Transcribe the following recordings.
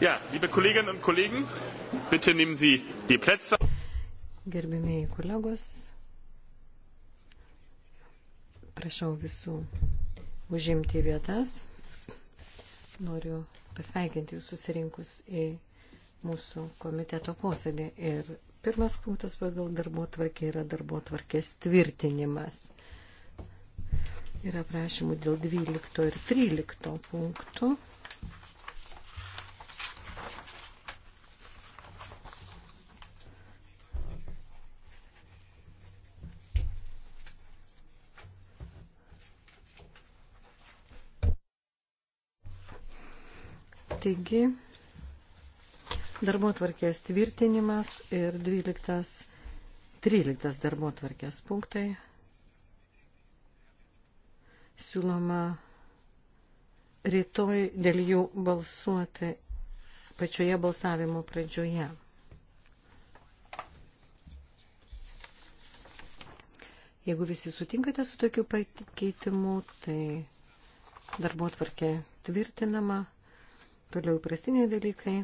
Ja, liebe Kolleginnen und Kollegen, bitte nehmen Sie die Plätze. Gerbimieji kolegos, prašau visų užimti vietas. Noriu pasveikinti jūs susirinkus į mūsų komiteto posėdį. Ir pirmas punktas pagal darbo tvarkė yra darbo tvarkės tvirtinimas. Yra prašymų dėl 12 ir 13 punktų. Taigi, darbo tvarkės tvirtinimas ir 12, 13 darbo tvarkės punktai siūloma rytoj dėl jų balsuoti pačioje balsavimo pradžioje. Jeigu visi sutinkate su tokiu pakeitimu, tai darbo tvarkė tvirtinama. Toliau prastiniai dalykai.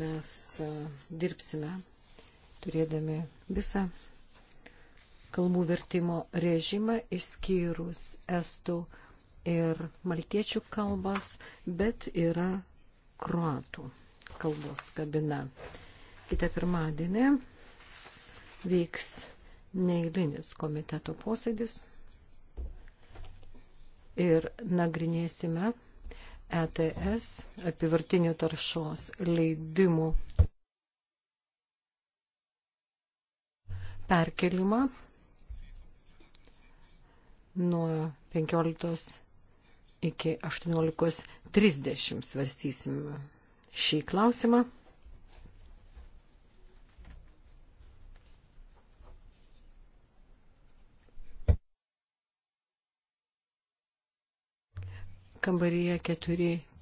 Mes e, dirbsime turėdami visą kalbų vertimo režimą išskyrus estų ir maltiečių kalbas, bet yra kruatų kalbos kabina. Kita pirmadienė vyks neįlinis komiteto posėdis ir nagrinėsime ETS apivartinių taršos leidimų perkelimą nuo 15 iki 18.30 svarstysime šį klausimą. kambaryje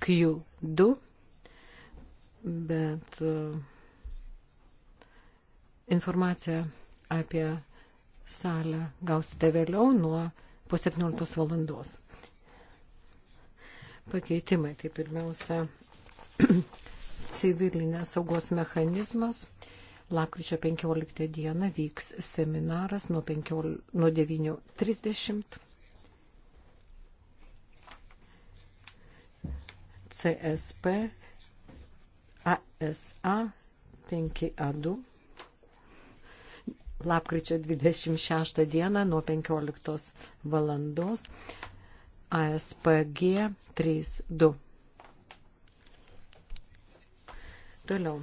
4Q2, bet e, informaciją apie salę gausite vėliau nuo po 17 valandos. Pakeitimai, tai pirmiausia, civilinės saugos mechanizmas. Lapkričio 15 dieną vyks seminaras nuo, 15, nuo 9.30 CSP ASA 5A2 lapkričio 26 dieną nuo 15 valandos ASPG 3.2. Toliau.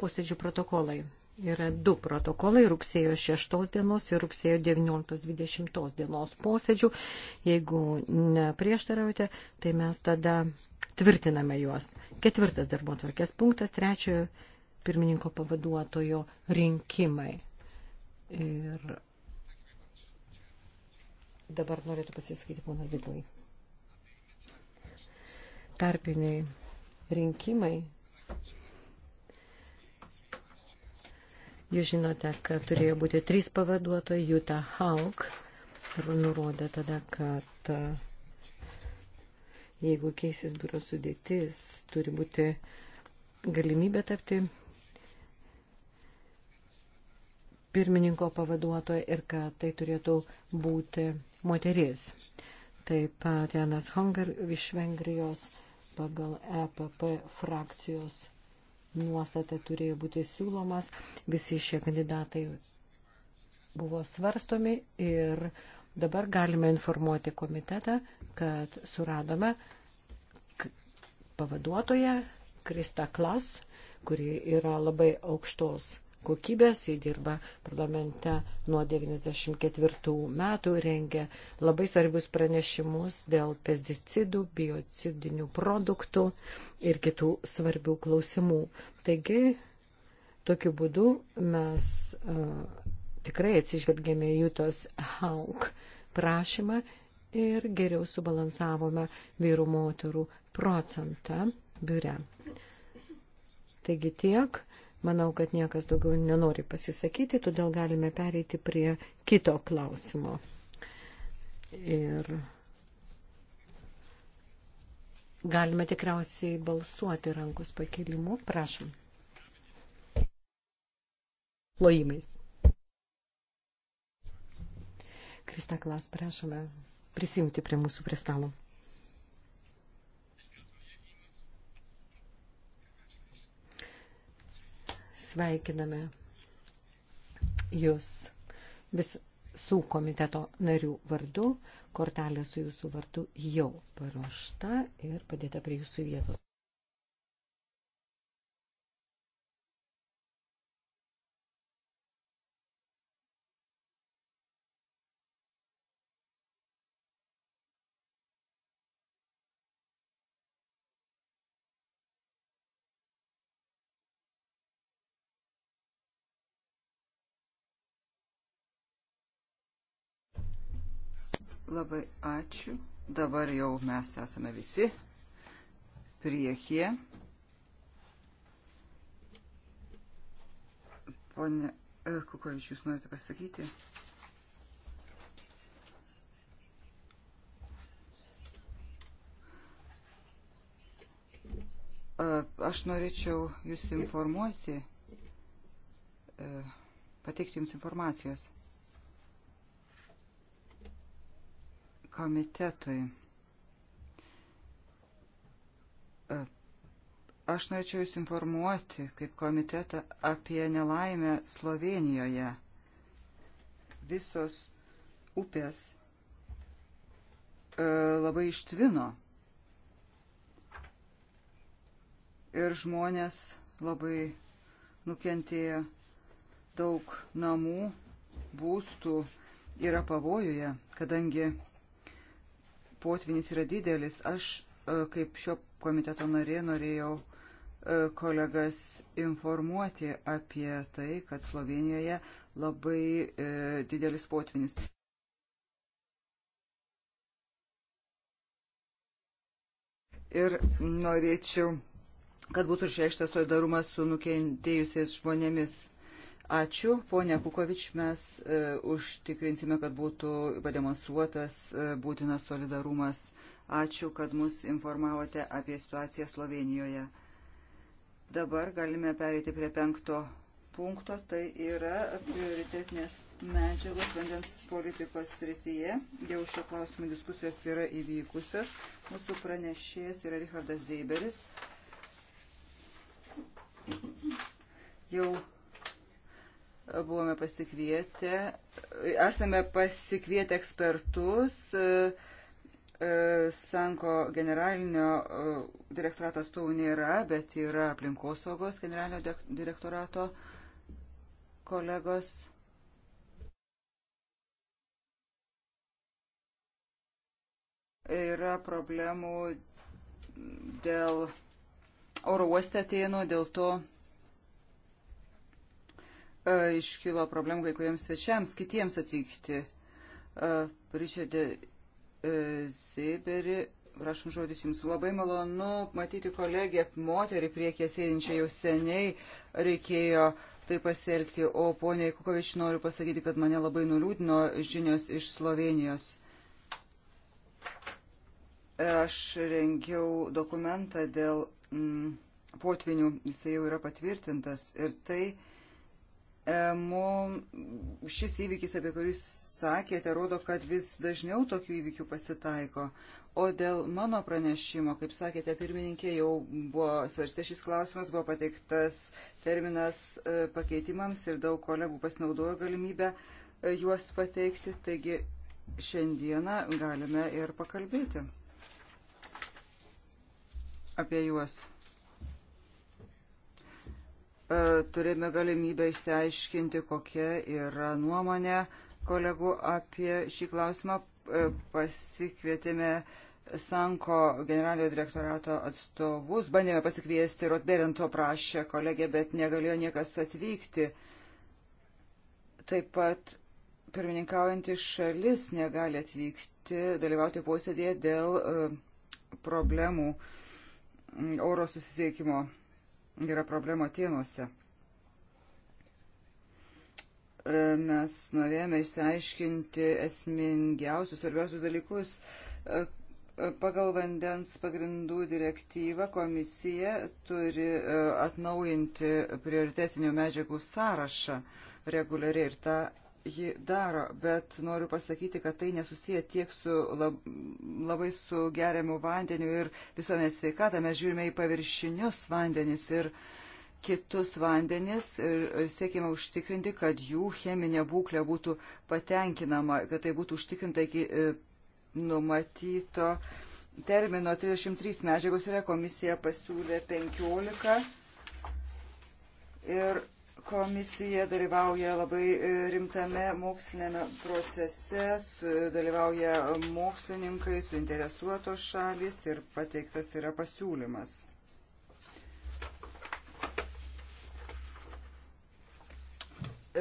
Posėdžių protokolai yra du protokolai rugsėjo 6 dienos ir rugsėjo 19-20 dienos posėdžių. Jeigu neprieštaraujate, tai mes tada tvirtiname juos. Ketvirtas darbo tvarkės punktas, trečiojo pirmininko pavaduotojo rinkimai. Ir dabar norėtų pasiskaityti ponas Bitlai. Tarpiniai rinkimai Jūs žinote, kad turėjo būti trys pavaduotojai, Juta Haug nurodė tada, kad e, jeigu keisis biuro sudėtis, turi būti galimybė tapti pirmininko pavaduotoja ir kad tai turėtų būti moteris. Taip pat Janas Hongar iš Vengrijos pagal EPP frakcijos nuostata turėjo būti siūlomas. Visi šie kandidatai buvo svarstomi ir dabar galime informuoti komitetą, kad suradome pavaduotoją Krista Klas, kuri yra labai aukštos kokybės, jį dirba parlamente nuo 94 metų, rengia labai svarbius pranešimus dėl pesticidų, biocidinių produktų ir kitų svarbių klausimų. Taigi, tokiu būdu mes uh, tikrai atsižvelgėme Jūtos Hauk prašymą ir geriau subalansavome vyrų moterų procentą biure. Taigi tiek. Manau, kad niekas daugiau nenori pasisakyti, todėl galime pereiti prie kito klausimo. Ir Galime tikriausiai balsuoti rankus pakelimu. Prašom. Plojimais. Krista Klas, prašome prisijungti prie mūsų prie stalo. Sveikiname Jūs visų komiteto narių vardu kortelė su jūsų vardu jau paruošta ir padėta prie jūsų vietos. Labai ačiū. Dabar jau mes esame visi priekyje. Pone e, Kukovič, jūs norite pasakyti? E, aš norėčiau jūs informuoti, e, pateikti jums informacijos. komitetui. E, aš norėčiau Jūs informuoti kaip komitetą apie nelaimę Slovenijoje. Visos upės e, labai ištvino ir žmonės labai nukentėjo daug namų, būstų yra pavojuje, kadangi potvinis yra didelis. Aš e, kaip šio komiteto narė norėjau e, kolegas informuoti apie tai, kad Slovenijoje labai e, didelis potvinis. Ir norėčiau, kad būtų išreikštas solidarumas su nukentėjusiais žmonėmis. Ačiū, ponė Kukovič, mes e, užtikrinsime, kad būtų pademonstruotas e, būtinas solidarumas. Ačiū, kad mus informavote apie situaciją Slovenijoje. Dabar galime pereiti prie penkto punkto, tai yra prioritetinės medžiagos vandens politikos srityje. Jau šio klausimų diskusijos yra įvykusios. Mūsų pranešėjas yra Richardas Zeiberis. Jau buvome pasikvietę, esame pasikvietę ekspertus e, Sanko generalinio e, direktorato atstovų nėra, bet yra aplinkosaugos generalinio direktorato kolegos. Yra problemų dėl oro uoste atėjimo, dėl to E, iškilo problemų kai kuriems svečiams, kitiems atvykti. E, Ričiardė e, Zeberi, prašom žodis jums. Labai malonu matyti kolegę moterį priekė sėdinčią jau seniai reikėjo taip pasielgti. O poniai Kukovič noriu pasakyti, kad mane labai nuliūdino žinios iš Slovenijos. Aš rengiau dokumentą dėl mm, potvinių, jisai jau yra patvirtintas ir tai uh, E, Mums šis įvykis, apie kurį sakėte, rodo, kad vis dažniau tokių įvykių pasitaiko. O dėl mano pranešimo, kaip sakėte, pirmininkė jau buvo svarstė šis klausimas, buvo pateiktas terminas e, pakeitimams ir daug kolegų pasinaudojo galimybę e, juos pateikti. Taigi šiandieną galime ir pakalbėti apie juos. E, turėjome galimybę išsiaiškinti, kokia yra nuomonė kolegų apie šį klausimą. E, pasikvietėme Sanko generalinio direktorato atstovus, bandėme pasikviesti Rotberento prašę kolegę, bet negalėjo niekas atvykti. Taip pat pirmininkaujantis šalis negali atvykti, dalyvauti posėdėje dėl e, problemų oro susisiekimo yra problema tėnuose. E, mes norėjome išsiaiškinti esmingiausius, svarbiausius dalykus. E, e, pagal vandens pagrindų direktyvą komisija turi atnaujinti prioritetinių medžiagų sąrašą reguliariai ir tą ji daro, bet noriu pasakyti, kad tai nesusiję tiek su lab, labai su geriamu vandeniu ir visuomenės sveikata. Mes žiūrime į paviršinius vandenis ir kitus vandenis ir siekime užtikrinti, kad jų cheminė būklė būtų patenkinama, kad tai būtų užtikrinta iki e, numatyto termino 33 medžiagos yra komisija pasiūlė 15 ir Komisija dalyvauja labai e, rimtame mokslinėme procese, dalyvauja mokslininkai, suinteresuotos šalis ir pateiktas yra pasiūlymas.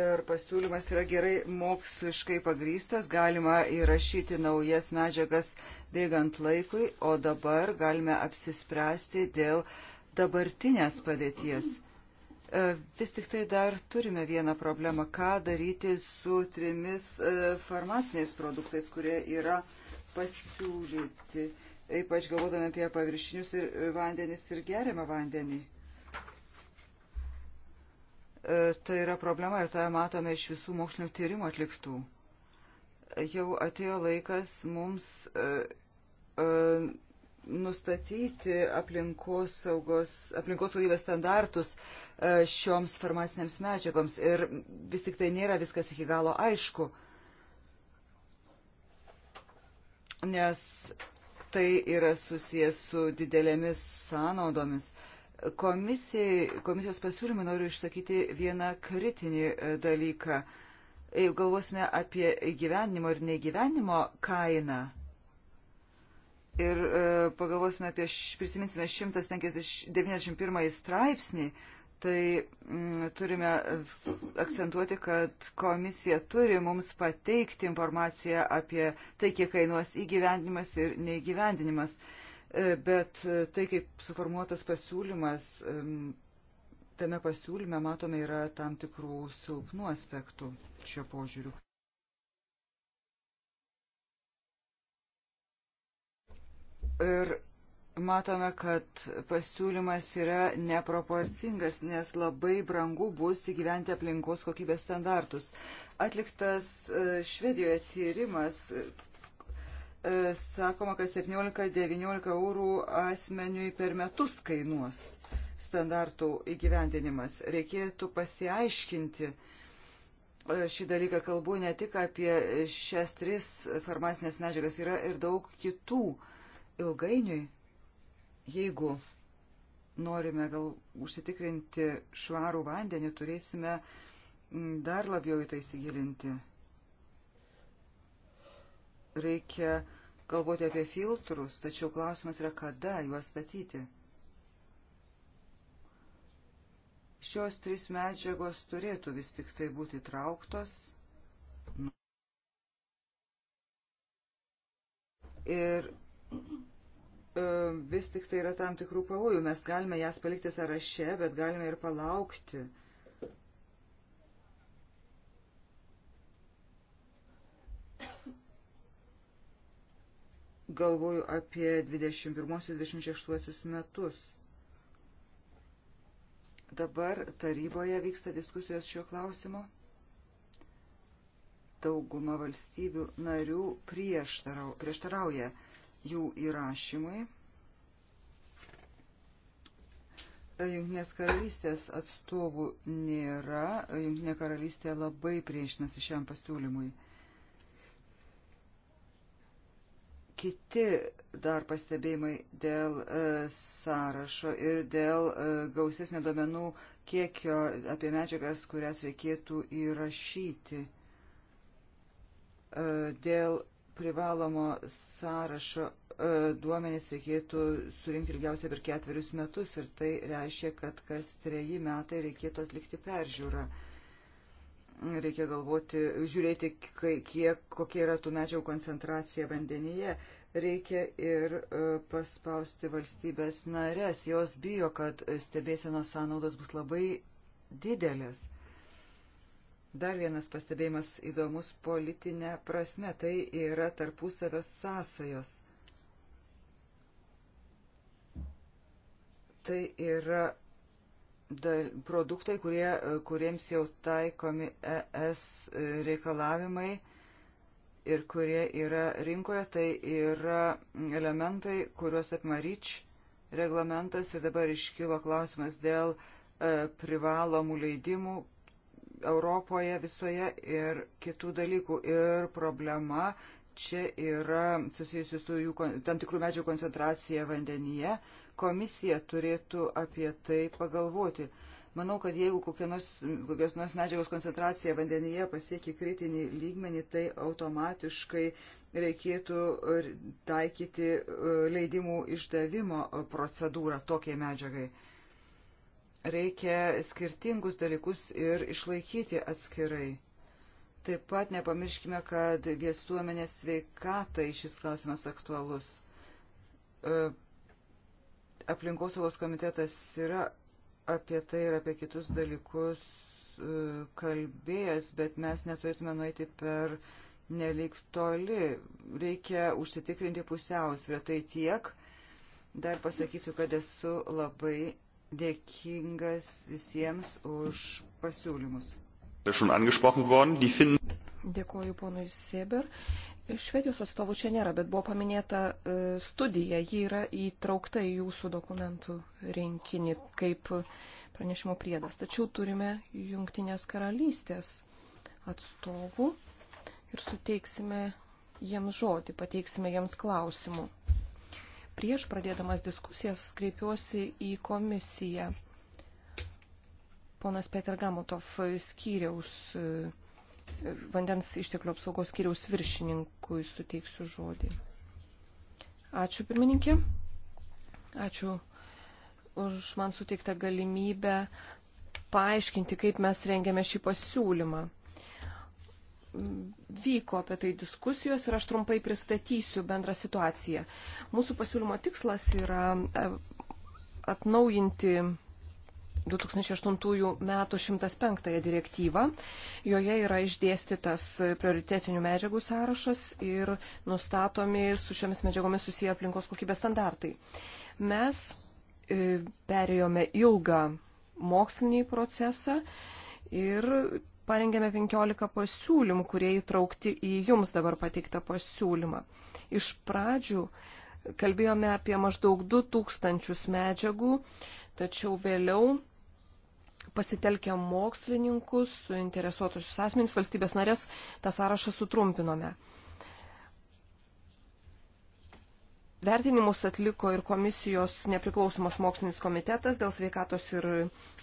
Ir pasiūlymas yra gerai moksliškai pagrystas, galima įrašyti naujas medžiagas bėgant laikui, o dabar galime apsispręsti dėl dabartinės padėties. Mm -hmm E, vis tik tai dar turime vieną problemą, ką daryti su trimis e, farmaciniais produktais, kurie yra pasiūlyti, ypač galvodami apie paviršinius ir vandenis ir geriamą vandenį. E, tai yra problema ir tą matome iš visų mokslinių tyrimų atliktų. Jau atėjo laikas mums nustatyti aplinkos saugybės standartus e, šioms farmacinėms medžiagoms ir vis tik tai nėra viskas iki galo aišku, nes tai yra susijęs su didelėmis sąnaudomis. Komisijai, komisijos pasiūlymą noriu išsakyti vieną kritinį e, dalyką. Jeigu galvosime apie gyvenimo ir negyvenimo kainą, ir e, pagalvosime apie, prisiminsime 191 straipsnį, tai mm, turime akcentuoti, kad komisija turi mums pateikti informaciją apie tai, kiek kainuos įgyvendinimas ir neįgyvendinimas. E, bet e, tai, kaip suformuotas pasiūlymas, tame pasiūlyme matome yra tam tikrų silpnų aspektų šio požiūriu. Ir matome, kad pasiūlymas yra neproporcingas, nes labai brangu bus įgyventi aplinkos kokybės standartus. Atliktas e, Švedijoje tyrimas, e, sakoma, kad 17-19 eurų asmeniui per metus kainuos standartų įgyvendinimas. Reikėtų pasiaiškinti e, šį dalyką. Kalbu ne tik apie šias tris farmacinės medžiagas, yra ir daug kitų uh, ilgainiui, jeigu norime gal užsitikrinti švarų vandenį, turėsime dar labiau į tai įsigilinti. Reikia galvoti apie filtrus, tačiau klausimas yra, kada juos statyti. Šios trys medžiagos turėtų vis tik tai būti trauktos. Ir E, vis tik tai yra tam tikrų pavojų. Mes galime jas palikti sąraše, bet galime ir palaukti. Galvoju apie 21-26 metus. Dabar taryboje vyksta diskusijos šiuo klausimu. Dauguma valstybių narių prieštarauja. Prieštarau, jų įrašymui. Junktinės karalystės atstovų nėra. Junktinė karalystė labai priešinasi šiam pasiūlymui. Kiti dar pastebėjimai dėl e, sąrašo ir dėl e, gausesnio domenų kiekio apie medžiagas, kurias reikėtų įrašyti. E, dėl privalomo sąrašo e, duomenys reikėtų surinkti ilgiausiai per ketverius metus ir tai reiškia, kad kas treji metai reikėtų atlikti peržiūrą. Reikia galvoti, žiūrėti, kiek, kokia yra tų medžiagų koncentracija vandenyje. Reikia ir e, paspausti valstybės narės. Jos bijo, kad stebėsenos sąnaudos bus labai didelės. Dar vienas pastebėjimas įdomus politinė prasme, tai yra tarpusavio sąsajos. Tai yra dal, produktai, kurie, kuriems jau taikomi ES reikalavimai ir kurie yra rinkoje, tai yra elementai, kuriuos apmaryč reglamentas ir dabar iškilo klausimas dėl e, privalomų leidimų, Europoje visoje ir kitų dalykų. Ir problema čia yra susijusi su jų tam tikrų medžių koncentracija vandenyje. Komisija turėtų apie tai pagalvoti. Manau, kad jeigu kokios, kokios nors medžiagos koncentracija vandenyje pasiekia kritinį lygmenį, tai automatiškai reikėtų e, taikyti e, leidimų išdavimo procedūrą tokiai medžiagai reikia skirtingus dalykus ir išlaikyti atskirai. Taip pat nepamirškime, kad visuomenės sveikatai šis klausimas aktualus. E, Aplinkosaugos komitetas yra apie tai ir apie kitus dalykus e, kalbėjęs, bet mes neturėtume nueiti per nelik toli. Reikia užsitikrinti pusiausvę. Tai tiek. Dar pasakysiu, kad esu labai dėkingas visiems už pasiūlymus. Dėkoju ponui Seber. Švedijos atstovų čia nėra, bet buvo paminėta e, studija. Ji yra įtraukta į jūsų dokumentų rinkinį kaip pranešimo priedas. Tačiau turime Junktinės karalystės atstovų ir suteiksime jiems žodį, pateiksime jiems klausimų. Prieš pradėdamas diskusijas kreipiuosi į komisiją. Ponas Peter Gamutov skyriaus, e, vandens išteklių apsaugos skyriaus viršininkui suteiksiu žodį. Ačiū pirmininkė. Ačiū už man suteiktą galimybę paaiškinti, kaip mes rengėme šį pasiūlymą vyko apie tai diskusijos ir aš trumpai pristatysiu bendrą situaciją. Mūsų pasiūlymo tikslas yra e, atnaujinti 2008 metų 105 direktyvą. Joje yra išdėstytas prioritetinių medžiagų sąrašas ir nustatomi su šiomis medžiagomis susiję aplinkos kokybės standartai. Mes e, perėjome ilgą mokslinį procesą ir parengėme 15 pasiūlymų, kurie įtraukti į jums dabar pateiktą pasiūlymą. Iš pradžių kalbėjome apie maždaug 2000 medžiagų, tačiau vėliau pasitelkę mokslininkus, suinteresuotusius asmenys, valstybės narės, tą sąrašą sutrumpinome. Vertinimus atliko ir komisijos nepriklausomas mokslinis komitetas dėl sveikatos ir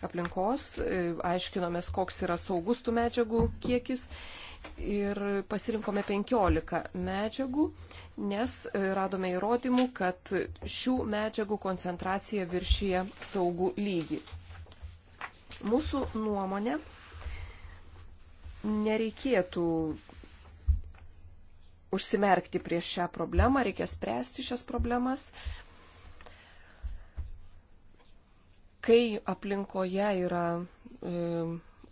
aplinkos. E, aiškinomės, koks yra saugus tų medžiagų kiekis ir pasirinkome 15 medžiagų, nes e, radome įrodymų, kad šių medžiagų koncentracija viršyje saugų lygį. Mūsų nuomonė nereikėtų užsimerkti prieš šią problemą, reikia spręsti šias problemas. Kai aplinkoje yra e,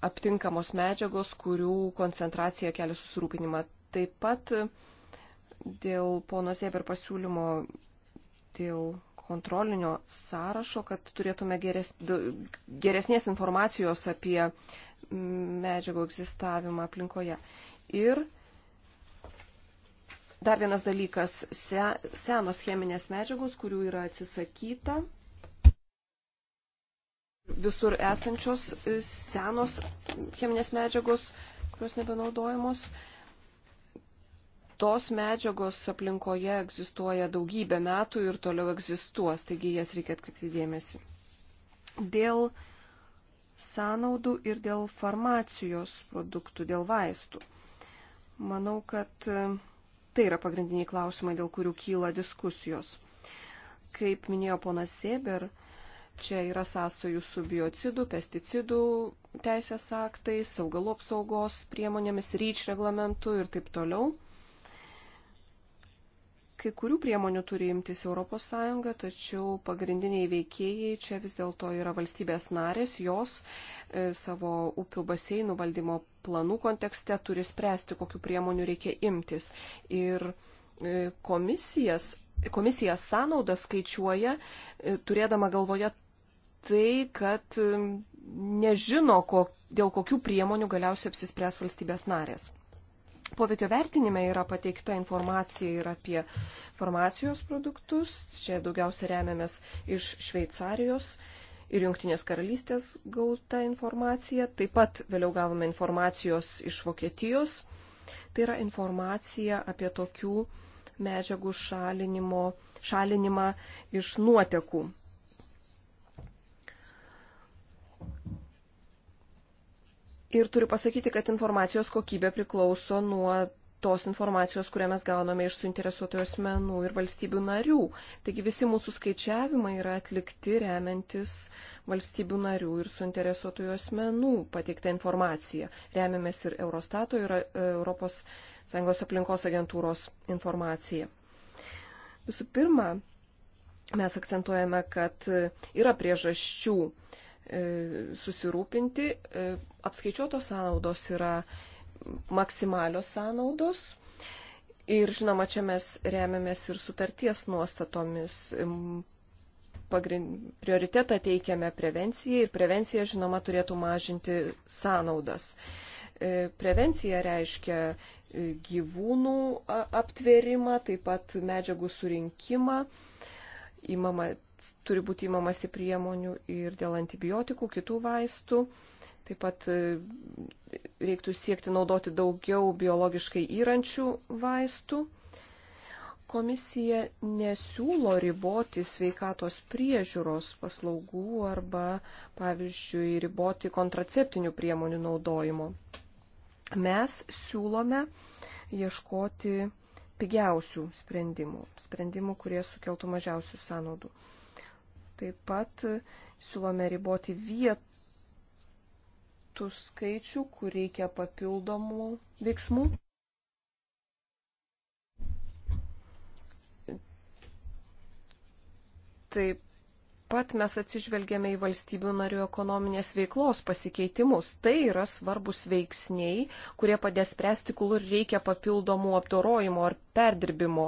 aptinkamos medžiagos, kurių koncentracija kelia susirūpinimą. Taip pat e, dėl pono Zeber pasiūlymo dėl kontrolinio sąrašo, kad turėtume geres, geresnės informacijos apie medžiagų egzistavimą aplinkoje. Ir Dar vienas dalykas se, - senos cheminės medžiagos, kurių yra atsisakyta. Visur esančios e, senos cheminės medžiagos, kurios nebenaudojamos. Tos medžiagos aplinkoje egzistuoja daugybę metų ir toliau egzistuos, taigi jas reikia atkreipti dėmesį. Dėl sąnaudų ir dėl farmacijos produktų, dėl vaistų. Manau, kad e, Tai yra pagrindiniai klausimai, dėl kurių kyla diskusijos. Kaip minėjo ponas Sėber, čia yra sąsojų su biocidų, pesticidų teisės aktais, augalų apsaugos priemonėmis, ryč reglamentu ir taip toliau. Kai kurių priemonių turi imtis ES, tačiau pagrindiniai veikėjai čia vis dėlto yra valstybės narės, jos e, savo upių baseinų valdymo planų kontekste turi spręsti, kokiu priemonių reikia imtis. Ir e, komisijas, komisija sąnaudą skaičiuoja, e, turėdama galvoje tai, kad e, nežino, ko, dėl kokių priemonių galiausiai apsispręs valstybės narės. Poveikio vertinime yra pateikta informacija ir apie farmacijos produktus. Čia daugiausia remiamės iš Šveicarijos ir Junktinės karalystės gauta informacija. Taip pat vėliau gavome informacijos iš Vokietijos. Tai yra informacija apie tokių medžiagų šalinimo, šalinimą iš nuotekų. Ir turiu pasakyti, kad informacijos kokybė priklauso nuo tos informacijos, kurią mes gauname iš suinteresuotojų asmenų ir valstybių narių. Taigi visi mūsų skaičiavimai yra atlikti remiantis valstybių narių ir suinteresuotojų asmenų pateiktą informaciją. Remiamės ir Eurostato, ir ES aplinkos agentūros informaciją. Visų pirma, mes akcentuojame, kad yra priežasčių E, susirūpinti. E, apskaičiuotos sąnaudos yra maksimalios sąnaudos. Ir žinoma, čia mes remiamės ir sutarties nuostatomis. Pagrind... Prioritetą teikiame prevencijai ir prevencija, žinoma, turėtų mažinti sąnaudas. E, prevencija reiškia gyvūnų aptvėrimą, taip pat medžiagų surinkimą, įmama turi būti įmamasi priemonių ir dėl antibiotikų, kitų vaistų. Taip pat e, reiktų siekti naudoti daugiau biologiškai įrančių vaistų. Komisija nesiūlo riboti sveikatos priežiūros paslaugų arba, pavyzdžiui, riboti kontraceptinių priemonių naudojimo. Mes siūlome ieškoti pigiausių sprendimų, sprendimų, kurie sukeltų mažiausių sąnaudų. Taip pat siūlome riboti vietų skaičių, kur reikia papildomų veiksmų. Taip pat mes atsižvelgėme į valstybių narių ekonominės veiklos pasikeitimus. Tai yra svarbus veiksniai, kurie padės spręsti, kur reikia papildomų apdorojimo ar perdirbimo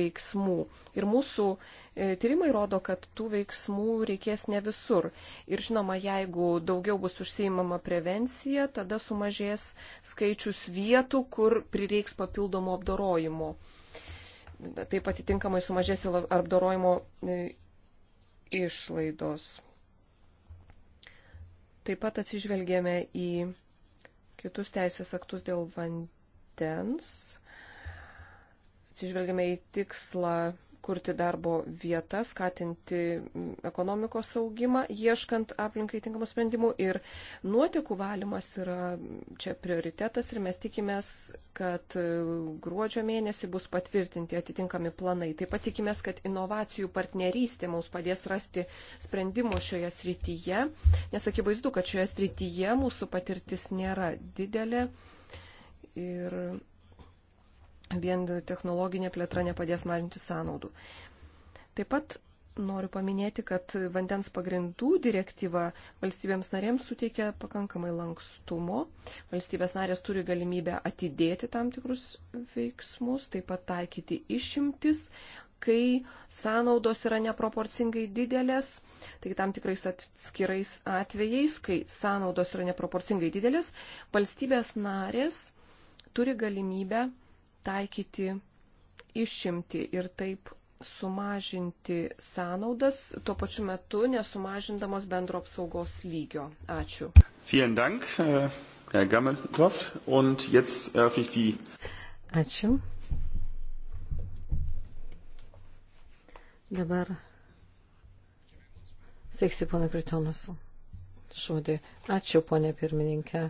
veiksmų. Ir mūsų e, tyrimai rodo, kad tų veiksmų reikės ne visur. Ir žinoma, jeigu daugiau bus užsiimama prevencija, tada sumažės skaičius vietų, kur prireiks papildomų apdorojimo. Taip atitinkamai sumažės apdorojimo e, išlaidos. Taip pat atsižvelgėme į kitus teisės aktus dėl vandens. Atsižvelgėme į tikslą kurti darbo vietas, skatinti ekonomikos saugimą, ieškant aplinkai tinkamų sprendimų. Ir nuotekų valymas yra čia prioritetas ir mes tikimės, kad e, gruodžio mėnesį bus patvirtinti atitinkami planai. Taip pat tikimės, kad inovacijų partnerystė mums padės rasti sprendimų šioje srityje, nes akivaizdu, kad šioje srityje mūsų patirtis nėra didelė. Ir vien technologinė plėtra nepadės mažinti sąnaudų. Taip pat noriu paminėti, kad vandens pagrindų direktyva valstybėms narėms suteikia pakankamai lankstumo. Valstybės narės turi galimybę atidėti tam tikrus veiksmus, taip pat taikyti išimtis, kai sąnaudos yra neproporcingai didelės. Tai tam tikrais atskirais atvejais, kai sąnaudos yra neproporcingai didelės, valstybės narės turi galimybę taikyti išimti ir taip sumažinti sąnaudas, tuo pačiu metu nesumažindamos bendro apsaugos lygio. Ačiū. Dank, äh, Herr Gammelkopf. Und jetzt eröffne ich die. Ačiū. Dabar Sveiksi, pana Kritonas. Šodį. Ačiū, ponė pirmininkė.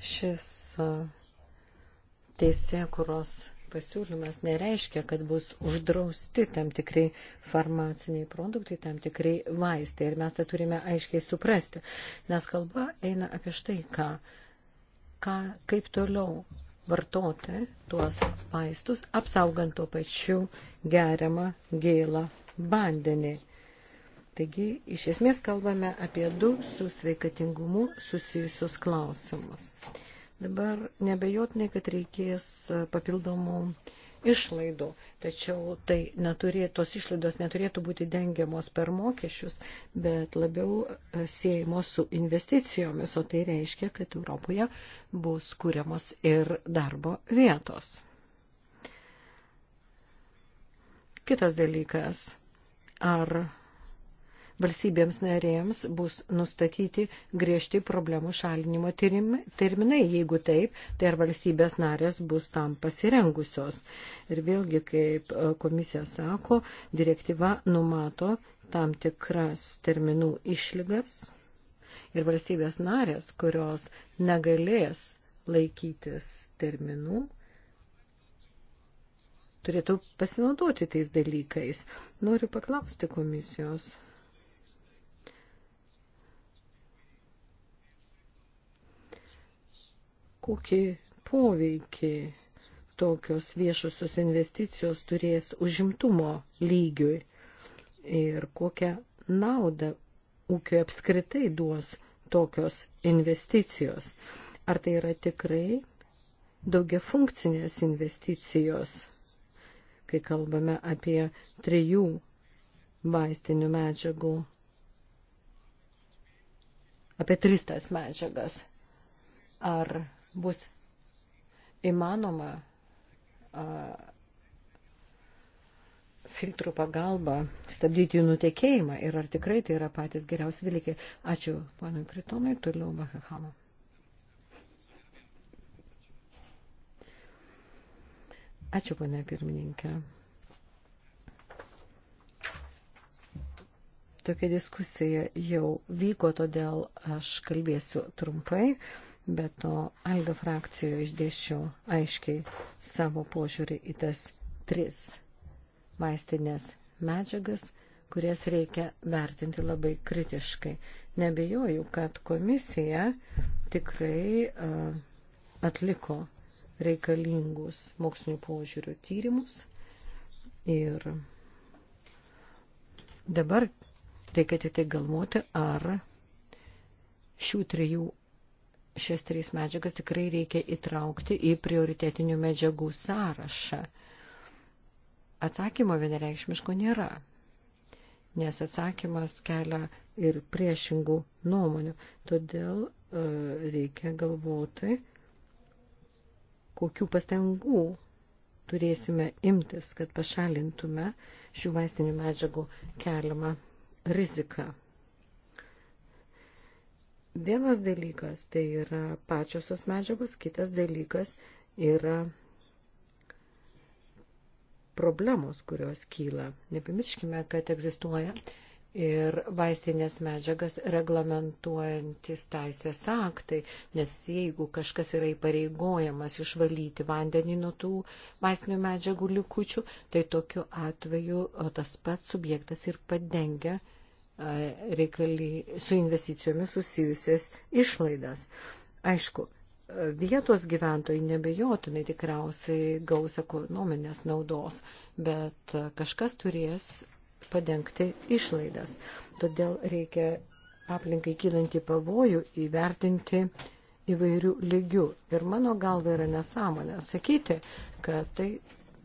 Šis teisėkuros pasiūlymas nereiškia, kad bus uždrausti tam tikrai farmaciniai produktai, tam tikrai vaistai. Ir mes tą turime aiškiai suprasti, nes kalba eina apie štai ką, ką kaip toliau vartoti tuos vaistus, apsaugant tuo pačiu geriamą gėlą vandenį. Taigi, iš esmės kalbame apie du su sveikatingumu susijusius klausimus. Dabar nebejotinai, kad reikės papildomų išlaidų, tačiau tai neturė, tos išlaidos neturėtų būti dengiamos per mokesčius, bet labiau e, siejamos su investicijomis, o tai reiškia, kad Europoje bus kūriamos ir darbo vietos. Kitas dalykas, ar valstybėms narėms bus nustatyti griežti problemų šalinimo terminai. Jeigu taip, tai ar valstybės narės bus tam pasirengusios. Ir vėlgi, kaip e, komisija sako, direktyva numato tam tikras terminų išlygas ir valstybės narės, kurios negalės laikytis terminų, turėtų pasinaudoti tais dalykais. Noriu paklausti komisijos, kokį poveikį tokios viešosios investicijos turės užimtumo lygiui ir kokią naudą ūkio apskritai duos tokios investicijos. Ar tai yra tikrai daugia funkcinės investicijos, kai kalbame apie trijų vaistinių medžiagų, apie tris tas medžiagas. Ar bus įmanoma a, filtrų pagalba stabdyti jų nutekėjimą ir ar tikrai tai yra patys geriausi dalykai. Ačiū, ponui Kritonai, toliau Bahahama. Ačiū, ponė pirmininkė. Tokia diskusija jau vyko, todėl aš kalbėsiu trumpai. Uh, bet to Alga frakcijoje išdėščiau aiškiai savo požiūrį į tas tris maistinės medžiagas, kurias reikia vertinti labai kritiškai. Nebejoju, kad komisija tikrai uh, atliko reikalingus mokslinių požiūrių tyrimus ir dabar reikia tik tai galvoti, ar šių trijų šias trys medžiagas tikrai reikia įtraukti į prioritetinių medžiagų sąrašą. Atsakymo vienareikšmiško nėra, nes atsakymas kelia ir priešingų nuomonių. Todėl e, reikia galvoti, kokių pastangų turėsime imtis, kad pašalintume šių vaistinių medžiagų keliamą riziką. Vienas dalykas tai yra pačiosios medžiagos, kitas dalykas yra problemos, kurios kyla. Nepamirškime, kad egzistuoja ir vaistinės medžiagas reglamentuojantis teisės aktai, nes jeigu kažkas yra įpareigojamas išvalyti vandenį nuo tų vaistinių medžiagų likučių, tai tokiu atveju tas pats subjektas ir padengia reikali, su investicijomis susijusias išlaidas. Aišku, vietos gyventojai nebejotinai tikriausiai gaus ekonominės naudos, bet kažkas turės padengti išlaidas. Todėl reikia aplinkai kylanti pavojų įvertinti įvairių lygių. Ir mano galva yra nesąmonė sakyti, kad tai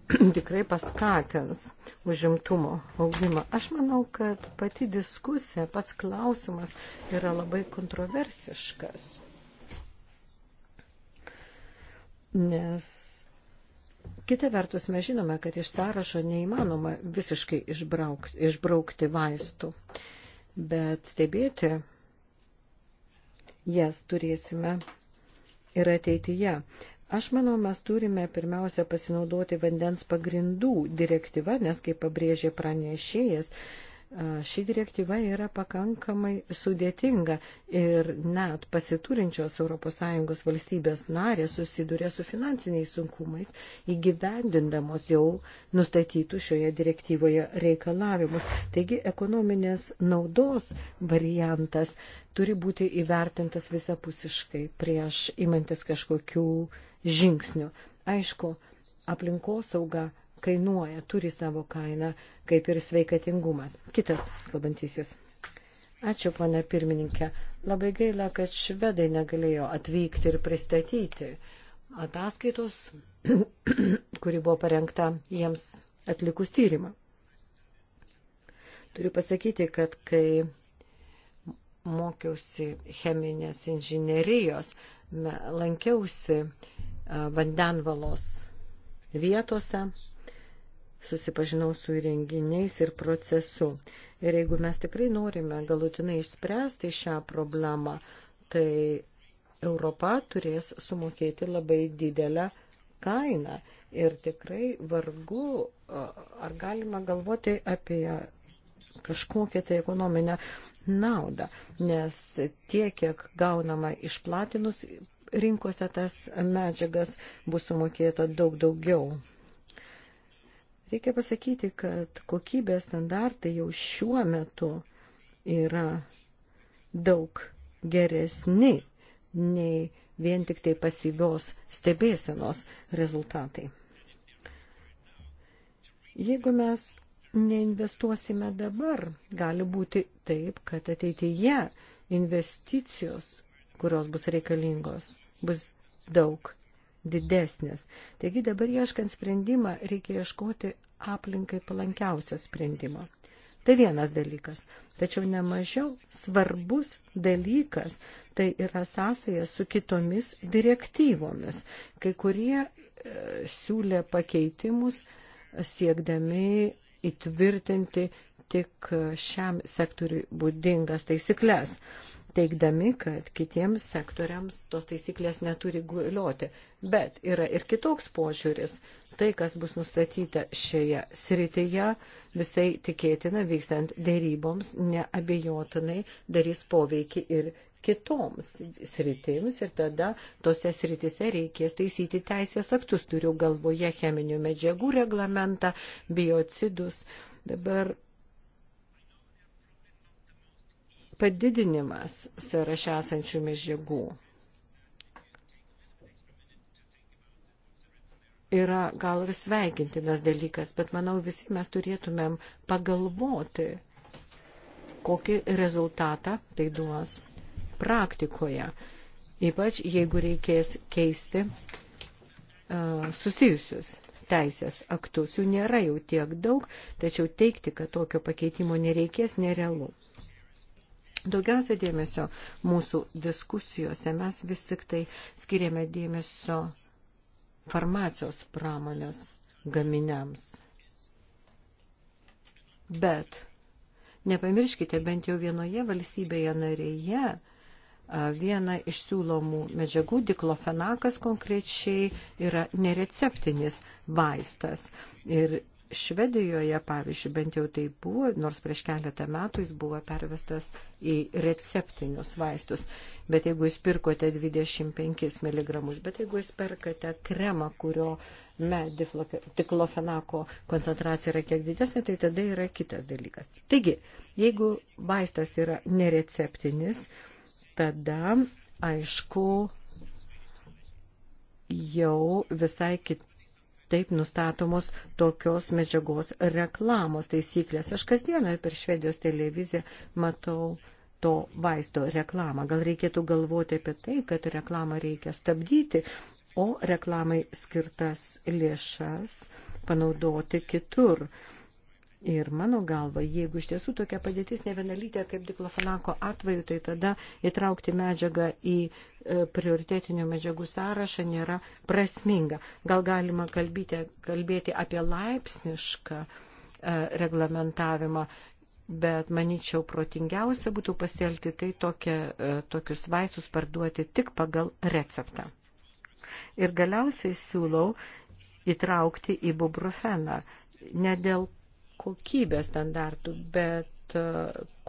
tikrai paskatins užimtumo augimą. Aš manau, kad pati diskusija, pats klausimas yra labai kontroversiškas. Nes kita vertus mes žinome, kad iš sąrašo neįmanoma visiškai išbraukti, išbraukti vaistų, bet stebėti jas turėsime ir ateityje. Aš manau, mes turime pirmiausia pasinaudoti vandens pagrindų direktyvą, nes, kaip pabrėžė pranešėjas, ši direktyva yra pakankamai sudėtinga ir net pasiturinčios ES valstybės narės susiduria su finansiniais sunkumais, įgyvendindamos jau nustatytų šioje direktyvoje reikalavimus. Taigi ekonominės naudos variantas turi būti įvertintas visapusiškai prieš imantis kažkokių uh, žingsnių. Aišku, aplinkosauga kainuoja, turi savo kainą, kaip ir sveikatingumas. Kitas kalbantysis. Ačiū, ponė pirmininkė. Labai gaila, kad švedai negalėjo atvykti ir pristatyti ataskaitos, kuri buvo parengta jiems atlikus tyrimą. Turiu pasakyti, kad kai mokiausi cheminės inžinerijos, lankiausi uh, vandenvalos vietose, susipažinau su įrenginiais ir procesu. Ir jeigu mes tikrai norime galutinai išspręsti šią problemą, tai Europa turės sumokėti labai didelę kainą. Ir tikrai vargu, ar galima galvoti apie kažkokią tai ekonominę naudą, nes tiek, kiek gaunama išplatinus rinkose tas medžiagas bus sumokėta daug daugiau. Reikia pasakyti, kad kokybės standartai jau šiuo metu yra daug geresni nei vien tik tai pasyvios stebėsenos rezultatai. Jeigu mes neinvestuosime dabar, gali būti taip, kad ateityje investicijos kurios bus reikalingos, bus daug didesnės. Taigi dabar ieškant sprendimą, reikia ieškoti aplinkai palankiausio sprendimo. Tai vienas dalykas. Tačiau nemažiau svarbus dalykas tai yra sąsaja su kitomis direktyvomis. Kai kurie e, siūlė pakeitimus e, siekdami įtvirtinti tik e, šiam sektoriui būdingas taisyklės teikdami, kad kitiems sektoriams tos taisyklės neturi galioti. Bet yra ir kitoks požiūris. Tai, kas bus nustatyta šioje srityje, visai tikėtina vykstant dėryboms, neabejotinai darys poveikį ir kitoms sritims ir tada tose sritise reikės taisyti teisės aktus. Turiu galvoje cheminių medžiagų reglamentą, biocidus. Dabar padidinimas sąraše esančių medžiagų yra gal ir sveikintinas dalykas, bet manau visi mes turėtumėm pagalvoti, kokį rezultatą tai duos praktikoje, ypač jeigu reikės keisti uh, susijusius teisės aktus. Jų nėra jau tiek daug, tačiau teikti, kad tokio pakeitimo nereikės, nerealu. Daugiausia dėmesio mūsų diskusijose mes vis tik tai skiriame dėmesio farmacijos pramonės gaminiams. Bet nepamirškite, bent jau vienoje valstybėje narėje viena iš siūlomų medžiagų, diklofenakas konkrečiai, yra nereceptinis vaistas. Ir Švedijoje, pavyzdžiui, bent jau tai buvo, nors prieš keletą metų jis buvo pervestas į receptinius vaistus. Bet jeigu jūs pirkote 25 mg, bet jeigu jūs perkate kremą, kurio tiklofenako koncentracija yra kiek didesnė, tai tada yra kitas dalykas. Taigi, jeigu vaistas yra nereceptinis, tada, aišku, jau visai kitaip taip nustatomos tokios medžiagos reklamos taisyklės. Aš kasdieną per Švedijos televiziją matau to vaisto reklamą. Gal reikėtų galvoti apie tai, kad reklamą reikia stabdyti, o reklamai skirtas lėšas panaudoti kitur. Ir mano galva, jeigu iš tiesų tokia padėtis nevienalytė kaip diklofenako atveju, tai tada įtraukti medžiagą į e, prioritetinių medžiagų sąrašą nėra prasminga. Gal galima kalbėti, kalbėti apie laipsnišką e, reglamentavimą, bet manyčiau protingiausia būtų pasielgti tai tokie, tokius vaistus parduoti tik pagal receptą. Ir galiausiai siūlau įtraukti į bubrufeną. Ne dėl kokybės standartų, bet e,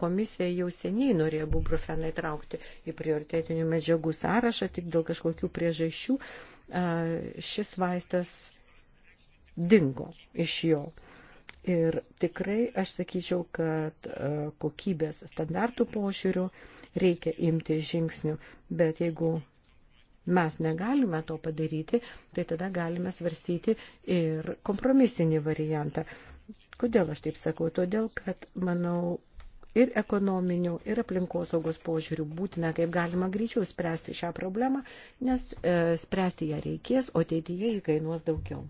komisija jau seniai norėjo bubrufeną įtraukti į prioritetinių medžiagų sąrašą, tik dėl kažkokių priežasčių e, šis vaistas dingo iš jo. Ir tikrai aš sakyčiau, kad e, kokybės standartų pošiūrių reikia imti žingsnių, bet jeigu mes negalime to padaryti, tai tada galime svarstyti ir kompromisinį variantą. Kodėl aš taip sakau? Todėl, kad manau, ir ekonominių, ir aplinkosaugos požiūrių būtina, kaip galima greičiau spręsti šią problemą, nes e, spręsti ją reikės, o ateityje jį kainuos daugiau.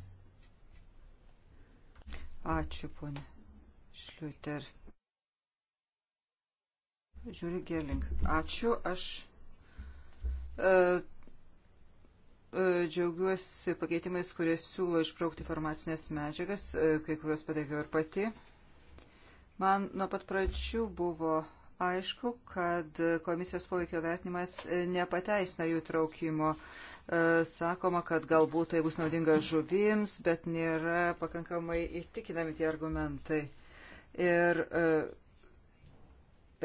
Ačiū, ponė Šliuter. Žiūri, Gerling. Ačiū, aš. E, E, džiaugiuosi pakeitimais, kurie siūlo išbraukti farmacinės medžiagas, e, kai kurios pateikiau ir pati. Man nuo pat pradžių buvo aišku, kad komisijos poveikio vertinimas nepateisina jų traukimo. E, sakoma, kad galbūt tai bus naudinga žuvims, bet nėra pakankamai įtikinami tie argumentai. Ir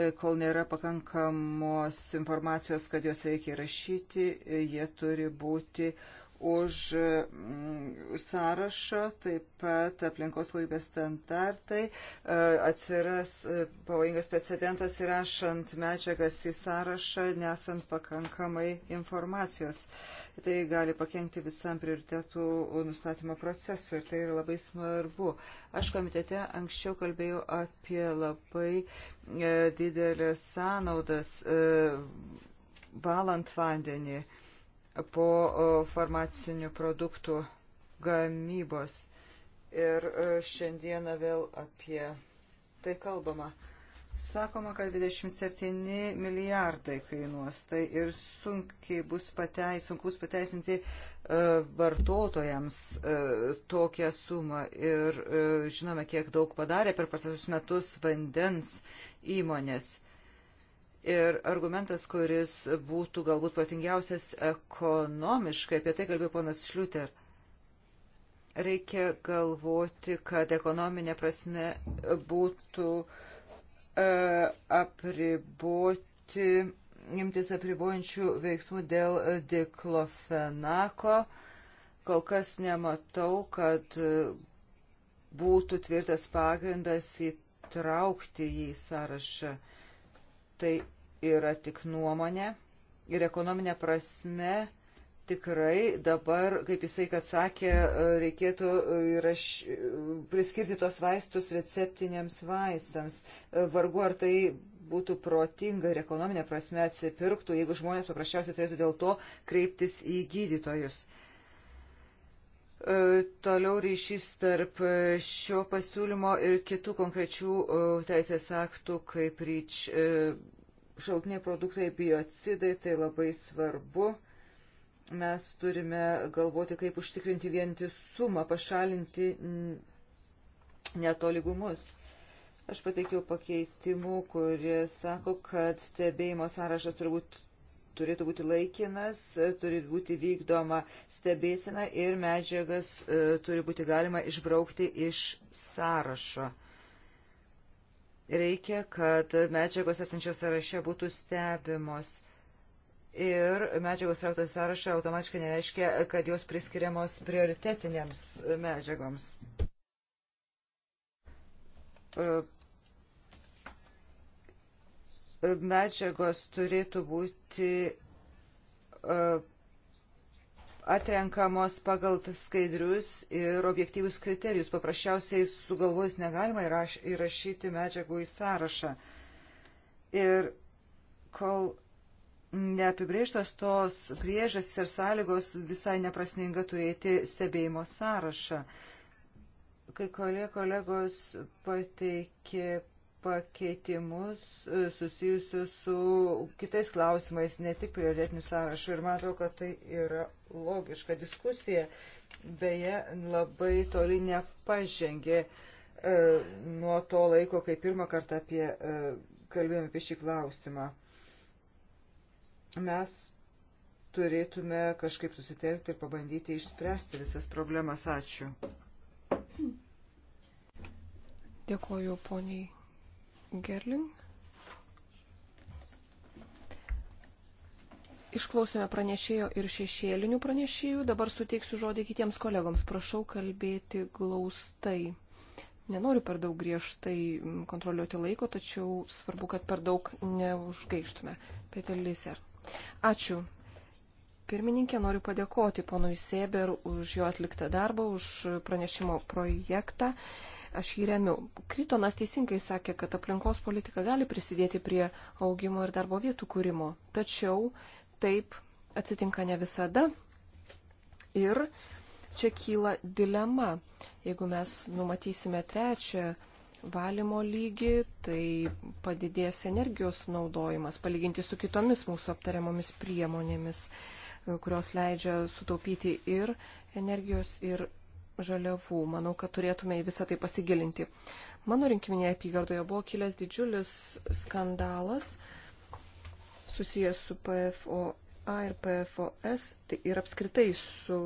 E, kol nėra pakankamos informacijos, kad juos reikia įrašyti, e, jie turi būti uh, už mm, sąrašą, taip pat aplinkos kokybės standartai. E, atsiras e, pavojingas precedentas įrašant medžiagas į sąrašą, nesant pakankamai informacijos. Tai gali pakengti visam prioritetų nustatymo procesui ir tai yra labai svarbu. Aš komitete anksčiau kalbėjau apie labai e, didelės sąnaudas valant vandenį po farmacinių produktų gamybos. Ir e, šiandieną vėl apie tai kalbama. Sakoma, kad 27 milijardai kainuos, tai ir sunkiai bus pateis, sunkus pateisinti uh, vartotojams uh, tokią sumą. Ir uh, žinome, kiek daug padarė per pasasus metus vandens įmonės. Ir argumentas, kuris būtų galbūt patingiausias ekonomiškai, apie tai kalbėjo ponas Šliuter, reikia galvoti, kad ekonominė prasme būtų e, apriboti, imtis apribojančių veiksmų dėl diklofenako. Kol kas nematau, kad būtų tvirtas pagrindas įtraukti jį į sąrašą tai yra tik nuomonė ir ekonominė prasme tikrai dabar, kaip jisai kad sakė, reikėtų įraš... priskirti tuos vaistus receptiniams vaistams. Vargu ar tai būtų protinga ir ekonominė prasme atsipirktų, jeigu žmonės paprasčiausiai turėtų dėl to kreiptis į gydytojus. E, toliau ryšys tarp e, šio pasiūlymo ir kitų konkrečių e, teisės aktų, kaip ryč šaltiniai produktai, biocidai, tai labai svarbu. Mes turime galvoti, kaip užtikrinti vientisumą, pašalinti netoligumus. Aš pateikiau pakeitimų, kurie sako, kad stebėjimo sąrašas turbūt turėtų būti laikinas, turi būti vykdoma stebėsena ir medžiagas e, turi būti galima išbraukti iš sąrašo. Reikia, kad medžiagos esančios sąraše būtų stebimos. Ir medžiagos trauktos sąrašą automatiškai nereiškia, kad jos priskiriamos prioritetinėms medžiagoms e, medžiagos turėtų būti e, atrenkamos pagal skaidrius ir objektyvius kriterijus. Paprasčiausiai sugalvojus negalima įraš, įrašyti medžiagų į sąrašą. Ir kol neapibrėžtos tos priežastys ir sąlygos visai neprasminga turėti stebėjimo sąrašą. Kai kolegos pateikė pakeitimus e, susijusius su kitais klausimais, ne tik prioritetiniu sąrašu. Ir man atrodo, kad tai yra logiška diskusija. Beje, labai toli nepažengė e, nuo to laiko, kai pirmą kartą apie, e, kalbėjome apie šį klausimą. Mes turėtume kažkaip susitelkti ir pabandyti išspręsti visas problemas. Ačiū. Dėkuoju poniai Gerling. Išklausėme pranešėjo ir šešėlinių pranešėjų. Dabar suteiksiu žodį kitiems kolegoms. Prašau kalbėti glaustai. Nenoriu per daug griežtai kontroliuoti laiko, tačiau svarbu, kad per daug neužgaištume. Peter Liser. Ačiū. Pirmininkė, noriu padėkoti ponui Sėber už jo atliktą darbą, už pranešimo projektą. Uh, Aš jį remiu. Krytonas teisingai sakė, kad aplinkos politika gali prisidėti prie augimo ir darbo vietų kūrimo. Tačiau taip atsitinka ne visada. Ir čia kyla dilema. Jeigu mes numatysime trečią valymo lygį, tai padidės energijos naudojimas palyginti su kitomis mūsų aptariamomis priemonėmis, kurios leidžia sutaupyti ir energijos, ir žaliavų. Manau, kad turėtume į visą tai pasigilinti. Mano rinkiminėje apygardoje buvo kilęs didžiulis skandalas susijęs su PFOA ir PFOS tai ir apskritai su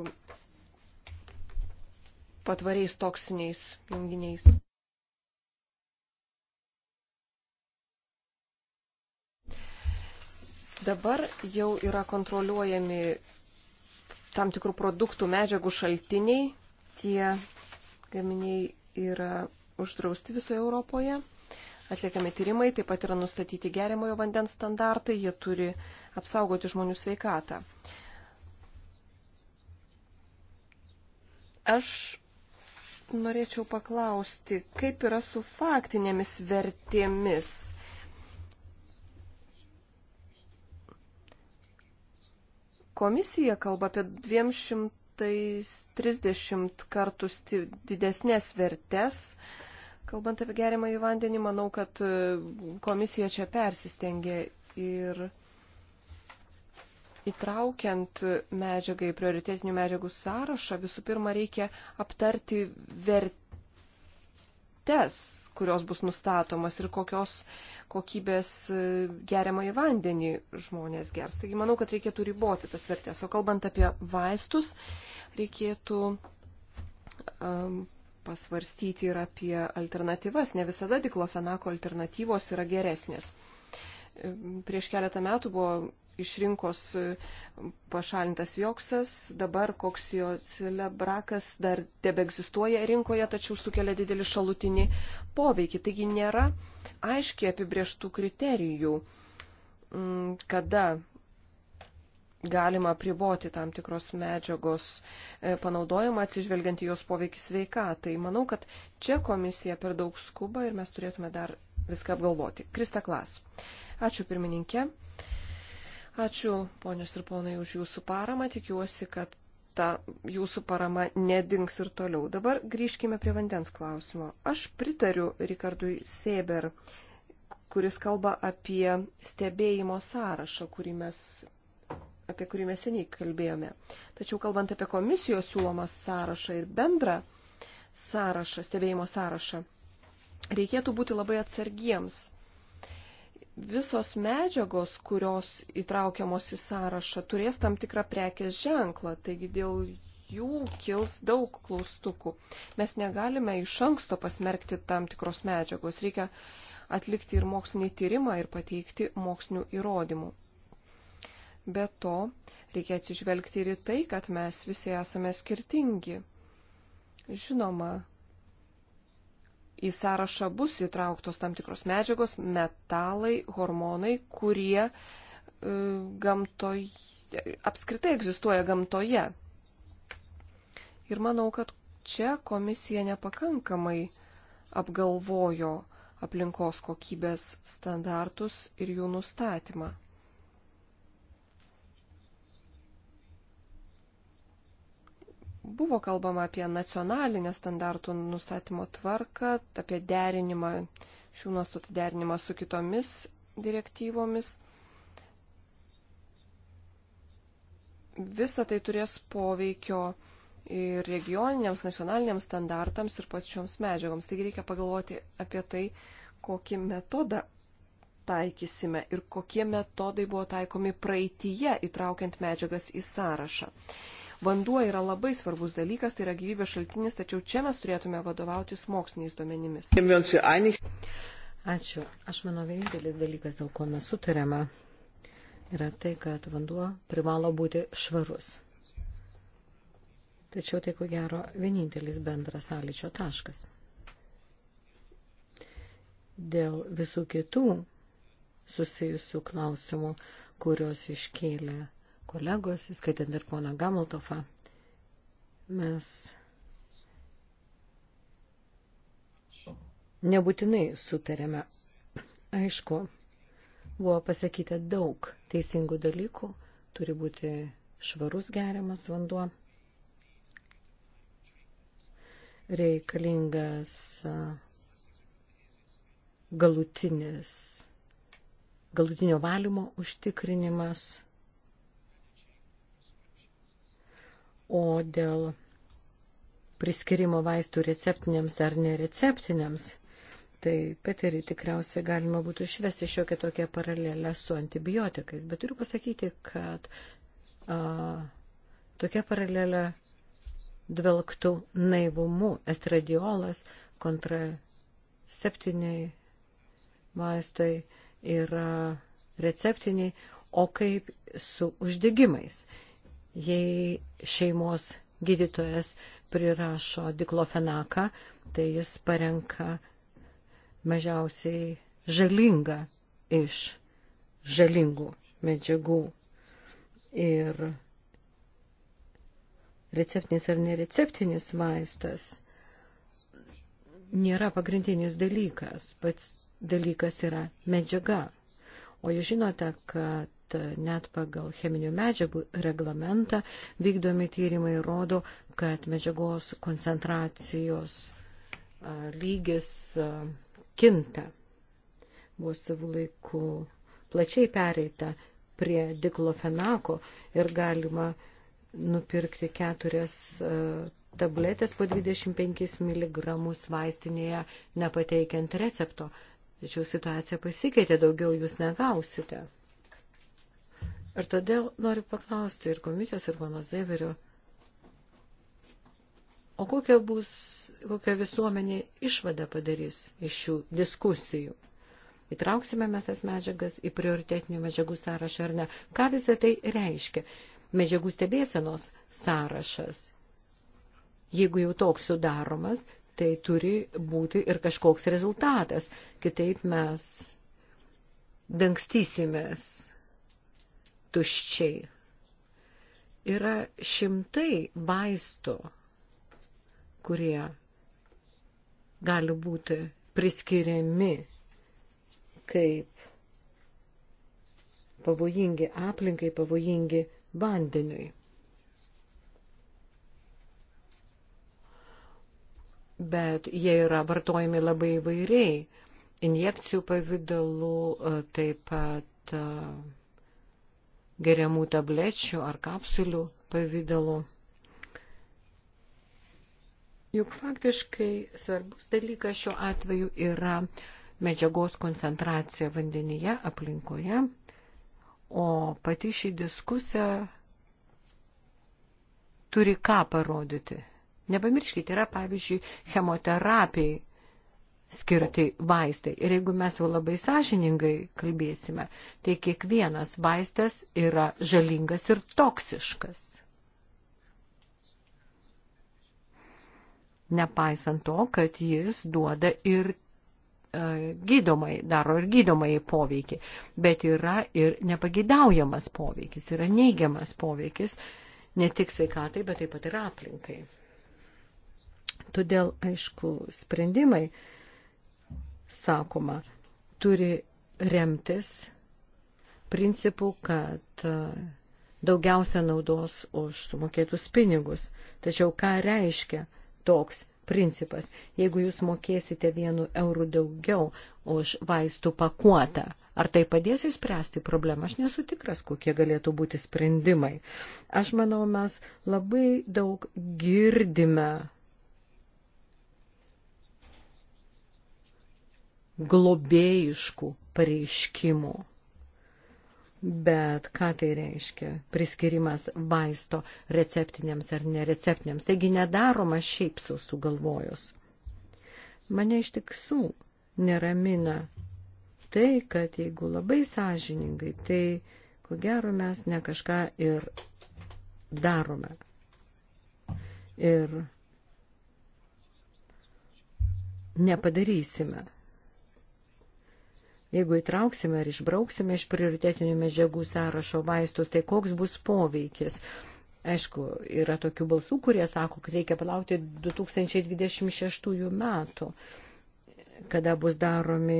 patvariais toksiniais junginiais. Dabar jau yra kontroliuojami tam tikrų produktų medžiagų šaltiniai, tie gaminiai yra uždrausti visoje Europoje. Atliekami tyrimai, taip pat yra nustatyti geriamojo vandens standartai, jie turi apsaugoti žmonių sveikatą. Aš norėčiau paklausti, kaip yra su faktinėmis vertėmis? Komisija kalba apie 200 130 kartus didesnės vertės. Kalbant apie gerimą į vandenį, manau, kad e, komisija čia persistengė ir įtraukiant medžiagą į prioritetinių medžiagų sąrašą, visų pirma, reikia aptarti vertės, kurios bus nustatomos ir kokios uh, kokybės e, geriamąjį vandenį žmonės gers. Taigi manau, kad reikėtų riboti tas vertės. O kalbant apie vaistus, reikėtų um, pasvarstyti ir apie alternatyvas. Ne visada diklofenako alternatyvos yra geresnės. Prieš keletą metų buvo iš rinkos e, pašalintas joksas, dabar koks jo celebrakas dar tebe egzistuoja rinkoje, tačiau sukelia didelį šalutinį poveikį. Taigi nėra aiškiai apibrieštų kriterijų, mm, kada galima priboti tam tikros medžiagos e, panaudojimą atsižvelgiant į jos poveikį sveikatai. Manau, kad čia komisija per daug skuba ir mes turėtume dar viską apgalvoti. Krista Klas. Ačiū pirmininkė. Ačiū, ponios ir ponai, už jūsų paramą. Tikiuosi, kad ta jūsų parama nedings ir toliau. Dabar grįžkime prie vandens klausimo. Aš pritariu Rikardui Seber, kuris kalba apie stebėjimo sąrašą, kurį mes, apie kurį mes seniai kalbėjome. Tačiau kalbant apie komisijos siūlomą sąrašą ir bendrą sąrašą, stebėjimo sąrašą, reikėtų būti labai atsargiems visos medžiagos, kurios įtraukiamos į sąrašą, turės tam tikrą prekės ženklą, taigi dėl jų kils daug klaustukų. Mes negalime iš anksto pasmerkti tam tikros medžiagos, reikia atlikti ir mokslinį tyrimą ir pateikti mokslinių įrodymų. Be to, reikia atsižvelgti ir į tai, kad mes visi esame skirtingi. Žinoma, į sąrašą bus įtrauktos tam tikros medžiagos, metalai, hormonai, kurie e, gamtoje, apskritai egzistuoja gamtoje. Ir manau, kad čia komisija nepakankamai apgalvojo aplinkos kokybės standartus ir jų nustatymą. Buvo kalbama apie nacionalinę standartų nustatymo tvarką, apie derinimą, šių nuostatų derinimą su kitomis direktyvomis. Visa tai turės poveikio ir regioniniams, nacionaliniams standartams ir pačioms medžiagoms. Taigi reikia pagalvoti apie tai, kokį metodą taikysime ir kokie metodai buvo taikomi praeitįje įtraukiant medžiagas į sąrašą. Vanduo yra labai svarbus dalykas, tai yra gyvybės šaltinis, tačiau čia mes turėtume vadovautis moksliniais duomenimis. Ačiū. Aš manau, vienintelis dalykas, dėl ko mes sutarėme, yra tai, kad vanduo privalo būti švarus. Tačiau tai, ko gero, vienintelis bendras sąlyčio taškas. Dėl visų kitų susijusių klausimų, kurios iškėlė kolegos, įskaitant ir poną Gamultofą, mes nebūtinai sutarėme. Aišku, buvo pasakyta daug teisingų dalykų, turi būti švarus geriamas vanduo, reikalingas galutinis, galutinio valymo užtikrinimas O dėl priskirimo vaistų receptiniams ar nereceptiniams, tai Peterį tikriausiai galima būtų išvesti šiokią tokią paralelę su antibiotikais. Bet turiu pasakyti, kad a, tokia paralelė dvelgtų naivumu estradiolas kontraceptiniai vaistai yra receptiniai, o kaip su uždegimais jei šeimos gydytojas prirašo diklofenaką, tai jis parenka mažiausiai žalingą iš žalingų medžiagų. Ir receptinis ar nereceptinis vaistas nėra pagrindinis dalykas, pats dalykas yra medžiaga. O jūs žinote, kad net pagal cheminių medžiagų reglamentą vykdomi tyrimai rodo, kad medžiagos koncentracijos lygis kinta. Buvo savų laikų plačiai pereita prie diklofenako ir galima nupirkti keturias tabletės po 25 mg vaistinėje, nepateikiant recepto. Tačiau situacija pasikeitė, daugiau jūs negausite. Ir todėl noriu paklausti ir komisijos, ir mano Zeverio, o kokia bus, kokia visuomenė išvada padarys iš šių diskusijų. Įtrauksime mes tas medžiagas į prioritetinių medžiagų sąrašą ar ne. Ką visą tai reiškia? Medžiagų stebėsenos sąrašas. Jeigu jau toks sudaromas, tai turi būti ir kažkoks rezultatas. Kitaip mes dangstysimės tuščiai. Yra šimtai vaistų, kurie gali būti priskiriami kaip pavojingi aplinkai, pavojingi vandeniui. Bet jie yra vartojami labai įvairiai. Injekcijų pavydalu, taip pat geriamų tablečių ar kapsulių pavydalu. Juk faktiškai svarbus dalykas šiuo atveju yra medžiagos koncentracija vandenyje, aplinkoje, o pati šį diskusiją turi ką parodyti. Nepamirškite, yra pavyzdžiui chemoterapijai skirti vaistai. Ir jeigu mes jau labai sąžiningai kalbėsime, tai kiekvienas vaistas yra žalingas ir toksiškas. Nepaisant to, kad jis duoda ir e, gydomai, daro ir gydomai poveikį, bet yra ir nepagidaujamas poveikis, yra neigiamas poveikis ne tik sveikatai, bet taip pat ir aplinkai. Todėl, aišku, sprendimai, uh, sakoma, turi remtis principu, kad e, daugiausia naudos už sumokėtus pinigus. Tačiau ką reiškia toks principas? Jeigu jūs mokėsite vienu eurų daugiau už vaistų pakuotą, ar tai padės įspręsti problemą? Aš nesu tikras, kokie galėtų būti sprendimai. Aš manau, mes labai daug girdime globėjiškų pareiškimų. Bet ką tai reiškia? Priskirimas vaisto receptiniams ar nereceptiniams. Taigi nedaroma šiaip su sugalvojus. Mane iš tiksų neramina tai, kad jeigu labai sąžiningai, tai ko gero mes ne kažką ir darome. Ir nepadarysime. Jeigu įtrauksime ar išbrauksime iš prioritetinių medžiagų sąrašo vaistus, tai koks bus poveikis? Aišku, yra tokių balsų, kurie sako, kad reikia palaukti 2026 metų, kada bus daromi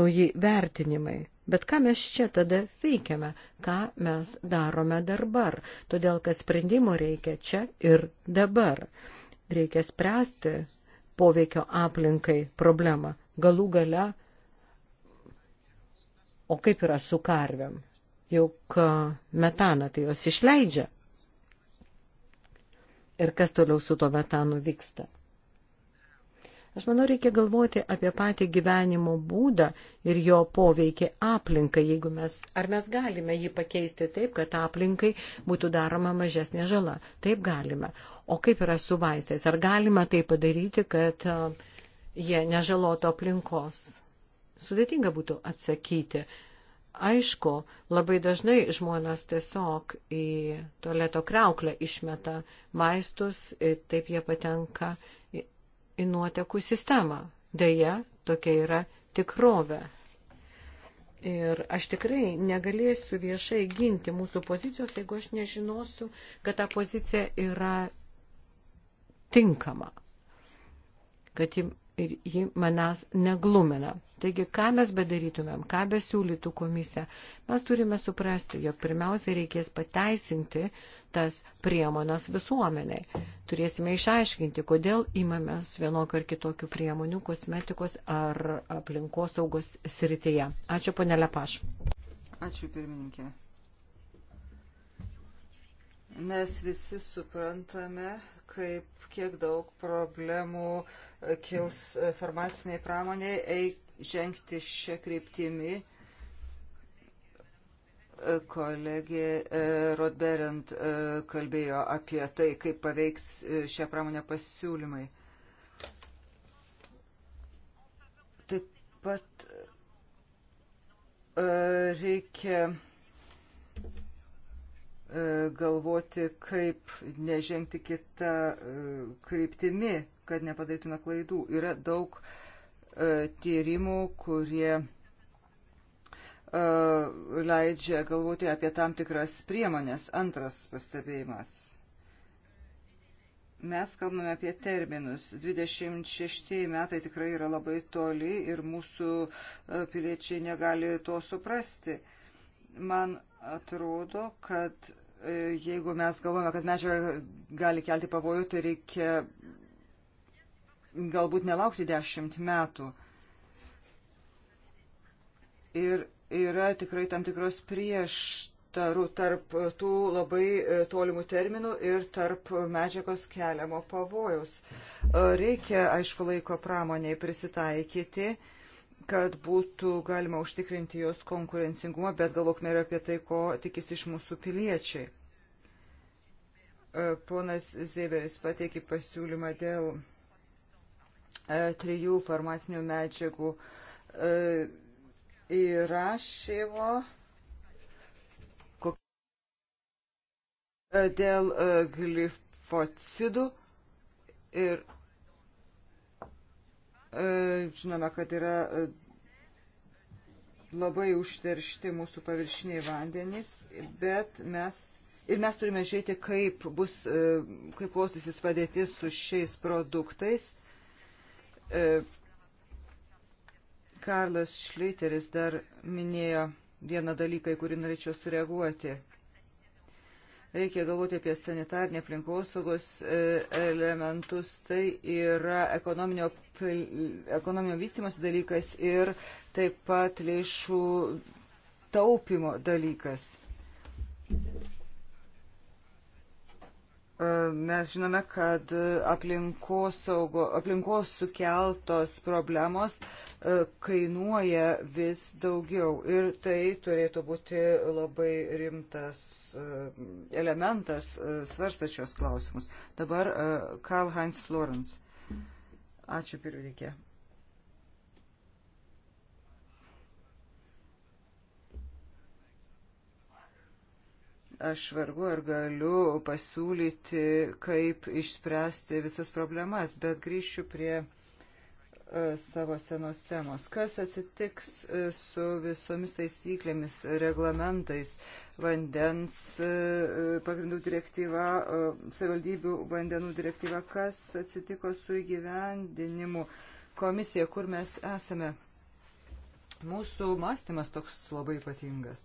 nauji vertinimai. Bet ką mes čia tada veikiame, ką mes darome dabar, todėl kad sprendimų reikia čia ir dabar. Reikia spręsti poveikio aplinkai problemą. Galų gale O kaip yra su karviam? Juk e, metaną tai jos išleidžia. Ir kas toliau su tuo metanu vyksta? Aš manau, reikia galvoti apie patį gyvenimo būdą ir jo poveikį aplinkai, jeigu mes, ar mes galime jį pakeisti taip, kad aplinkai būtų daroma mažesnė žala. Taip galime. O kaip yra su vaistais? Ar galima tai padaryti, kad e, jie nežaloto aplinkos? sudėtinga būtų atsakyti. Aišku, labai dažnai žmonės tiesiog į tualeto kreuklę išmeta maistus ir taip jie patenka į, į nuotekų sistemą. Deja, tokia yra tikrovė. Ir aš tikrai negalėsiu viešai ginti mūsų pozicijos, jeigu aš nežinosiu, kad ta pozicija yra tinkama, kad ji ir ji manęs neglumina. Taigi, ką mes bedarytumėm, ką besiūlytų komisija, mes turime suprasti, jog pirmiausia reikės pateisinti tas priemonas visuomeniai. Turėsime išaiškinti, kodėl imamės vienokio ar kitokių priemonių kosmetikos ar aplinkosaugos srityje. Ačiū, ponelė Paš. Ačiū, pirmininkė. Mes visi suprantame, kaip kiek daug problemų kils farmaciniai pramoniai eik, žengti šią kryptimį. Kolegė e, Rodberent e, kalbėjo apie tai, kaip paveiks e, šią pramonę pasiūlymai. Taip pat reikia E, galvoti, kaip nežengti kitą e, kryptimi, kad nepadarytume klaidų. Yra daug e, tyrimų, kurie leidžia galvoti apie tam tikras priemonės. Antras pastebėjimas. Mes kalbame apie terminus. 26 metai tikrai yra labai toli ir mūsų piliečiai negali to suprasti. Man atrodo, kad e, jeigu mes galvojame, kad medžiaga gali kelti pavojų, tai reikia galbūt nelaukti dešimt metų. Ir yra tikrai tam tikros prieštarų tarp tų labai e, tolimų terminų ir tarp medžiagos keliamo pavojaus. E, reikia, aišku, laiko pramoniai prisitaikyti kad būtų galima užtikrinti jos konkurencingumą, bet galvokime ir apie tai, ko tikisi iš mūsų piliečiai. E, ponas Zėberis pateikė pasiūlymą dėl e, trijų farmacinių medžiagų įrašymo e, dėl glifocidų ir E, žinome, kad yra e, labai užteršti mūsų paviršiniai vandenys, bet mes ir mes turime žiūrėti, kaip bus, e, kaip klostysis padėtis su šiais produktais. Karlas Šleiteris dar minėjo vieną dalyką, į kurį norėčiau sureaguoti. Reikia galvoti apie sanitarnį aplinkosaugos e, elementus. Tai yra ekonominio, ekonominio vystimosi dalykas ir taip pat lėšų taupimo dalykas. E, mes žinome, kad aplinkos, saugo, aplinkos sukeltos problemos e, kainuoja vis daugiau ir tai turėtų būti labai rimtas e, elementas svarstačios klausimus. Dabar Karl Heinz Florence. Ačiū, pirmininkė. Aš vargu ar galiu pasiūlyti, kaip išspręsti visas problemas, bet grįšiu prie e, savo senos temos. Kas atsitiks e, su visomis taisyklėmis, reglamentais, vandens e, pagrindų direktyva, savivaldybių vandenų direktyva, kas atsitiko su įgyvendinimu komisija, kur mes esame. Mūsų mąstymas toks labai ypatingas.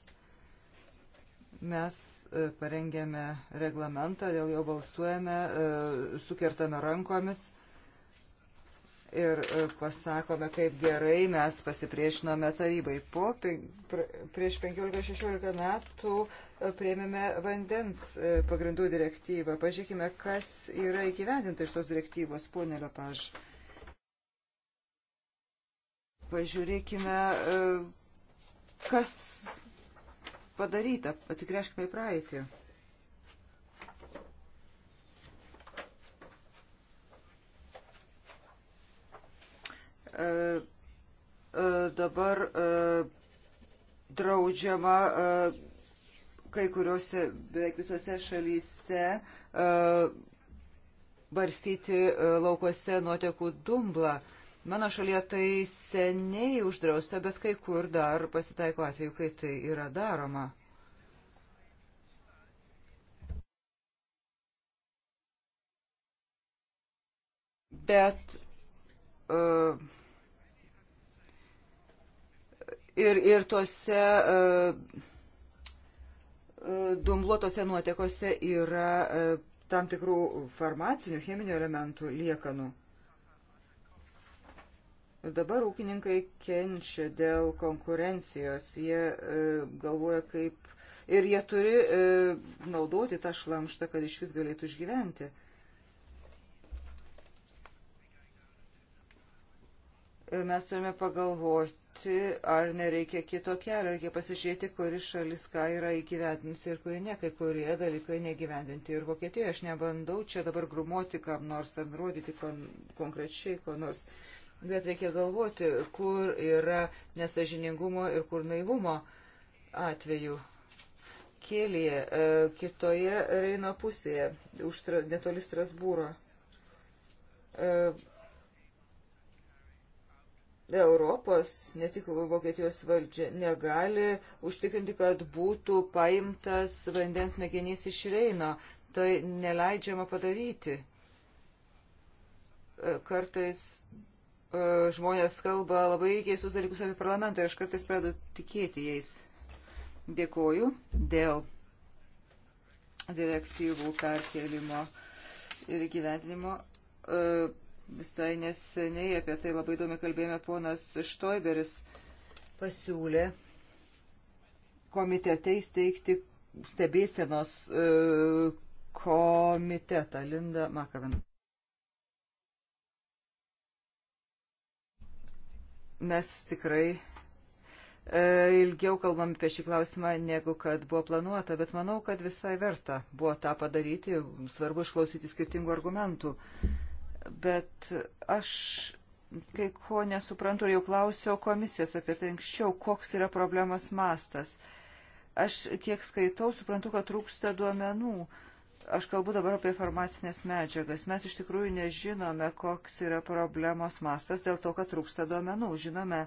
Mes E, parengėme reglamentą, dėl jo balsuojame, e, sukertame rankomis ir e, pasakome, kaip gerai mes pasipriešinome tarybai. Po, prieš 15-16 metų prieimėme vandens pagrindų direktyvą. Pažiūrėkime, kas yra įgyvendinta iš tos direktyvos, ponė Lepaž. Pažiūrėkime, kas padaryta. Atsigręžkime į praeitį. E, e, dabar e, draudžiama e, kai kuriuose, beveik visose šalyse e, barstyti e, laukuose nuotekų dumblą. Mano šalyje tai seniai uždrausta, bet kai kur dar pasitaiko atveju, kai tai yra daroma. Bet uh, ir, ir tose uh, dumbluotose nuotekose yra uh, tam tikrų farmacinių cheminių elementų liekanų. Dabar ūkininkai kenčia dėl konkurencijos, jie e, galvoja kaip ir jie turi e, naudoti tą šlamštą, kad iš vis galėtų išgyventi. E, mes turime pagalvoti, ar nereikia kito kelio, reikia pasižiūrėti, kuri šalis ką yra įgyvendinti ir kuri ne, kai kurie dalykai negyvendinti. Ir Vokietijoje aš nebandau čia dabar grumoti kam nors ar nurodyti kon, konkrečiai ko nors. E, Bet reikia galvoti, kur yra nesažiningumo ir kur naivumo atveju. Kėlėje, e, kitoje Reino pusėje, už, netoli Strasbūro. E, Europos, ne tik Vokietijos valdžia, negali užtikrinti, kad būtų paimtas vandens mėginys iš Reino. Tai neleidžiama padaryti. E, kartais E, žmonės kalba labai keistus dalykus apie parlamentą ir aš kartais pradedu tikėti jais. Dėkoju dėl direktyvų perkelimo ir gyventinimo. E, visai neseniai apie tai labai įdomi kalbėjome, ponas Štoiberis pasiūlė komitete įsteigti stebėsenos e, komitetą Linda Makavan. mes tikrai e, ilgiau kalbam apie šį klausimą, negu kad buvo planuota, bet manau, kad visai verta buvo tą padaryti, svarbu išklausyti skirtingų argumentų. Bet aš kai ko nesuprantu ir jau klausiau komisijos apie tai anksčiau, koks yra problemos mastas. Aš kiek skaitau, suprantu, kad trūksta duomenų. Uh, Aš kalbu dabar apie farmacinės medžiagas. Mes iš tikrųjų nežinome, koks yra problemos mastas dėl to, kad trūksta duomenų. Žinome,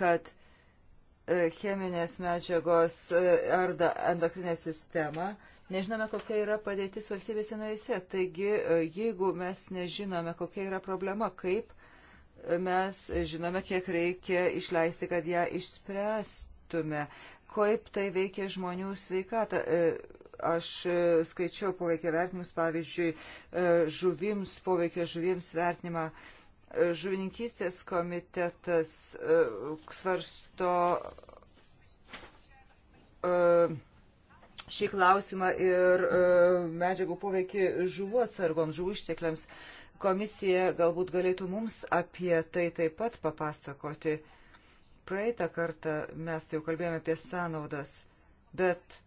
kad e, cheminės medžiagos e, arda endokrinę sistemą. Nežinome, kokia yra padėtis valstybėse narėse. Taigi, e, jeigu mes nežinome, kokia yra problema, kaip mes žinome, kiek reikia išleisti, kad ją išspręstume, kaip tai veikia žmonių sveikatą. Aš e, skaičiau poveikio vertinimus, pavyzdžiui, e, žuvims, poveikio žuvims vertinimą. E, žuvininkystės komitetas svarsto šį klausimą ir medžiagų poveikį žuvų atsargoms, žuvų ištekliams. Komisija galbūt galėtų mums apie tai taip pat papasakoti. Praeitą kartą mes jau kalbėjome apie sąnaudas, bet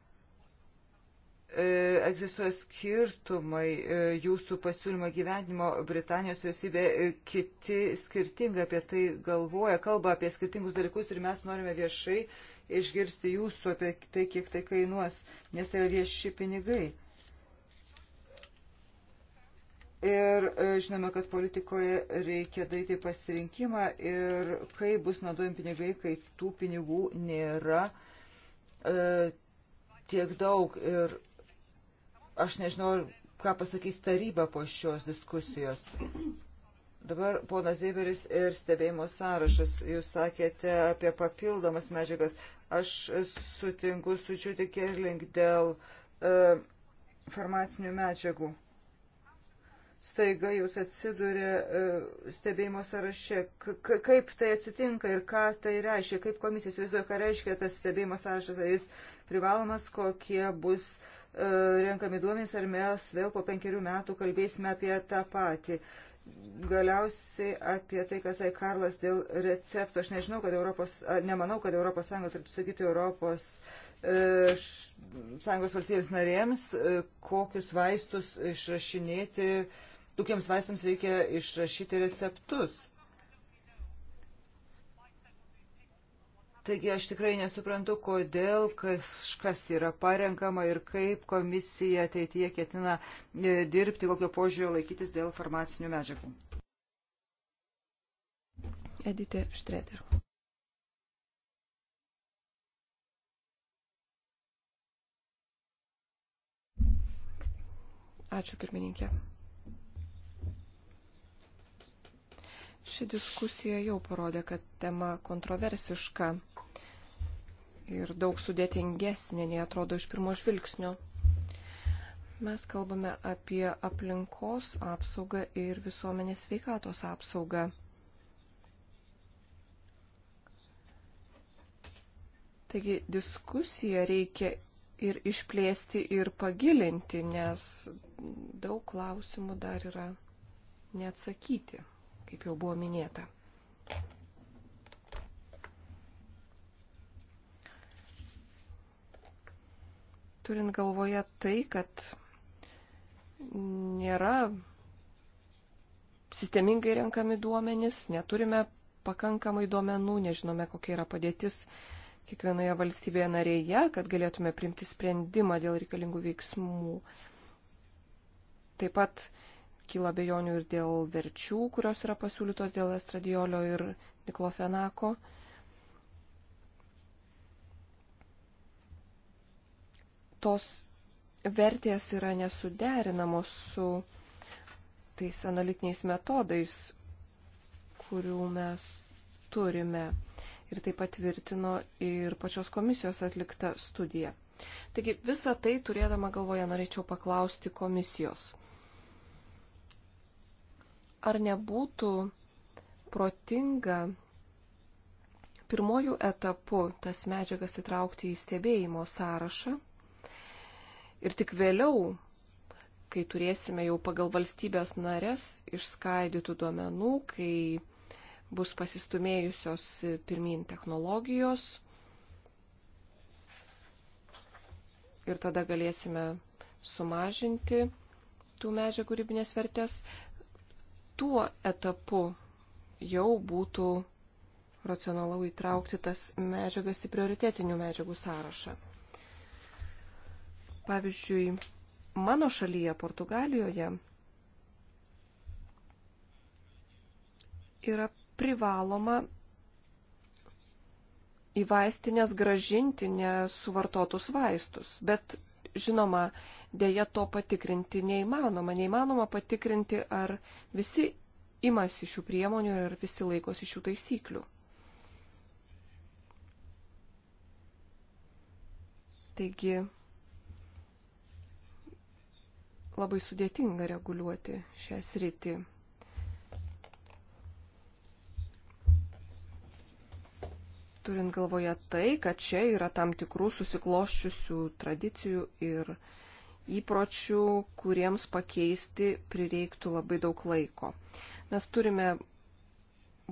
E, egzistuoja skirtumai e, jūsų pasiūlymo gyvenimo Britanijos vyriausybė, e, kiti skirtingai apie tai galvoja, kalba apie skirtingus dalykus ir mes norime viešai išgirsti jūsų apie tai, kiek tai kainuos, nes tai yra vieši pinigai. Ir žinome, kad politikoje reikia daryti pasirinkimą ir kai bus naudojami pinigai, kai tų pinigų nėra e, tiek daug. Ir Aš nežinau, ką pasakys taryba po šios diskusijos. Dabar ponas Zėberis ir stebėjimo sąrašas. Jūs sakėte apie papildomas medžiagas. Aš sutinku su Čiūti Kerling dėl e, farmacinių medžiagų. Staiga jūs atsidūrė e, stebėjimo sąraše. K kaip tai atsitinka ir ką tai reiškia? Kaip komisija įsivaizduoja, ką reiškia tas stebėjimo sąrašas? Ar jis privalomas, kokie bus e, renkami duomenys, ar mes vėl po penkerių metų kalbėsime apie tą patį. Galiausiai apie tai, kas sakė Karlas dėl recepto. Aš nežinau, kad Europos, nemanau, kad ES turėtų sakyti Europos e, Sąjungos valstybės narėms, e, kokius vaistus išrašinėti, tokiems vaistams reikia išrašyti receptus. Taigi aš tikrai nesuprantu, kodėl kažkas yra parenkama ir kaip komisija ateityje ketina e, dirbti, kokio požiūrio laikytis dėl farmacinių medžiagų. Edite Štreder. Ačiū pirmininkė. Ši diskusija jau parodė, kad tema kontroversiška ir daug sudėtingesnė, nei atrodo iš pirmo žvilgsnio. Mes kalbame apie aplinkos apsaugą ir visuomenės sveikatos apsaugą. Taigi diskusiją reikia ir išplėsti, ir pagilinti, nes daug klausimų dar yra neatsakyti, kaip jau buvo minėta. turint galvoje tai, kad nėra sistemingai renkami duomenys, neturime pakankamai duomenų, nežinome, kokia yra padėtis kiekvienoje valstybėje narėje, kad galėtume primti sprendimą dėl reikalingų veiksmų. Taip pat kyla bejonių ir dėl verčių, kurios yra pasiūlytos dėl estradiolio ir niklofenako. tos vertės yra nesuderinamos su tais analitiniais metodais, kurių mes turime. Ir tai patvirtino ir pačios komisijos atlikta studija. Taigi visą tai turėdama galvoje norėčiau paklausti komisijos. Ar nebūtų protinga pirmojų etapų tas medžiagas įtraukti į stebėjimo sąrašą ir tik vėliau, kai turėsime jau pagal valstybės narės išskaidytų duomenų, kai bus pasistumėjusios pirmin technologijos ir tada galėsime sumažinti tų medžiagų ribinės vertės, tuo etapu jau būtų racionalau įtraukti tas medžiagas į prioritetinių medžiagų sąrašą. Pavyzdžiui, mano šalyje, Portugalijoje, yra privaloma į vaistinės gražinti nesuvartotus vaistus. Bet, žinoma, dėja to patikrinti neįmanoma. Neįmanoma patikrinti, ar visi imasi šių priemonių ir ar visi laikosi šių taisyklių. Taigi, labai sudėtinga reguliuoti šią sritį. Turint galvoje tai, kad čia yra tam tikrų susikloščiusių tradicijų ir įpročių, kuriems pakeisti prireiktų labai daug laiko. Mes turime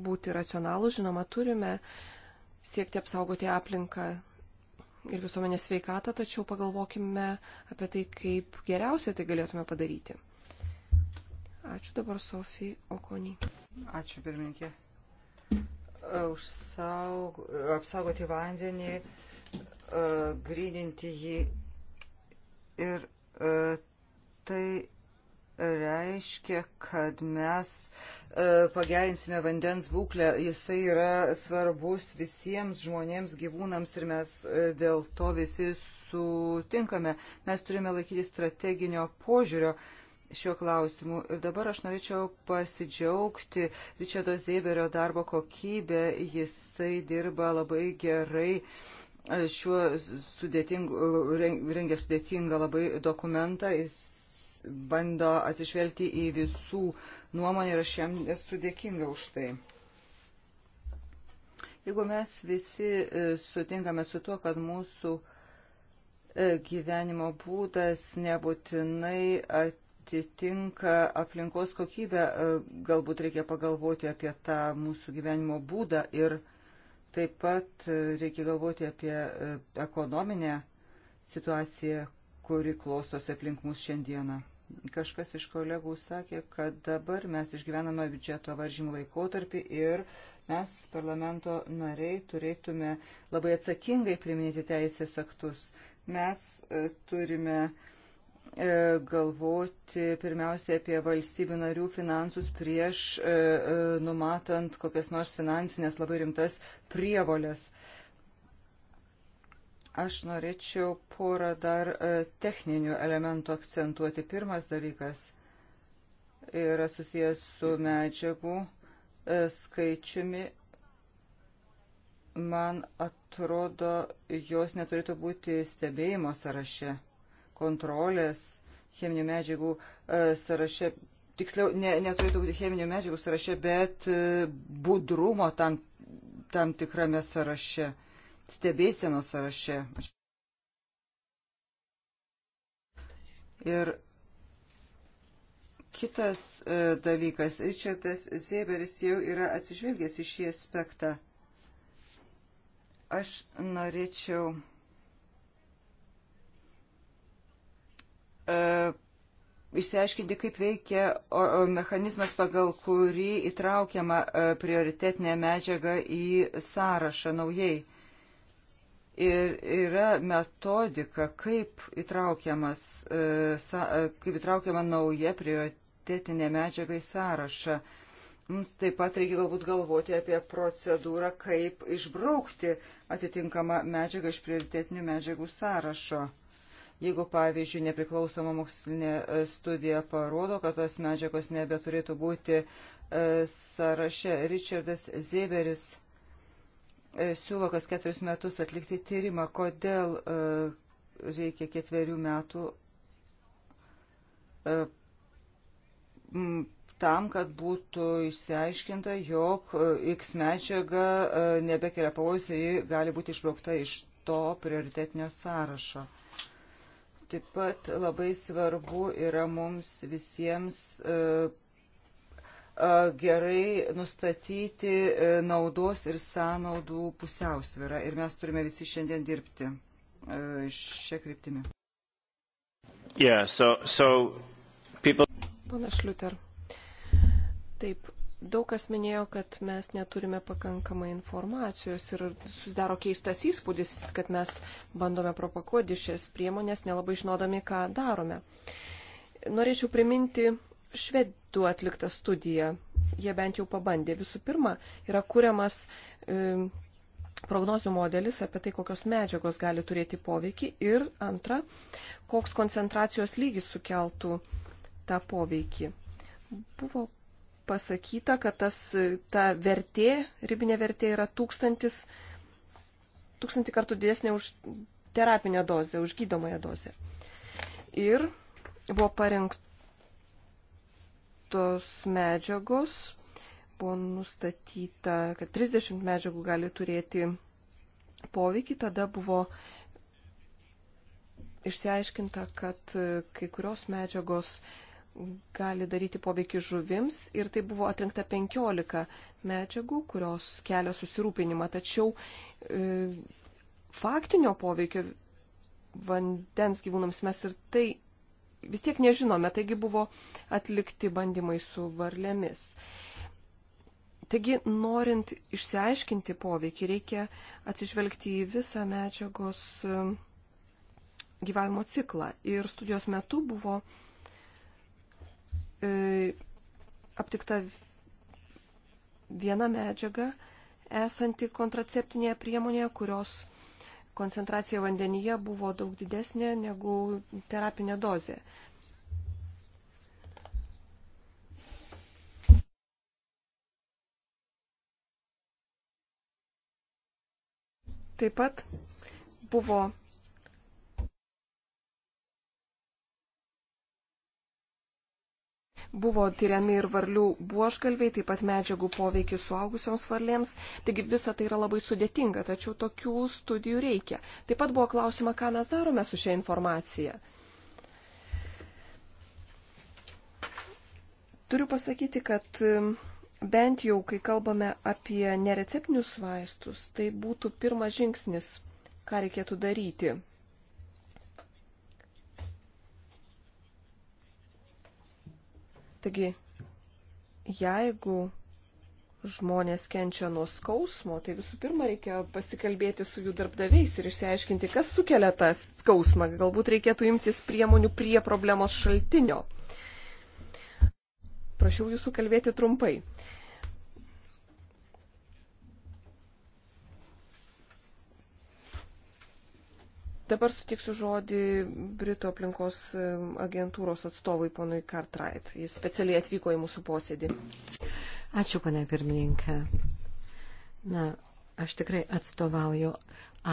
būti racionalų, žinoma, turime siekti apsaugoti aplinką ir visuomenės sveikatą, tačiau pagalvokime apie tai, kaip geriausiai tai galėtume padaryti. Ačiū dabar Sofija Okony. Ačiū pirmininkė. Užsaug, apsaugoti vandenį, e, grininti jį ir e, tai reiškia, kad mes e, pagerinsime vandens būklę. Jisai yra svarbus visiems žmonėms, gyvūnams ir mes e, dėl to visi sutinkame. Mes turime laikyti strateginio požiūrio šiuo klausimu. Ir dabar aš norėčiau pasidžiaugti Ričardo Zėberio darbo kokybę. Jisai dirba labai gerai e, šiuo sudėtingu, rengia sudėtingą labai dokumentą. Jis bando atsižvelgti į visų nuomonę ir aš jam esu dėkinga už tai. Jeigu mes visi e, sutinkame su tuo, kad mūsų e, gyvenimo būdas nebūtinai atitinka aplinkos kokybę, e, galbūt reikia pagalvoti apie tą mūsų gyvenimo būdą ir Taip pat reikia galvoti apie ekonominę situaciją, kuri klostosi aplink mus šiandieną. Kažkas iš kolegų sakė, kad dabar mes išgyvename biudžeto varžymų laikotarpį ir mes, parlamento nariai, turėtume labai atsakingai priminėti teisės aktus. Mes e, turime e, galvoti pirmiausia apie valstybių narių finansus prieš e, numatant kokias nors finansinės labai rimtas prievolės Aš norėčiau porą dar e, techninių elementų akcentuoti. Pirmas dalykas yra susijęs su medžiagų e, skaičiumi. Man atrodo, jos neturėtų būti stebėjimo sąraše, kontrolės, cheminių medžiagų e, sąraše. Tiksliau, ne, neturėtų būti cheminių medžiagų sąraše, bet budrumo tam, tam tikrame sąraše stebėsienos sąraše. Ir kitas e, dalykas, Richardas Zieberis jau yra atsižvelgęs į šį aspektą. Aš norėčiau e, išsiaiškinti, kaip veikia mechanizmas, pagal kurį įtraukiama e, prioritetinė medžiaga į sąrašą naujai ir yra metodika, kaip, įtraukiamas, e, e, kaip įtraukiama nauja prioritetinė medžiaga į sąrašą. Mums taip pat reikia galbūt galvoti apie procedūrą, kaip išbraukti atitinkamą medžiagą iš prioritetinių medžiagų sąrašo. Jeigu, pavyzdžiui, nepriklausoma mokslinė e, studija parodo, kad tos medžiagos nebeturėtų būti sąraše, Richardas Zeberis E, siūlo kas ketverius metus atlikti tyrimą, kodėl e, reikia ketverių metų e, tam, kad būtų išsiaiškinta, jog X medžiaga nebekelia pavojus ir ji gali būti išbraukta iš to prioritetinio sąrašo. Taip pat labai svarbu yra mums visiems gerai nustatyti e, naudos ir sąnaudų pusiausvyrą. Ir mes turime visi šiandien dirbti e, šią kryptimį. Yeah, so, so people... Pana Šliuter. Taip, daug kas minėjo, kad mes neturime pakankamai informacijos ir susidaro keistas įspūdis, kad mes bandome propaguoti šias priemonės, nelabai žinodami, ką darome. Norėčiau priminti švedų atlikta studija. Jie bent jau pabandė. Visų pirma, yra kuriamas e, prognozių modelis apie tai, kokios medžiagos gali turėti poveikį ir antra, koks koncentracijos lygis sukeltų tą poveikį. Buvo pasakyta, kad tas, ta vertė, ribinė vertė yra tūkstantis, tūkstantį kartų didesnė už terapinę dozę, už gydomąją dozę. Ir buvo parengta tos medžiagos. Buvo nustatyta, kad 30 medžiagų gali turėti poveikį. Tada buvo išsiaiškinta, kad e, kai kurios medžiagos gali daryti poveikį žuvims ir tai buvo atrinkta 15 medžiagų, kurios kelia susirūpinimą. Tačiau e, faktinio poveikio vandens gyvūnams mes ir tai vis tiek nežinome, taigi buvo atlikti bandymai su varlėmis. Taigi, norint išsiaiškinti poveikį, reikia atsižvelgti į visą medžiagos um, gyvavimo ciklą. Ir studijos metu buvo e, aptikta viena medžiaga, esanti kontraceptinėje priemonėje, kurios koncentracija vandenyje buvo daug didesnė negu terapinė dozė. Taip pat buvo Buvo tyriami ir varlių buožgalviai, taip pat medžiagų poveikis suaugusioms varlėms. Taigi visa tai yra labai sudėtinga, tačiau tokių studijų reikia. Taip pat buvo klausima, ką mes darome su šia informacija. Turiu pasakyti, kad um, bent jau, kai kalbame apie nereceptinius vaistus, tai būtų pirmas žingsnis, ką reikėtų daryti. Taigi, jeigu žmonės kenčia nuo skausmo, tai visų pirma reikia pasikalbėti su jų darbdaviais ir išsiaiškinti, kas sukelia tą skausmą. Galbūt reikėtų imtis priemonių prie problemos šaltinio. Prašiau jūsų kalbėti trumpai. Dabar sutiksiu žodį Britų aplinkos agentūros atstovui ponui Cartwright. Jis specialiai atvyko į mūsų posėdį. Ačiū, ponė pirmininkė. Na, aš tikrai atstovauju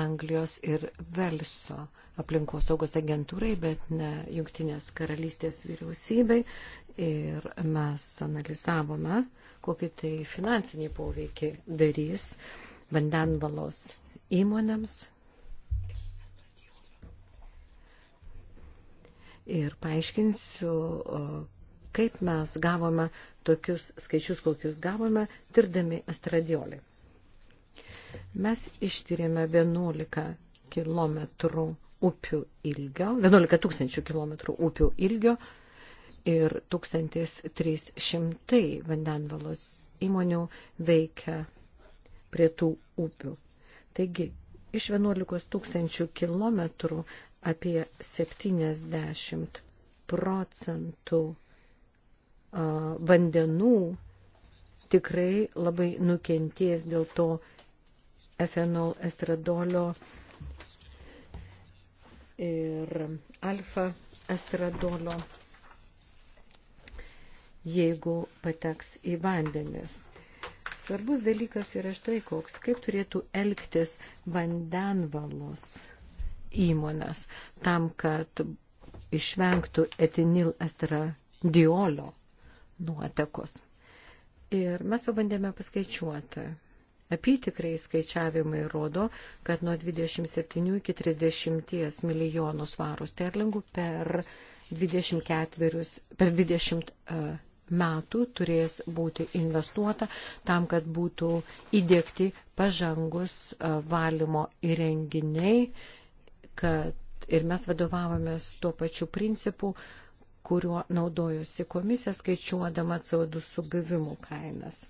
Anglijos ir Velso aplinkos saugos agentūrai, bet ne Junktinės karalystės vyriausybei. Ir mes analizavome, kokį tai finansinį poveikį darys vandenvalos įmonėms, ir paaiškinsiu, kaip mes gavome tokius skaičius, kokius gavome, tirdami astradiolį. Mes ištyrėme 11 km upių ilgio, 11 tūkstančių kilometrų upių ilgio ir 1300 vandenvalos įmonių veikia prie tų upių. Taigi, iš 11 tūkstančių kilometrų apie 70 procentų vandenų tikrai labai nukentės dėl to efenol estradolio ir alfa estradolio, jeigu pateks į vandenis. Svarbus dalykas yra štai koks, kaip turėtų elgtis vandenvalos įmonės tam, kad išvengtų etinil estradiolio nuotekos. Ir mes pabandėme paskaičiuoti. Apytikrai skaičiavimai rodo, kad nuo 27 iki 30 milijonų svarų sterlingų per 24, per 20 uh, e, metų turės būti investuota tam, kad būtų įdėkti pažangus e, valymo įrenginiai kad ir mes vadovavomės tuo pačiu principu, kuriuo naudojusi komisija skaičiuodama CO2 sugavimų kainas.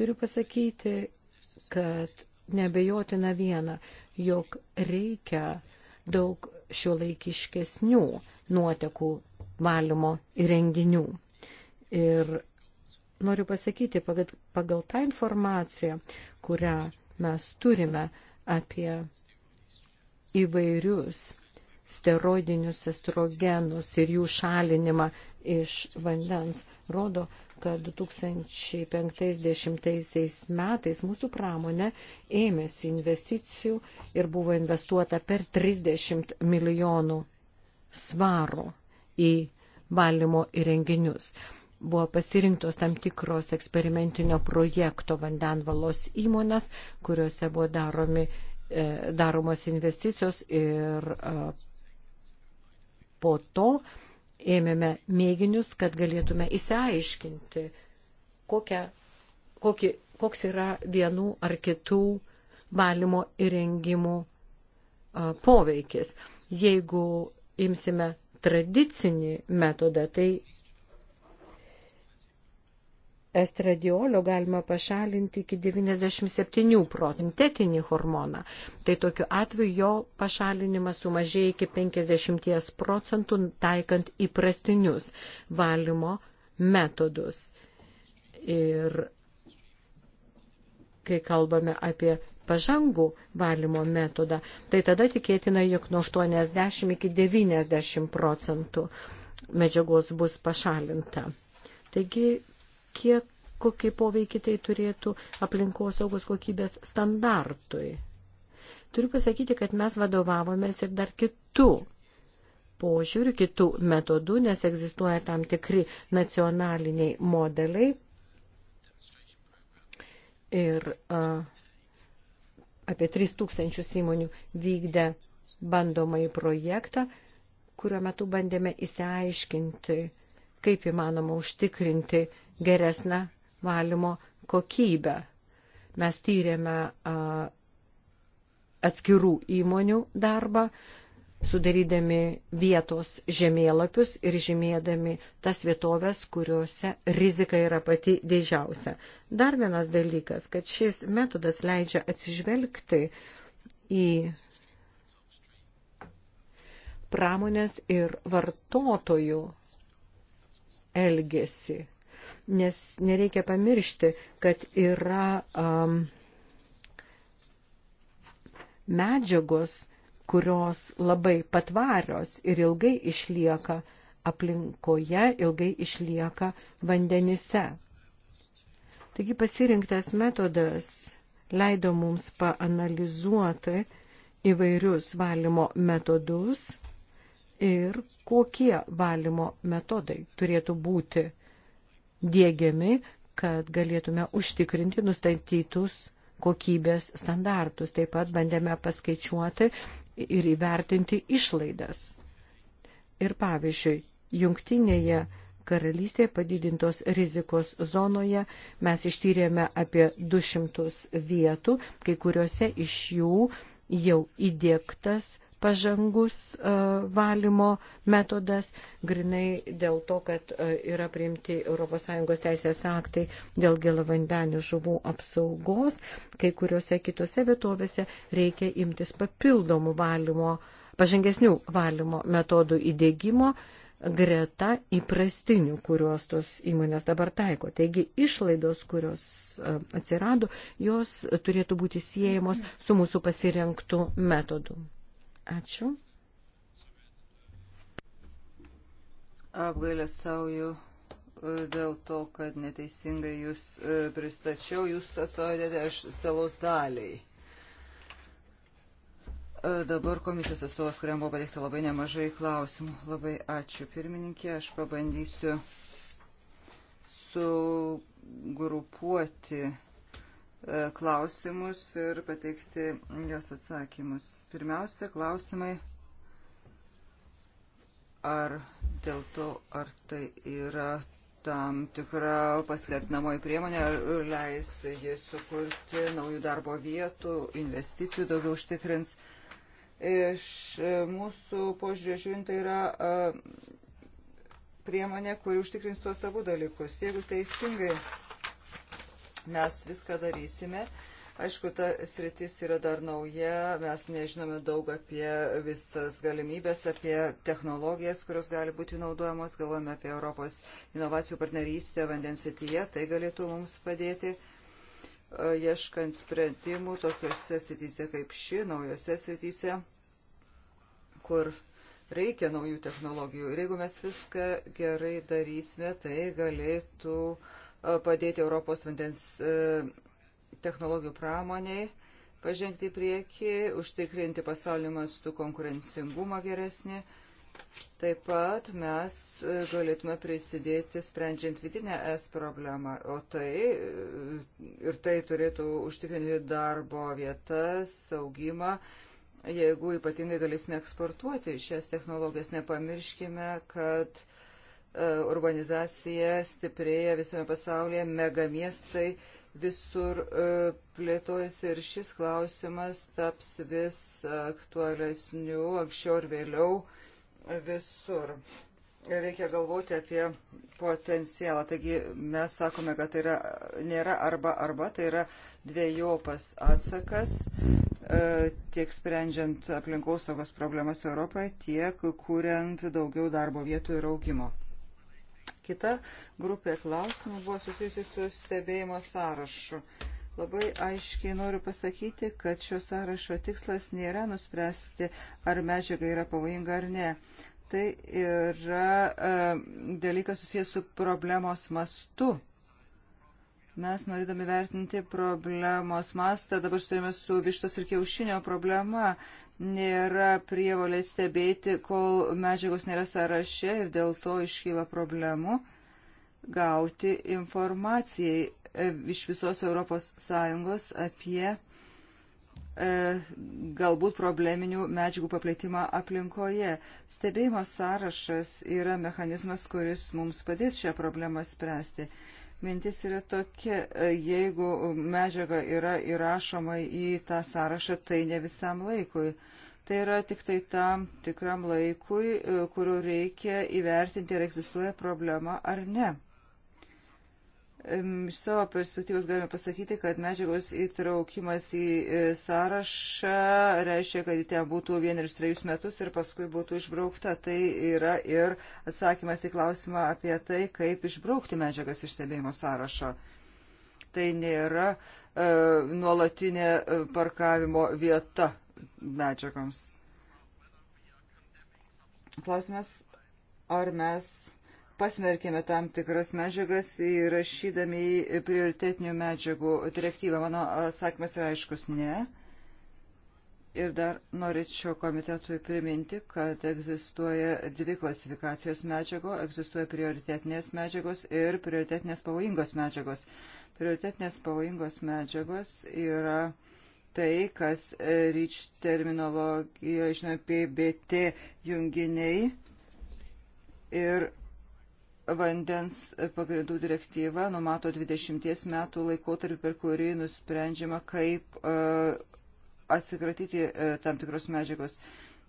Turiu pasakyti, kad nebejotina viena, jog reikia daug šiuolaikiškesnių nuotekų valymo įrenginių. Ir noriu pasakyti, pagal, pagal tą informaciją, kurią mes turime apie įvairius steroidinius estrogenus ir jų šalinimą iš vandens rodo, kad 2050 metais mūsų pramonė ėmėsi investicijų ir buvo investuota per 30 milijonų svarų į valymo įrenginius. Buvo pasirinktos tam tikros eksperimentinio projekto vandenvalos įmonės, kuriuose buvo daromi E, daromos investicijos ir e, po to ėmėme mėginius, kad galėtume įsiaiškinti, kokia, kokie, koks yra vienų ar kitų valymo įrengimų e, poveikis. Jeigu imsime tradicinį metodą, tai estradiolio galima pašalinti iki 97 procentinį hormoną. Tai tokiu atveju jo pašalinimas sumažėja iki 50 procentų taikant įprastinius valymo metodus. Ir kai kalbame apie pažangų valymo metodą, tai tada tikėtina, jog nuo 80 iki 90 procentų medžiagos bus pašalinta. Taigi kiek, kokį poveikį tai turėtų aplinkosaugos kokybės standartui. Turiu pasakyti, kad mes vadovavomės ir dar kitų požiūrių, kitų metodų, nes egzistuoja tam tikri nacionaliniai modeliai. Ir a, apie 3000 įmonių vykdė bandomąjį projektą, kurio metu bandėme įsiaiškinti, kaip įmanoma užtikrinti uh, geresnę valymo kokybę. Mes tyrėme atskirų įmonių darbą, sudarydami vietos žemėlapius ir žymėdami tas vietovės, kuriuose rizika yra pati didžiausia. Dar vienas dalykas, kad šis metodas leidžia atsižvelgti į pramonės ir vartotojų elgesį nes nereikia pamiršti, kad yra um, medžiagos, kurios labai patvarios ir ilgai išlieka aplinkoje, ilgai išlieka vandenise. Taigi pasirinktas metodas leido mums paanalizuoti įvairius valymo metodus ir kokie valymo metodai turėtų būti dėgiami, kad galėtume užtikrinti nustatytus kokybės standartus. Taip pat bandėme paskaičiuoti ir įvertinti išlaidas. Ir pavyzdžiui, jungtinėje karalystėje padidintos rizikos zonoje mes ištyrėme apie 200 vietų, kai kuriuose iš jų jau įdėktas pažangus e, valymo metodas, grinai dėl to, kad e, yra priimti ES teisės aktai dėl gėlavandenių žuvų apsaugos, kai kuriuose kitose vietovėse reikia imtis papildomų valymo, pažangesnių valymo metodų įdėgymo greta įprastinių, kuriuos tos įmonės dabar taiko. Taigi išlaidos, kurios e, atsirado, jos turėtų būti siejamos su mūsų pasirinktų metodu. Ačiū. Apgailę savo e, dėl to, kad neteisingai jūs e, pristačiau, jūs atstovaujate aš salos daliai. E, dabar komisijos atstovas, kuriam buvo pateikta labai nemažai klausimų. Labai ačiū pirmininkė, aš pabandysiu sugrupuoti E, klausimus ir pateikti jos atsakymus. Pirmiausia, klausimai ar dėl to, ar tai yra tam tikra paskatinamoji priemonė, ar leis jis sukurti naujų darbo vietų, investicijų daugiau užtikrins. Iš e, mūsų požiūrė žiūrint, tai yra e, priemonė, kuri užtikrins tuos abu dalykus. Jeigu teisingai Mes viską darysime. Aišku, ta sritis yra dar nauja, mes nežinome daug apie visas galimybės, apie technologijas, kurios gali būti naudojamos, galvojame apie Europos inovacijų partnerystę vandens srityje, tai galėtų mums padėti e, ieškant sprendimų tokiuose srityse kaip ši, naujose srityse, kur reikia naujų technologijų. Ir jeigu mes viską gerai darysime, tai galėtų uh, padėti Europos vandens e, technologijų pramoniai pažengti į priekį, užtikrinti pasaulio mastų konkurencingumą geresnį. Taip pat mes e, galėtume prisidėti sprendžiant vidinę S problemą, o tai e, ir tai turėtų užtikrinti darbo vietas, saugimą, jeigu ypatingai galėsime eksportuoti šias technologijas. Nepamirškime, kad uh, urbanizacija stiprėja visame pasaulyje, megamiestai visur e, plėtojasi ir šis klausimas taps vis aktualesniu anksčiau ir vėliau visur. Reikia galvoti apie potencialą. Taigi mes sakome, kad tai yra, nėra arba arba, tai yra dviejopas atsakas e, tiek sprendžiant aplinkosaugos problemas Europoje, tiek kuriant daugiau darbo vietų ir augimo. Kita grupė klausimų buvo susijusi su stebėjimo sąrašu. Labai aiškiai noriu pasakyti, kad šio sąrašo tikslas nėra nuspręsti, ar medžiaga yra pavojinga ar ne. Tai yra e, dalykas susijęs su problemos mastu Mes norėdami vertinti problemos mastą, dabar turime su vištos ir kiaušinio problema, nėra prievolės stebėti, kol medžiagos nėra sąraše ir dėl to iškyla problemų gauti informacijai e, iš visos ES apie e, galbūt probleminių medžiagų paplitimą aplinkoje. Stebėjimo sąrašas yra mechanizmas, kuris mums padės šią problemą spręsti. Mintis yra tokia, e, jeigu medžiaga yra įrašoma į tą sąrašą, tai ne visam laikui. Tai yra tik tai tam tikram laikui, e, kuriuo reikia įvertinti, ar egzistuoja problema ar ne. Iš savo perspektyvos galime pasakyti, kad medžiagos įtraukimas į e, sąrašą reiškia, kad ji ten būtų vienerius trejus metus ir paskui būtų išbraukta. Tai yra ir atsakymas į klausimą apie tai, kaip išbraukti medžiagas iš stebėjimo sąrašo. Tai nėra e, nuolatinė e, parkavimo vieta medžiagoms. Klausimas, ar mes pasmerkėme tam tikras medžiagas įrašydami į prioritetinių medžiagų direktyvą. Mano atsakymas yra aiškus ne. Ir dar norėčiau komitetui priminti, kad egzistuoja dvi klasifikacijos medžiagų, egzistuoja prioritetinės medžiagos ir prioritetinės pavojingos medžiagos. Prioritetinės pavojingos medžiagos yra tai, kas ryč terminologijoje žinome PBT junginiai ir vandens pagrindų direktyva numato 20 metų laikotarpį, per kurį nusprendžiama, kaip e, atsikratyti e, tam tikros medžiagos.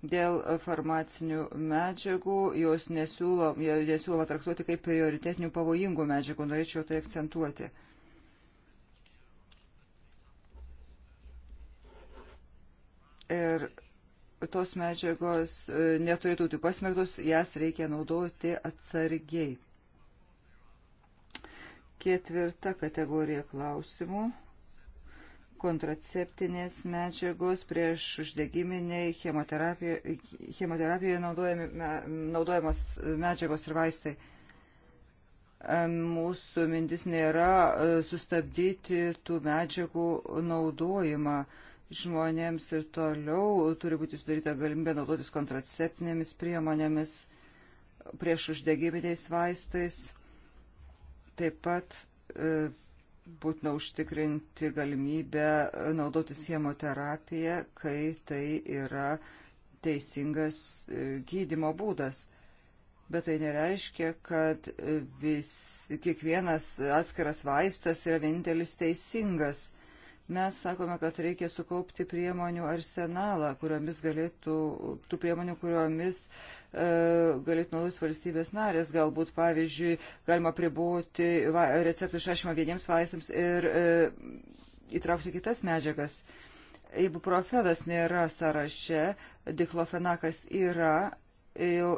Dėl farmacinių medžiagų jos nesiūlo, nesiūloma traktuoti kaip prioritetinių pavojingų medžiagų, norėčiau tai akcentuoti. Ir tos medžiagos e, neturėtų būti pasmerktos, jas reikia naudoti atsargiai. Ketvirta kategorija klausimų kontraceptinės medžiagos prieš uždegiminiai chemoterapijoje, chemoterapijoje naudojamos medžiagos ir vaistai. Mūsų mintis nėra e, sustabdyti tų medžiagų naudojimą. Žmonėms ir toliau turi būti sudaryta galimybė naudotis kontraceptinėmis priemonėmis prieš uždegiminiais vaistais Taip pat e, būtina užtikrinti galimybę e, naudotis chemoterapiją, kai tai yra teisingas e, gydimo būdas. Bet tai nereiškia, kad vis, kiekvienas atskiras vaistas yra vienintelis teisingas. Mes sakome, kad reikia sukaupti priemonių arsenalą, kuriomis galėtų, tų priemonių, kuriomis e, galėtų naudotis valstybės narės. Galbūt, pavyzdžiui, galima pribūti va, receptų išrašymą vieniems vaistams ir e, įtraukti kitas medžiagas. Ibuprofenas nėra sąraše, diklofenakas yra, e, jau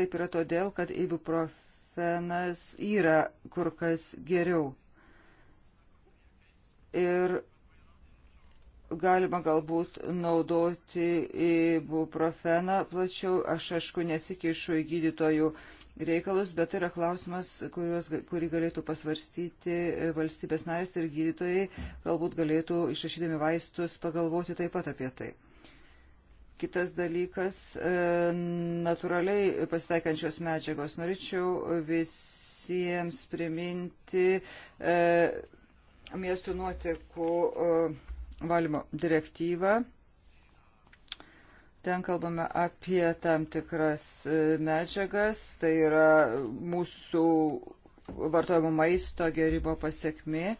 taip yra todėl, kad ibuprofenas yra kur kas geriau. Ir galima galbūt naudoti ibuprofeną plačiau. Aš aišku nesikišu į gydytojų reikalus, bet tai yra klausimas, kurios, kurį galėtų pasvarstyti valstybės narės ir gydytojai galbūt galėtų išrašydami vaistus pagalvoti taip pat apie tai. Kitas dalykas e, - natūraliai pasitaikančios medžiagos. Norėčiau visiems priminti e, miestų nuotekų. E, valymo direktyvą. Ten kalbame apie tam tikras e, medžiagas, tai yra mūsų vartojimo maisto gerimo pasiekmi.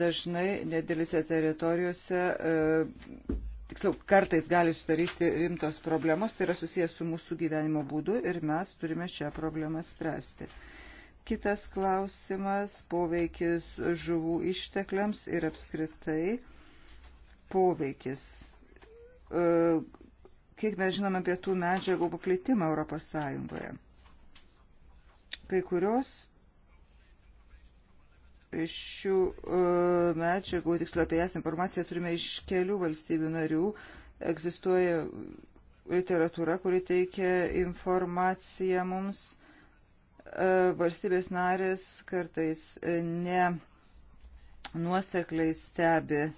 Dažnai nedėlise teritorijose, e, tiksliau, kartais gali sudaryti rimtos problemos, tai yra susijęs su mūsų gyvenimo būdu ir mes turime šią problemą spręsti. Kitas klausimas - poveikis žuvų ištekliams ir apskritai poveikis. E, kiek mes žinome apie tų medžiagų paplitimą Europos Sąjungoje? Kai kurios šių e, medžiagų, tiksliau apie jas informaciją turime iš kelių valstybių narių. Egzistuoja literatūra, kuri teikia informaciją mums. E, valstybės narės kartais ne nuosekliai stebi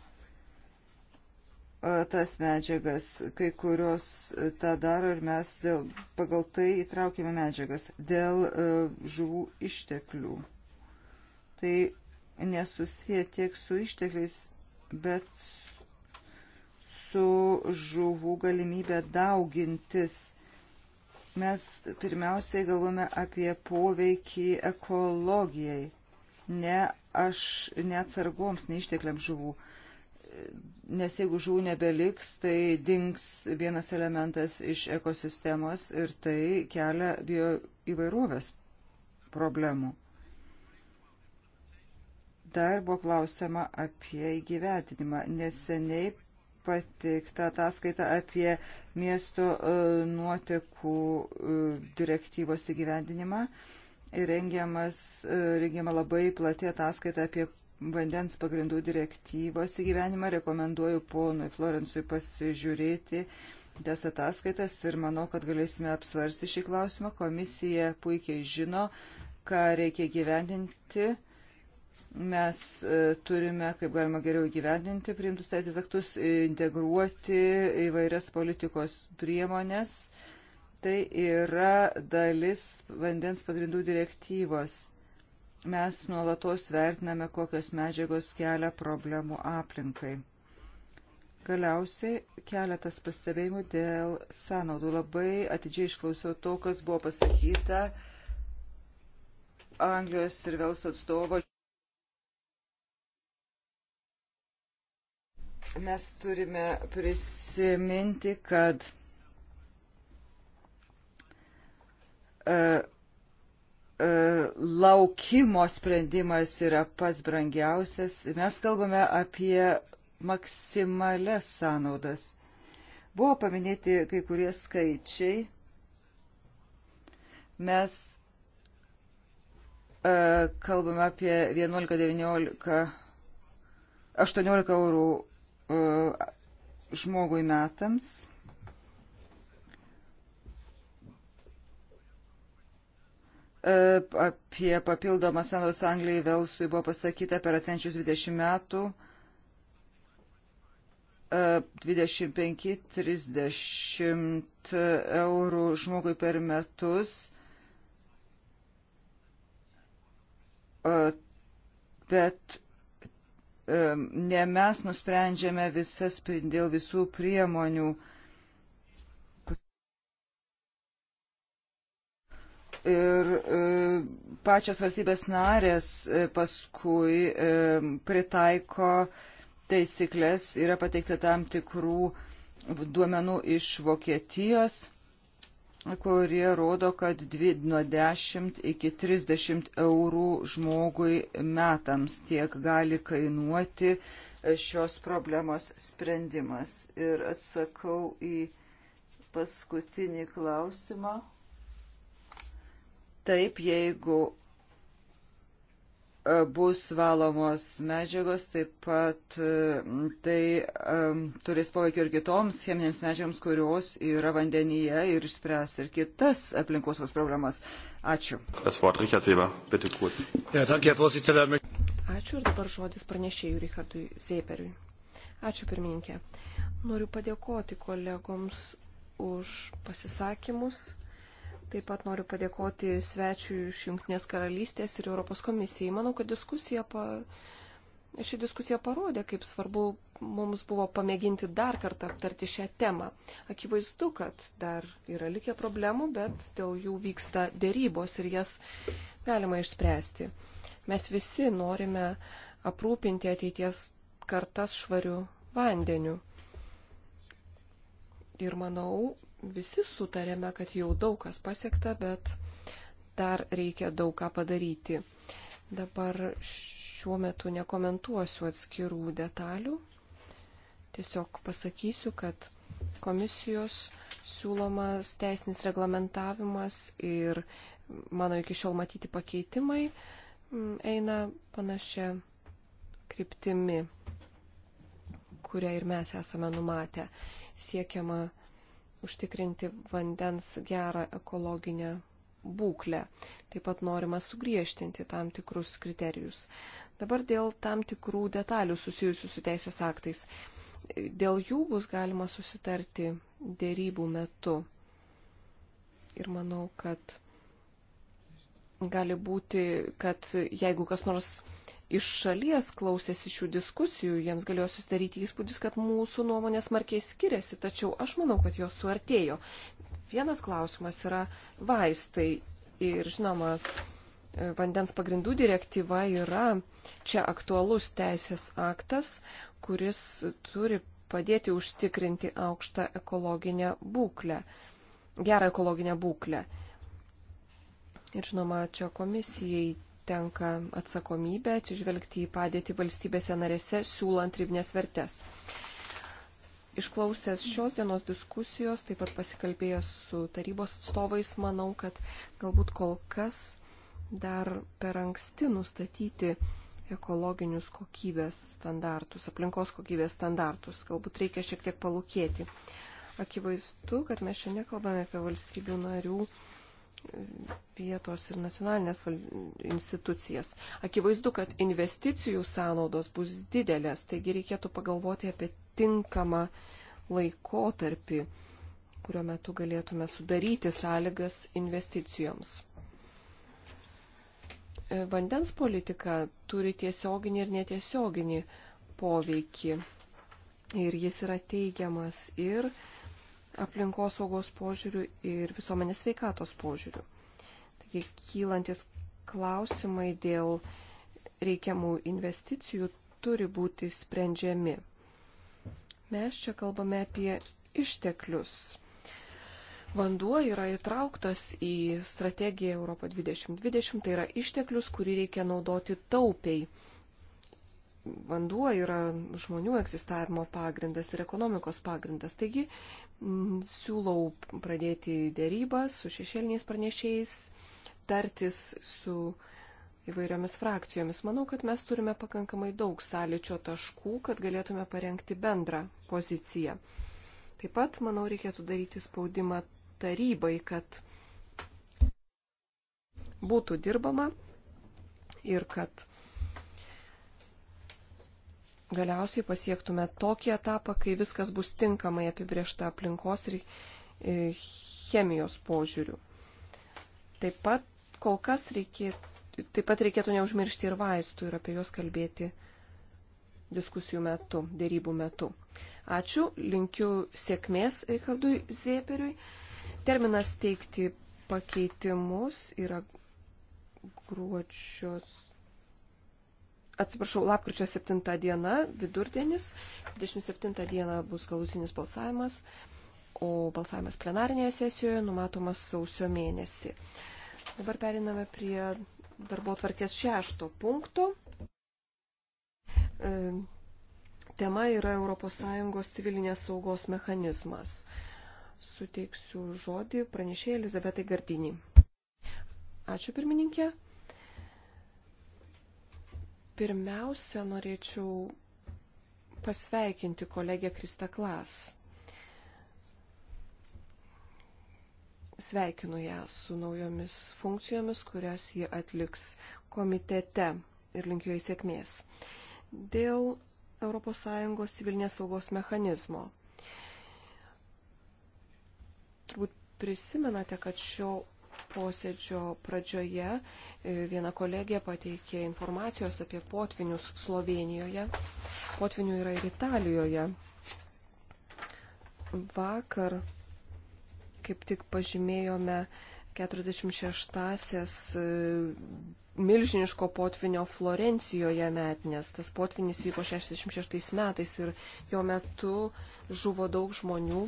tas medžiagas, kai kurios e, tą daro ir mes dėl, pagal tai įtraukime medžiagas dėl e, žuvų išteklių. Tai nesusiję tiek su ištekliais, bet su žuvų galimybė daugintis. Mes pirmiausiai galvome apie poveikį ekologijai, ne aš neatsargoms, neištekliams žuvų nes jeigu žuvų nebeliks, tai dings vienas elementas iš ekosistemos ir tai kelia bio įvairovės problemų. Dar buvo klausima apie įgyvetinimą. Neseniai pateikta ataskaita apie miesto e, nuotekų e, direktyvos įgyvendinimą rengiamas, e, rengiama labai plati ataskaita apie vandens pagrindų direktyvos įgyvenimą. Rekomenduoju ponui Florencui pasižiūrėti tas ataskaitas ir manau, kad galėsime apsvarsti šį klausimą. Komisija puikiai žino, ką reikia gyvendinti. Mes e, turime, kaip galima geriau gyvendinti priimtus teisės aktus, integruoti įvairias politikos priemonės. Tai yra dalis vandens pagrindų direktyvos mes nuolatos vertiname, kokios medžiagos kelia problemų aplinkai. Galiausiai keletas pastebėjimų dėl sąnaudų. Labai atidžiai išklausiau to, kas buvo pasakyta Anglijos ir Velso atstovo. Mes turime prisiminti, kad uh, E, laukimo sprendimas yra pats brangiausias. Mes kalbame apie maksimales sąnaudas. Buvo paminėti kai kurie skaičiai. Mes e, kalbame apie 11, 19, 18 eurų e, žmogui metams. E, apie papildomą sąnaudos Anglijai Velsui buvo pasakyta per atenčius 20 metų 25-30 e, eurų žmogui per metus. E, bet ne mes nusprendžiame visas dėl visų priemonių uh, Ir e, pačios valstybės narės e, paskui e, pritaiko taisyklės, yra pateikta tam tikrų duomenų iš Vokietijos, kurie rodo, kad dvi, nuo 10 iki 30 eurų žmogui metams tiek gali kainuoti šios problemos sprendimas. Ir atsakau į paskutinį klausimą. Taip, jeigu e, bus valomos medžiagos, taip pat e, tai um, turės poveikį ir kitoms cheminėms medžiagams, kurios yra vandenyje ir išspręs ir kitas aplinkosaus problemas. Ačiū. Das Wort Richard Seber, bitte kurz. Ja, danke, Herr Vorsitzender. Ačiū ir dabar žodis pranešėjų Richardui Seberiui. Ačiū pirmininkė. Noriu padėkoti kolegoms už pasisakymus Taip pat noriu padėkoti svečiui iš Junktinės karalystės ir Europos komisijai. Manau, kad diskusija pa... ši diskusija parodė, kaip svarbu mums buvo pamėginti dar kartą aptarti šią temą. Akivaizdu, kad dar yra likę problemų, bet dėl jų vyksta dėrybos ir jas galima išspręsti. Mes visi norime aprūpinti ateities kartas švariu vandeniu. Ir manau, visi sutarėme, kad jau daug kas pasiekta, bet dar reikia daug ką padaryti. Dabar šiuo metu nekomentuosiu atskirų detalių. Tiesiog pasakysiu, kad komisijos siūlomas teisinis reglamentavimas ir mano iki šiol matyti pakeitimai mm, eina panašia kryptimi, kurią ir mes esame numatę. Siekiama užtikrinti vandens gerą ekologinę būklę. Taip pat norima sugriežtinti tam tikrus kriterijus. Dabar dėl tam tikrų detalių susijusių su teisės aktais. Dėl jų bus galima susitarti dėrybų metu. Ir manau, kad gali būti, kad jeigu kas nors iš šalies klausėsi šių diskusijų, jiems galėjo susidaryti įspūdis, kad mūsų nuomonės markiai skiriasi, tačiau aš manau, kad jos suartėjo. Vienas klausimas yra vaistai ir, žinoma, e, vandens pagrindų direktyva yra čia aktualus teisės aktas, kuris turi padėti užtikrinti aukštą ekologinę būklę, gerą ekologinę būklę. Ir žinoma, čia komisijai tenka atsakomybė atsižvelgti į padėtį valstybėse narėse, siūlant ribinės vertes. Išklausęs šios dienos diskusijos, taip pat pasikalbėjęs su tarybos atstovais, manau, kad galbūt kol kas dar per anksti nustatyti ekologinius kokybės standartus, aplinkos kokybės standartus. Galbūt reikia šiek tiek palūkėti. Akivaizdu, kad mes šiandien kalbame apie valstybių narių vietos ir nacionalinės institucijas. Akivaizdu, kad investicijų sąnaudos bus didelės, taigi reikėtų pagalvoti apie tinkamą laikotarpį, kurio metu galėtume sudaryti sąlygas investicijoms. E, vandens politika turi tiesioginį ir netiesioginį poveikį ir jis yra teigiamas ir uh, aplinkosaugos požiūrių ir visuomenės sveikatos požiūrių. Taigi kylantis klausimai dėl reikiamų investicijų turi būti sprendžiami. Mes čia kalbame apie išteklius. Vanduo yra įtrauktas į strategiją Europą 2020, tai yra išteklius, kurį reikia naudoti taupiai. Vanduo yra žmonių egzistavimo pagrindas ir ekonomikos pagrindas. Taigi Mm, siūlau pradėti dėrybą su šešėliniais pranešėjais, tartis su įvairiomis frakcijomis. Manau, kad mes turime pakankamai daug sąlyčio taškų, kad galėtume parengti bendrą poziciją. Taip pat, manau, reikėtų daryti spaudimą tarybai, kad būtų dirbama ir kad galiausiai pasiektume tokį etapą, kai viskas bus tinkamai apibriešta aplinkos ir e, chemijos požiūrių. Taip pat kol kas reikėtų, taip pat reikėtų neužmiršti ir vaistų ir apie juos kalbėti diskusijų metu, dėrybų metu. Ačiū, linkiu sėkmės Rikardui Zieperiui. Terminas teikti pakeitimus yra gruodžios atsiprašau, lapkričio 7 diena, vidurdienis, 27 diena bus galutinis balsavimas, o balsavimas plenarinėje sesijoje numatomas sausio mėnesį. Dabar periname prie darbo tvarkės šešto punkto. E, tema yra ES civilinės saugos mechanizmas. Suteiksiu žodį pranešėjai Elizabetai Gardinį. Ačiū pirmininkė. Pirmiausia, norėčiau pasveikinti kolegę Krista Klas. Sveikinu ją su naujomis funkcijomis, kurias ji atliks komitete ir linkiu jai sėkmės. Dėl ES civilinės saugos mechanizmo. Turbūt prisimenate, kad šio posėdžio pradžioje e, viena kolegė pateikė informacijos apie potvinius Slovenijoje. Potvinių yra ir Italijoje. Vakar kaip tik pažymėjome 46-asias milžiniško potvinio Florencijoje metnės. Tas potvinis vyko 66 metais ir jo metu žuvo daug žmonių.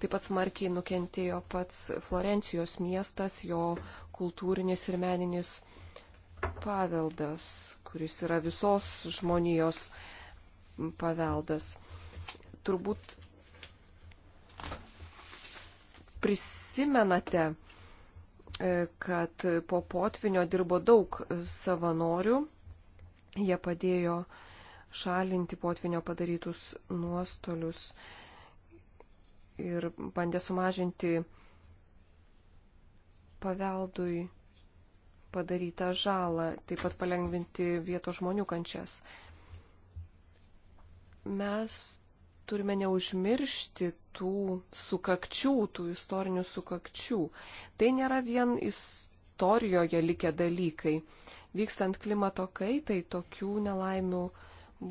Taip pat smarkiai nukentėjo pats Florencijos miestas, jo kultūrinis ir meninis paveldas, kuris yra visos žmonijos paveldas. Turbūt prisimenate, kad po potvinio dirbo daug savanorių. Jie padėjo šalinti potvinio padarytus nuostolius ir bandė sumažinti paveldui padarytą žalą, taip pat palengvinti vietos žmonių kančias. Mes turime neužmiršti tų sukakčių, tų istorinių sukakčių. Tai nėra vien istorijoje likę dalykai. Vykstant klimato kaitai, tokių nelaimių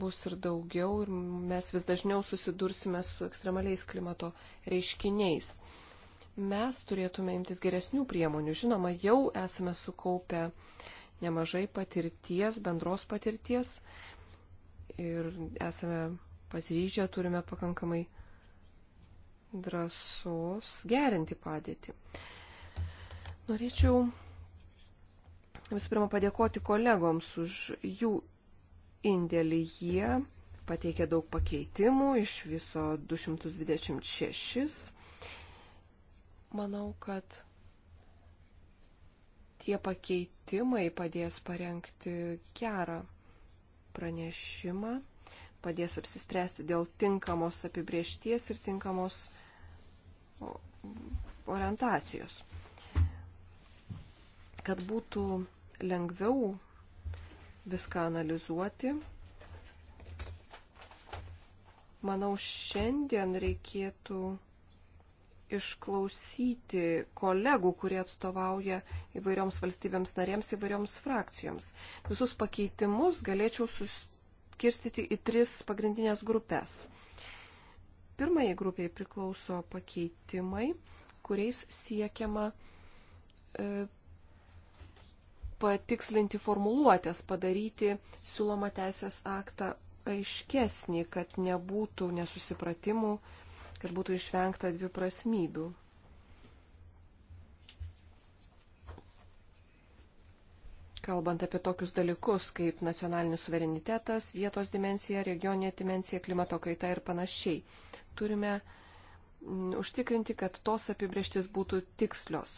bus ir daugiau ir mes vis dažniau susidursime su ekstremaliais klimato reiškiniais. Mes turėtume imtis geresnių priemonių. Žinoma, jau esame sukaupę nemažai patirties, bendros patirties ir esame pasiryžę, turime pakankamai drąsos gerinti padėtį. Norėčiau visų pirma padėkoti kolegoms už jų indėlį. Jie pateikė daug pakeitimų, iš viso 226. Manau, kad tie pakeitimai padės parengti gerą pranešimą padės apsispręsti dėl tinkamos apibriešties ir tinkamos orientacijos. Kad būtų lengviau viską analizuoti, manau, šiandien reikėtų išklausyti kolegų, kurie atstovauja įvairioms valstybėms narėms, įvairioms frakcijoms. Visus pakeitimus galėčiau sus, suskirstyti į tris pagrindinės grupės. Pirmai grupiai priklauso pakeitimai, kuriais siekiama e, patikslinti formuluotės, padaryti siūlomą teisės aktą aiškesnį, kad nebūtų nesusipratimų, kad būtų išvengta dviprasmybių. kalbant apie tokius dalykus kaip nacionalinis suverenitetas, vietos dimensija, regioninė dimensija, klimato kaita ir panašiai. Turime mm, užtikrinti, kad tos apibrieštis būtų tikslios.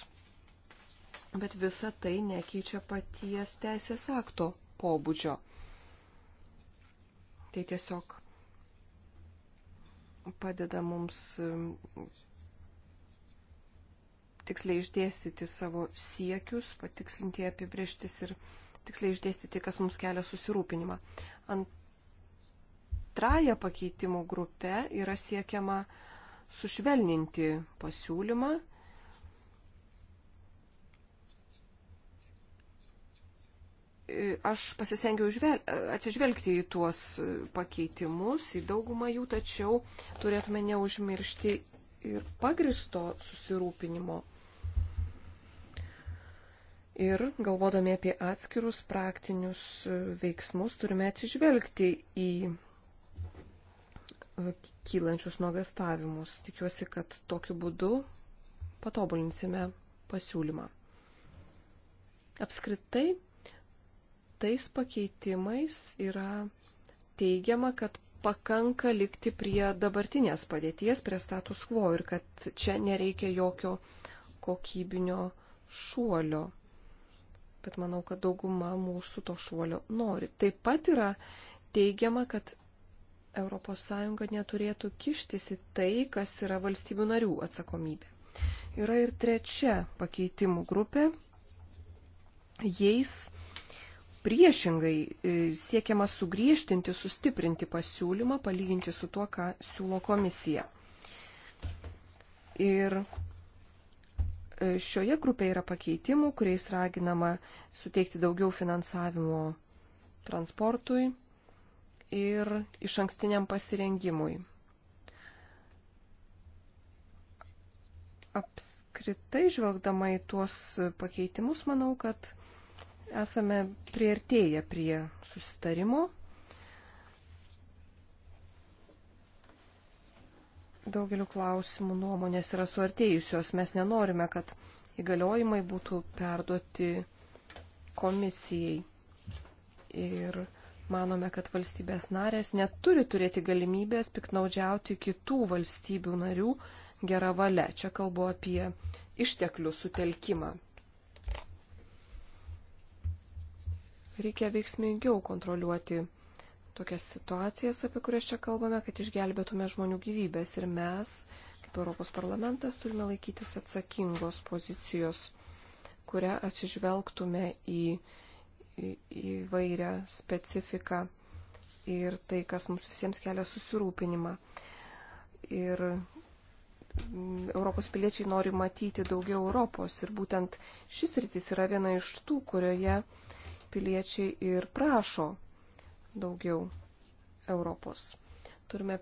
Bet visa tai nekeičia paties teisės akto pobūdžio. Tai tiesiog padeda mums mm, tiksliai išdėstyti savo siekius, patikslinti apibrieštis ir tiksliai išdėstyti, kas mums kelia susirūpinimą. Antraja pakeitimo grupė yra siekiama sušvelninti pasiūlymą. Aš pasisengiau atsižvelgti į tuos pakeitimus, į daugumą jų, tačiau turėtume neužmiršti ir pagristo susirūpinimo ir galvodami apie atskirus praktinius e, veiksmus turime atsižvelgti į e, kylančius nuogastavimus. Tikiuosi, kad tokiu būdu patobulinsime pasiūlymą. Apskritai, tais pakeitimais yra teigiama, kad pakanka likti prie dabartinės padėties, prie status quo ir kad čia nereikia jokio kokybinio šuolio bet manau, kad dauguma mūsų to šuolio nori. Taip pat yra teigiama, kad ES neturėtų kištis į tai, kas yra valstybių narių atsakomybė. Yra ir trečia pakeitimų grupė. Jais priešingai e, siekiama sugriežtinti, sustiprinti pasiūlymą, palyginti su tuo, ką siūlo komisija. Ir Šioje grupėje yra pakeitimų, kuriais raginama suteikti daugiau finansavimo transportui ir iš ankstiniam pasirengimui. Apskritai žvelgdama į tuos pakeitimus, manau, kad esame prieartėję prie susitarimo daugeliu klausimų nuomonės yra suartėjusios. Mes nenorime, kad įgaliojimai būtų perduoti komisijai. Ir manome, kad valstybės narės neturi turėti galimybės piknaudžiauti kitų valstybių narių gerą valią. Čia kalbu apie išteklių sutelkimą. Reikia veiksmingiau kontroliuoti tokias situacijas, apie kurias čia kalbame, kad išgelbėtume žmonių gyvybės. Ir mes, kaip Europos parlamentas, turime laikytis atsakingos pozicijos, kurią atsižvelgtume į įvairią specifiką ir tai, kas mums visiems kelia susirūpinimą. Ir mm, Europos piliečiai nori matyti daugiau Europos. Ir būtent šis rytis yra viena iš tų, kurioje piliečiai ir prašo daugiau Europos. Turime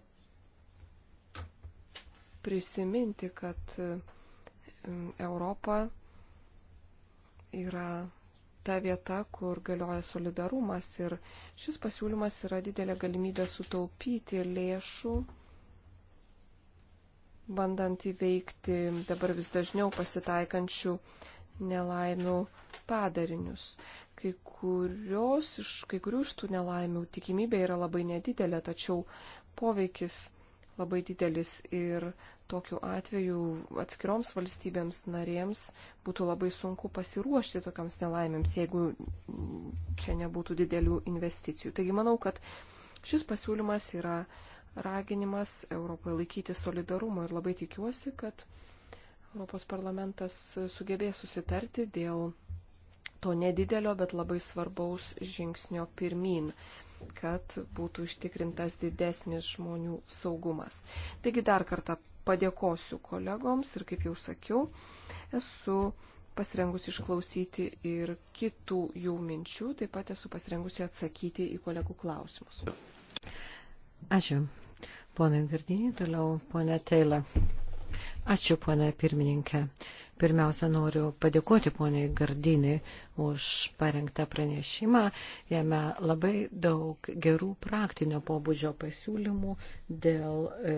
prisiminti, kad Europa yra ta vieta, kur galioja solidarumas ir šis pasiūlymas yra didelė galimybė sutaupyti lėšų, bandant įveikti dabar vis dažniau pasitaikančių nelaimių padarinius. Kai, kurios, iš, kai kurių iš tų nelaimių tikimybė yra labai nedidelė, tačiau poveikis labai didelis ir tokiu atveju atskiroms valstybėms narėms būtų labai sunku pasiruošti tokiams nelaimėms, jeigu čia nebūtų didelių investicijų. Taigi manau, kad šis pasiūlymas yra raginimas Europoje laikyti solidarumo ir labai tikiuosi, kad Europos parlamentas sugebės susitarti dėl to nedidelio, bet labai svarbaus žingsnio pirmin kad būtų užtikrintas didesnis žmonių saugumas. Taigi dar kartą padėkosiu kolegoms ir, kaip jau sakiau, esu pasirengusi išklausyti ir kitų jų minčių, taip pat esu pasirengusi atsakyti į kolegų klausimus. Ačiū. Pone Gardinį, toliau pone Teila. Ačiū, pone pirmininkė. Pirmiausia, noriu padėkoti poniai Gardinį už parengtą pranešimą. Jame labai daug gerų praktinio pobūdžio pasiūlymų dėl e,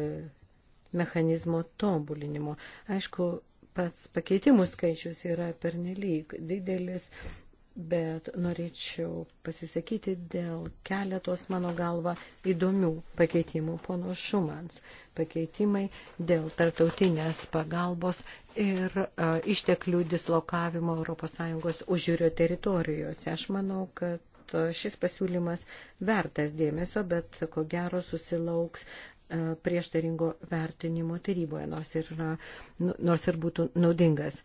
mechanizmo tobulinimo. Aišku, pats pakeitimų skaičius yra pernelyg didelis, bet norėčiau pasisakyti dėl keletos mano galva įdomių pakeitimų. Pono Šumans pakeitimai dėl tartautinės pagalbos ir išteklių dislokavimo ES užžiūrio teritorijose. Aš manau, kad šis pasiūlymas vertas dėmesio, bet ko gero susilauks prieštaringo vertinimo taryboje, nors ir, yra, nu, nors ir būtų naudingas.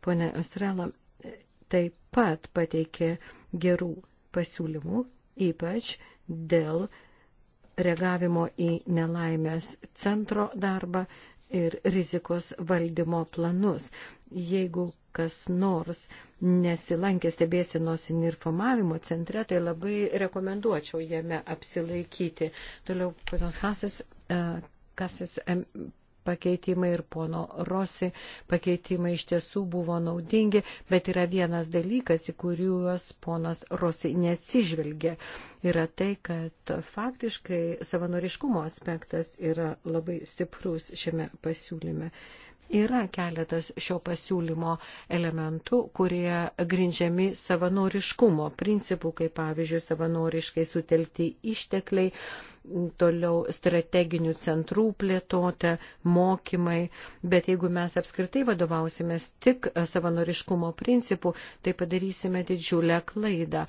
Pone Estrela e, taip pat pateikė gerų pasiūlymų, ypač dėl reagavimo į nelaimės centro darbą ir rizikos valdymo planus. Jeigu kas nors nesilankė stebėsinos informavimo centre, tai labai rekomenduočiau jame apsilaikyti. Toliau, panos Hasas, e, Kasas pakeitimai ir pono Rosi pakeitimai iš tiesų buvo naudingi, bet yra vienas dalykas, į kuriuos ponas Rosi neatsižvelgia. Yra tai, kad faktiškai savanoriškumo aspektas yra labai stiprus šiame pasiūlyme. Yra keletas šio pasiūlymo elementų, kurie grindžiami savanoriškumo principų, kaip pavyzdžiui savanoriškai sutelkti ištekliai, toliau strateginių centrų plėtotė, mokymai, bet jeigu mes apskritai vadovausimės tik savanoriškumo principų, tai padarysime didžiulę klaidą,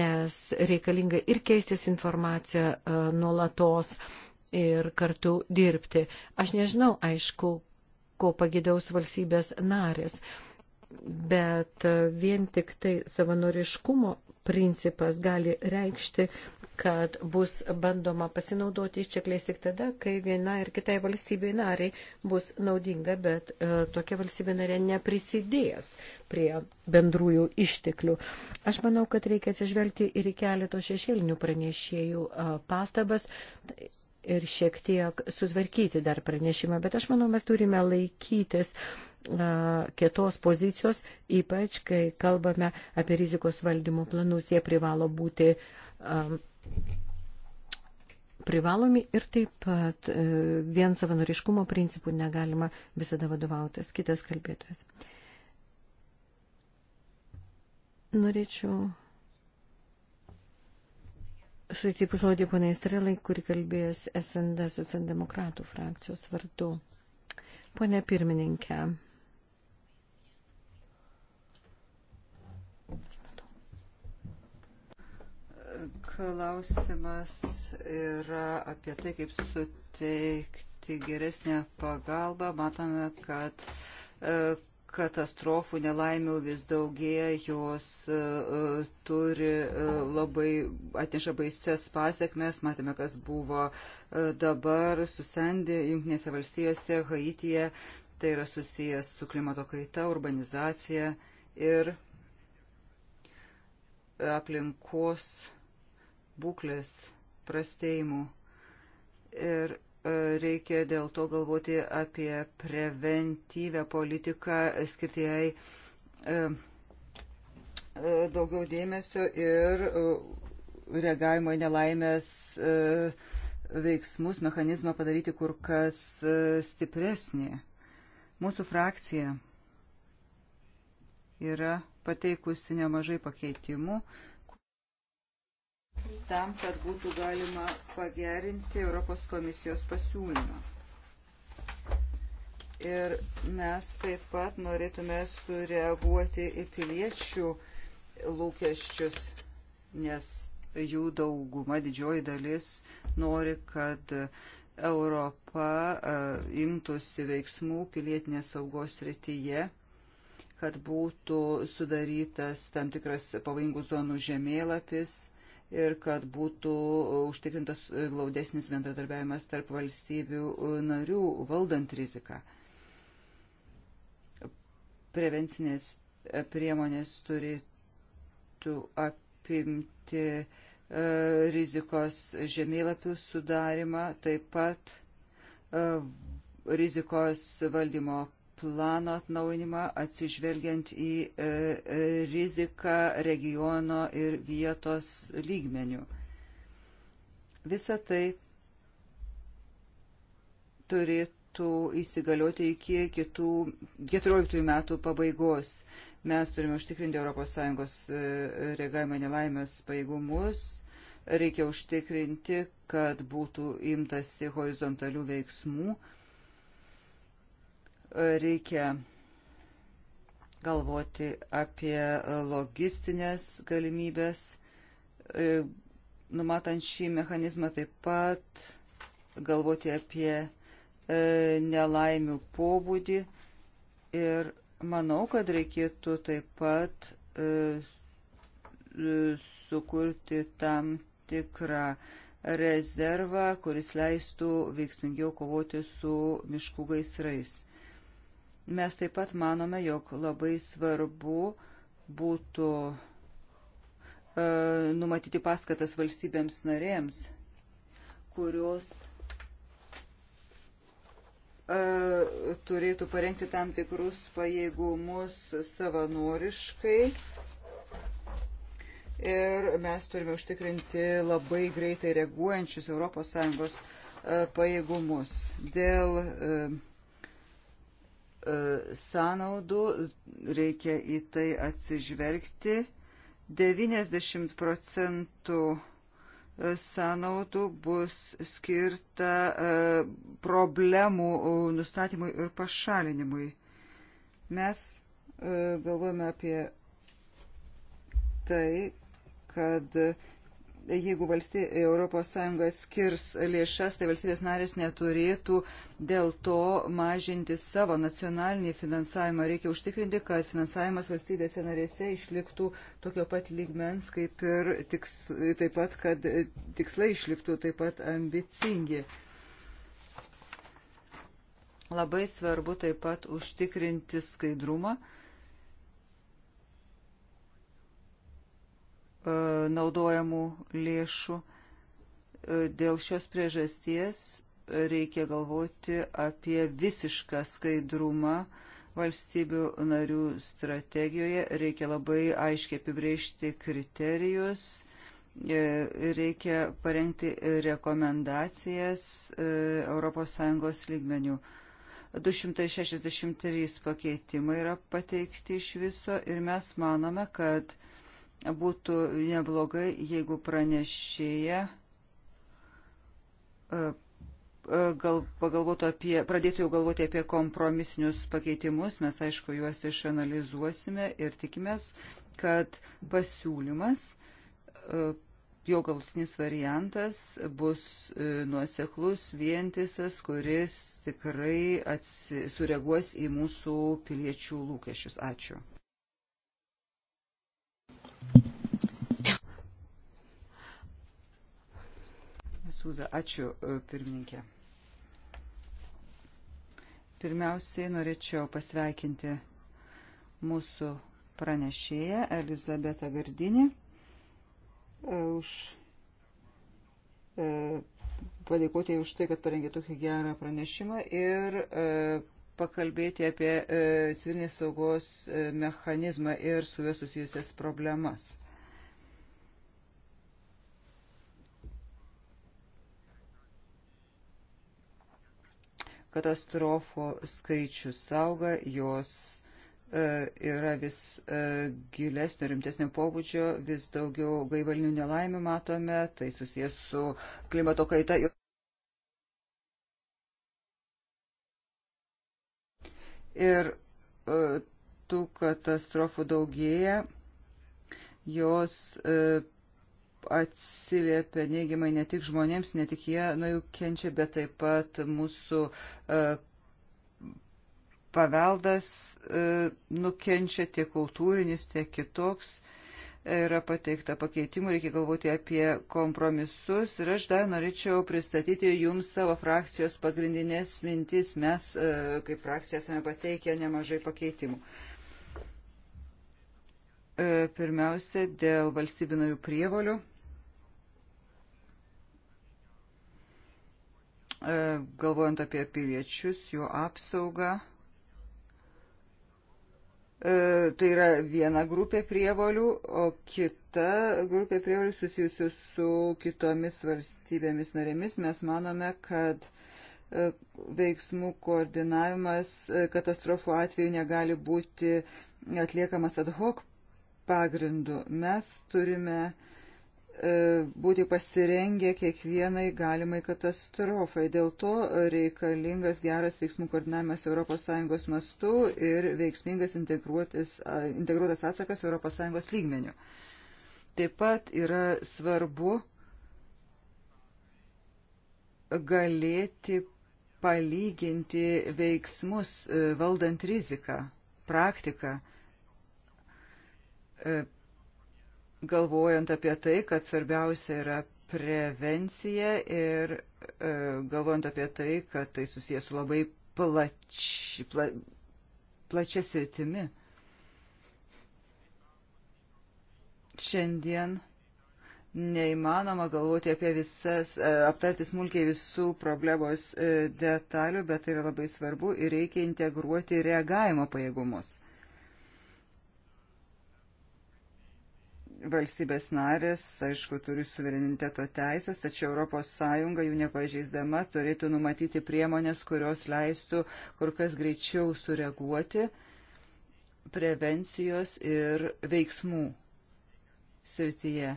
nes reikalinga ir keistis informacija e, nuolatos ir kartu dirbti. Aš nežinau, aišku, ko pagėdaus valstybės narės. Bet vien tik tai savanoriškumo principas gali reikšti, kad bus bandoma pasinaudoti iščekliais tik tada, kai viena ir kitai valstybei nariai bus naudinga, bet e, tokia valstybė narė neprisidės prie bendrųjų išteklių. Aš manau, kad reikia atsižvelgti ir į keletos šešėlinių pranešėjų e, pastabas ir šiek tiek sutvarkyti dar pranešimą, bet aš manau, mes turime laikytis kietos pozicijos, ypač kai kalbame apie rizikos valdymo planus, jie privalo būti privalomi ir taip pat e, vien savanoriškumo principų negalima visada vadovautis. Kitas kalbėtojas. Norėčiau Sutip žodį ponai Strelai, kuri kalbėjęs SND socialdemokratų frakcijos vardu. Pone pirmininkė. Klausimas yra apie tai, kaip suteikti geresnę pagalbą. Matome, kad e, katastrofų nelaimių vis daugėja, jos uh, turi uh, labai atneša baises pasiekmes, matėme, kas buvo uh, dabar susendė Junktinėse valstijose, Haityje, tai yra susijęs su klimato kaita, urbanizacija ir aplinkos būklės prastėjimu. Ir E, reikia dėl to galvoti apie preventyvę politiką, skirti jai e, e, daugiau dėmesio ir reagavimo į nelaimės veiksmus, mechanizmą padaryti kur kas stipresnį. Mūsų frakcija yra pateikusi nemažai pakeitimų, uh, tam, kad būtų galima pagerinti Europos komisijos pasiūlymą. Ir mes taip pat norėtume sureaguoti į piliečių lūkesčius, nes jų dauguma, didžioji dalis nori, kad Europa e, imtųsi veiksmų pilietinės saugos rytyje kad būtų sudarytas tam tikras pavojingų zonų žemėlapis, ir kad būtų užtikrintas glaudesnis bendradarbiavimas tarp valstybių narių valdant riziką. Prevencinės priemonės turėtų apimti e, rizikos žemėlapių sudarimą, taip pat e, rizikos valdymo plano atnauinimą atsižvelgiant į e, e, riziką regiono ir vietos lygmenių. Visa tai turėtų įsigalioti iki kitų 14 metų pabaigos. Mes turime užtikrinti ES e, reagavimą nelaimės pajėgumus reikia užtikrinti, kad būtų imtasi horizontalių veiksmų Reikia galvoti apie logistinės galimybės, e, numatant šį mechanizmą taip pat galvoti apie e, nelaimių pobūdį ir manau, kad reikėtų taip pat e, sukurti tam tikrą rezervą, kuris leistų veiksmingiau kovoti su miškų gaisrais. Mes taip pat manome, jog labai svarbu būtų e, numatyti paskatas valstybėms narėms, kurios e, turėtų parengti tam tikrus pajėgumus savanoriškai. Ir mes turime užtikrinti labai greitai reaguojančius ES e, pajėgumus. Dėl e, E, sąnaudų, reikia į tai atsižvelgti. 90 procentų e, sąnaudų bus skirta e, problemų nustatymui ir pašalinimui. Mes galvojame apie tai, kad jeigu valstybė, ES skirs lėšas, tai valstybės narės neturėtų dėl to mažinti savo nacionalinį finansavimą. Reikia užtikrinti, kad finansavimas valstybėse narėse išliktų tokio pat lygmens, kaip ir tiks, taip pat, kad tikslai išliktų taip pat ambicingi. Labai svarbu taip pat užtikrinti skaidrumą E, naudojamų lėšų. E, dėl šios priežasties reikia galvoti apie visišką skaidrumą valstybių narių strategijoje, reikia labai aiškiai apibrėžti kriterijus, e, reikia parengti rekomendacijas ES lygmenių. 263 pakeitimai yra pateikti iš viso ir mes manome, kad būtų neblogai, jeigu pranešėja e, e, gal pagalvotų apie, pradėtų jau galvoti apie kompromisinius pakeitimus, mes aišku juos išanalizuosime ir tikimės, kad pasiūlymas, e, jo galutinis variantas bus nuoseklus, vientisas, kuris tikrai sureaguos į mūsų piliečių lūkesčius. Ačiū. Sūza, ačiū e, pirmininkė. Pirmiausiai norėčiau pasveikinti mūsų pranešėją Elizabetą Gardinį e, už e, padėkoti už tai, kad parengė tokį gerą pranešimą ir pakalbėti apie e, civilinės saugos e, mechanizmą ir su juo susijusias problemas. Katastrofo skaičius auga, jos e, yra vis gilesnio, rimtesnio pobūdžio, vis daugiau gaivalinių nelaimių matome, tai susijęs su klimato kaita. ir e, tų katastrofų daugėja, jos e, atsiliepia neigiamai ne tik žmonėms, ne tik jie nuo jų kenčia, bet taip pat mūsų e, paveldas nukenčia tiek kultūrinis, tiek kitoks yra pateikta pakeitimų, reikia galvoti apie kompromisus ir aš dar norėčiau pristatyti jums savo frakcijos pagrindinės mintis. Mes e, kaip frakcija esame pateikę nemažai pakeitimų. E, pirmiausia, dėl valstybinarių prievolių. E, galvojant apie piliečius, jų apsaugą. E, tai yra viena grupė prievolių, o kita grupė prievolių susijusių su kitomis valstybėmis narėmis. Mes manome, kad e, veiksmų koordinavimas e, katastrofų atveju negali būti atliekamas ad hoc pagrindu. Mes turime uh, E, būti pasirengę kiekvienai galimai katastrofai. Dėl to reikalingas geras veiksmų koordinavimas ES mastu ir veiksmingas integruotas atsakas ES lygmeniu. Taip pat yra svarbu galėti palyginti veiksmus e, valdant riziką, praktiką e, galvojant apie tai, kad svarbiausia yra prevencija ir e, galvojant apie tai, kad tai susijęs su labai plač, pla, plačia sritimi. Šiandien neįmanoma galvoti apie visas, e, aptarti smulkiai visų problemos e, detalių, bet tai yra labai svarbu ir reikia integruoti reagavimo pajėgumus. valstybės narės, aišku, turi suvereniteto teisės, tačiau ES jų nepažeisdama turėtų numatyti priemonės, kurios leistų kur kas greičiau sureaguoti prevencijos ir veiksmų srityje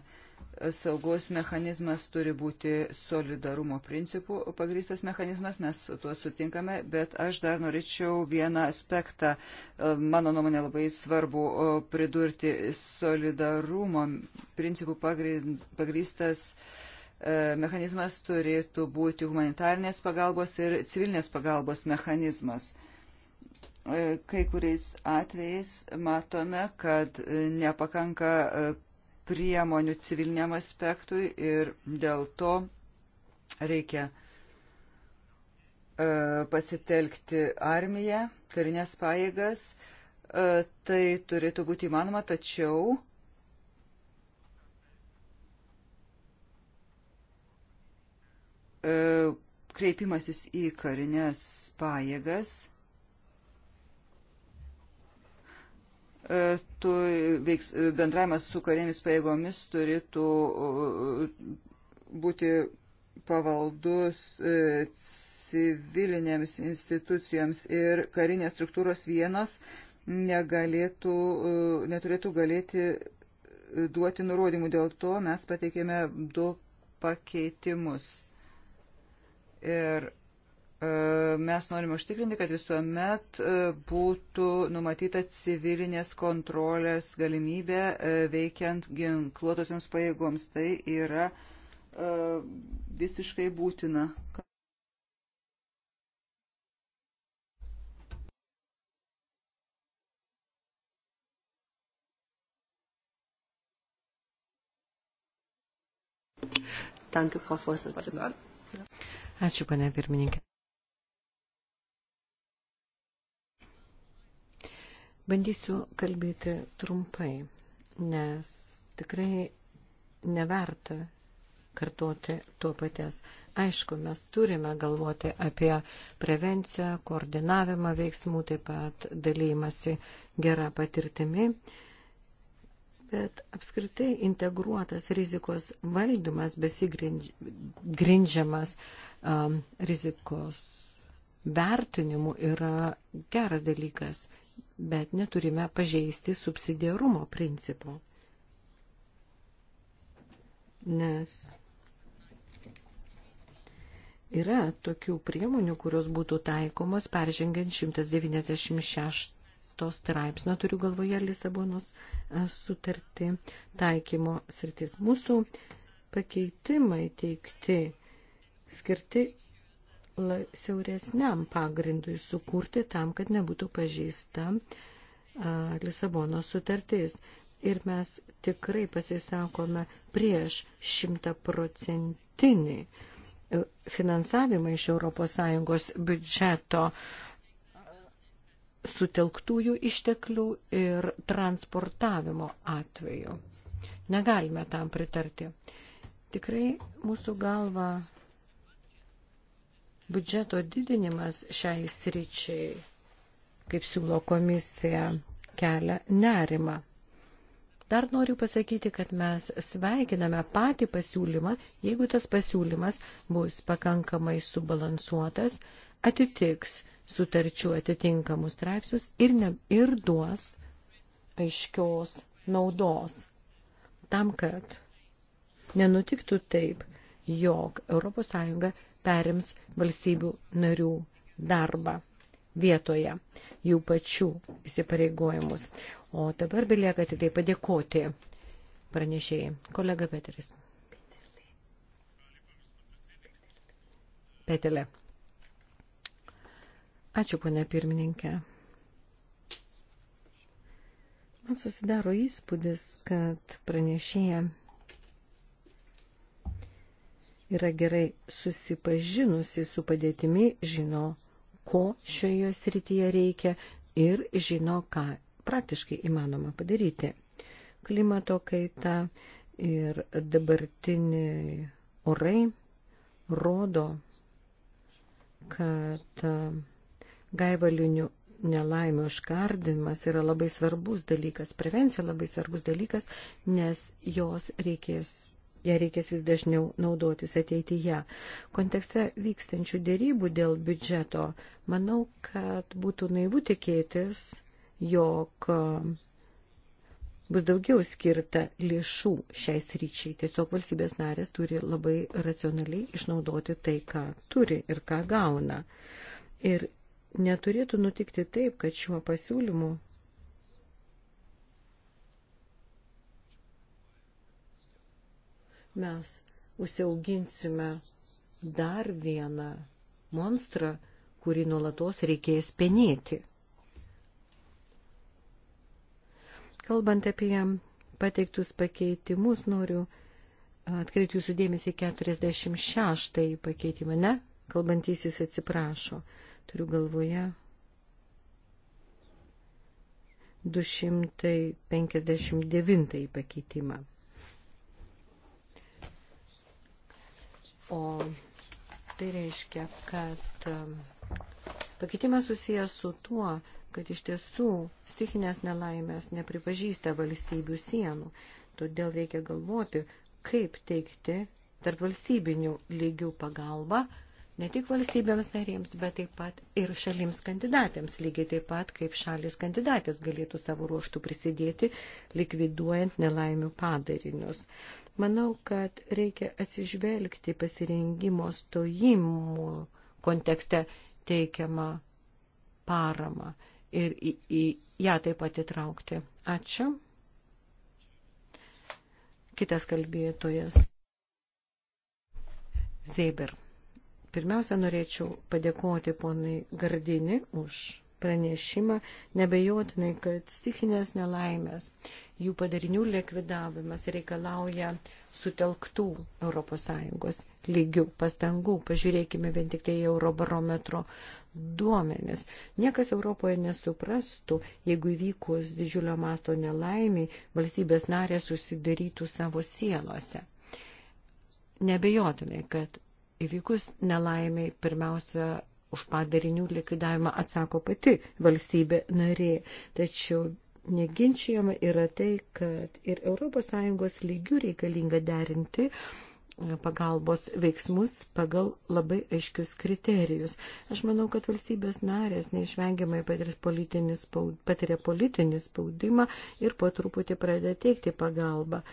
saugos mechanizmas turi būti solidarumo principų pagrįstas mechanizmas, mes su tuo sutinkame, bet aš dar norėčiau vieną aspektą, e, mano nuomonė labai svarbu, e, pridurti solidarumo principų pagrįstas e, mechanizmas turėtų būti humanitarnės pagalbos ir civilinės pagalbos mechanizmas kai kuriais atvejais matome, kad nepakanka priemonių civiliniam aspektui ir dėl to reikia e, pasitelkti armiją, karinės pajėgas. E, tai turėtų būti įmanoma, tačiau e, kreipimasis į karinės pajėgas E, veiks, e, bendravimas su karinėmis pajėgomis turėtų e, būti pavaldus civilinėms institucijoms ir karinės struktūros vienos negalėtų, neturėtų galėti duoti nurodymų. Dėl to mes pateikėme du pakeitimus. Ir E, mes norime užtikrinti, kad visuomet e, būtų numatyta civilinės kontrolės galimybė e, veikiant ginkluotosioms pajėgoms. Tai yra visiškai būtina. Danke, Frau Vorsitzende. Ačiū, pane pirmininkė. Bandysiu kalbėti trumpai, nes tikrai neverta kartuoti tuo paties. Aišku, mes turime galvoti apie prevenciją, koordinavimą veiksmų, taip pat dalymasi gerą patirtimi, bet apskritai integruotas rizikos valdymas besigrindžiamas um, rizikos vertinimu yra geras dalykas bet neturime pažeisti subsidiarumo principo. Nes yra tokių priemonių, kurios būtų taikomos peržengiant 196 straipsnio, turiu galvoje Lisabonos e, sutartį taikymo sritis. Mūsų pakeitimai teikti skirti siauresniam pagrindui sukurti tam, kad nebūtų pažįsta Lisabono sutartis. Ir mes tikrai pasisakome prieš šimtaprocentinį e, finansavimą iš ES biudžeto sutelktųjų išteklių ir transportavimo atveju. Negalime tam pritarti. Tikrai mūsų galva Biudžeto didinimas šiai sričiai, kaip siūlo komisija, kelia nerimą. Dar noriu pasakyti, kad mes sveikiname patį pasiūlymą, jeigu tas pasiūlymas bus pakankamai subalansuotas, atitiks sutarčių atitinkamus straipsnius ir, ne, ir duos aiškios naudos. Tam, kad nenutiktų taip, jog ES perims valstybių narių darbą vietoje, jų pačių įsipareigojimus. O dabar belieka tik tai padėkoti pranešėjai. Kolega Peteris. Petelė. Ačiū, ponia pirmininkė. Man susidaro įspūdis, kad pranešėja yra gerai susipažinusi su padėtimi, žino, ko šioje srityje reikia ir žino, ką praktiškai įmanoma padaryti. Klimato kaita ir dabartiniai orai rodo, kad e, gaivalinių nelaimio užkardimas yra labai svarbus dalykas, prevencija labai svarbus dalykas, nes jos reikės ją reikės vis dažniau naudotis ateityje. Kontekste vykstančių dėrybų dėl biudžeto, manau, kad būtų naivu tikėtis, jog e, bus daugiau skirta lėšų šiai sryčiai. Tiesiog valstybės narės turi labai racionaliai išnaudoti tai, ką turi ir ką gauna. Ir neturėtų nutikti taip, kad šiuo pasiūlymu mes užsiauginsime dar vieną monstrą, kurį nuolatos reikės penėti. Kalbant apie pateiktus pakeitimus, noriu atkreipti jūsų dėmesį 46 pakeitimą. Ne, kalbantysis atsiprašo. Turiu galvoje 259 pakeitimą. O tai reiškia, kad um, pakeitimas susijęs su tuo, kad iš tiesų stichinės nelaimės nepripažįsta valstybių sienų. Todėl reikia galvoti, kaip teikti tarp valstybinių lygių pagalbą ne tik valstybėms narėms, bet taip pat ir šalims kandidatėms, lygiai taip pat kaip šalis kandidatės galėtų savo ruoštų prisidėti, likviduojant nelaimių padarinius. Manau, kad reikia atsižvelgti pasirengimo stojimų kontekste teikiamą paramą ir į, į ją taip pat įtraukti. Ačiū. Kitas kalbėtojas. Zeber. Pirmiausia, norėčiau padėkoti ponai Gardini už pranešimą, nebejotinai, kad stichinės nelaimės, jų padarinių likvidavimas reikalauja sutelktų ES lygių pastangų. Pažiūrėkime vien tik tai Eurobarometro duomenis. Niekas Europoje nesuprastų, jeigu įvykus didžiulio masto nelaimiai, valstybės narės susidarytų savo sienose. Nebejotinai, kad įvykus nelaimiai pirmiausia už padarinių likvidavimą atsako pati valstybė narė. Tačiau neginčiama yra tai, kad ir ES lygių reikalinga derinti e, pagalbos veiksmus pagal labai aiškius kriterijus. Aš manau, kad valstybės narės neišvengiamai politinį spaud, patiria politinį spaudimą ir po truputį pradeda teikti pagalbą.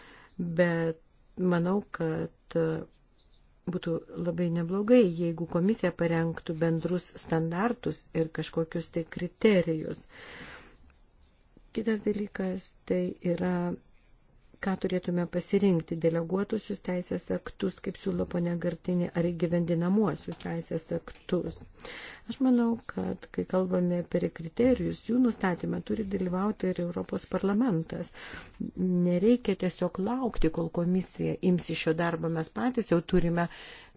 Bet manau, kad būtų labai neblogai, jeigu komisija parengtų bendrus standartus ir kažkokius tai kriterijus. Kitas dalykas tai yra ką turėtume pasirinkti - deleguotusius teisės aktus, kaip siūlo ponia Gartinė, ar įgyvendinamuosius teisės aktus. Aš manau, kad kai kalbame apie kriterijus, jų nustatymą turi dalyvauti ir Europos parlamentas. Nereikia tiesiog laukti, kol komisija imsi šio darbo, mes patys jau turime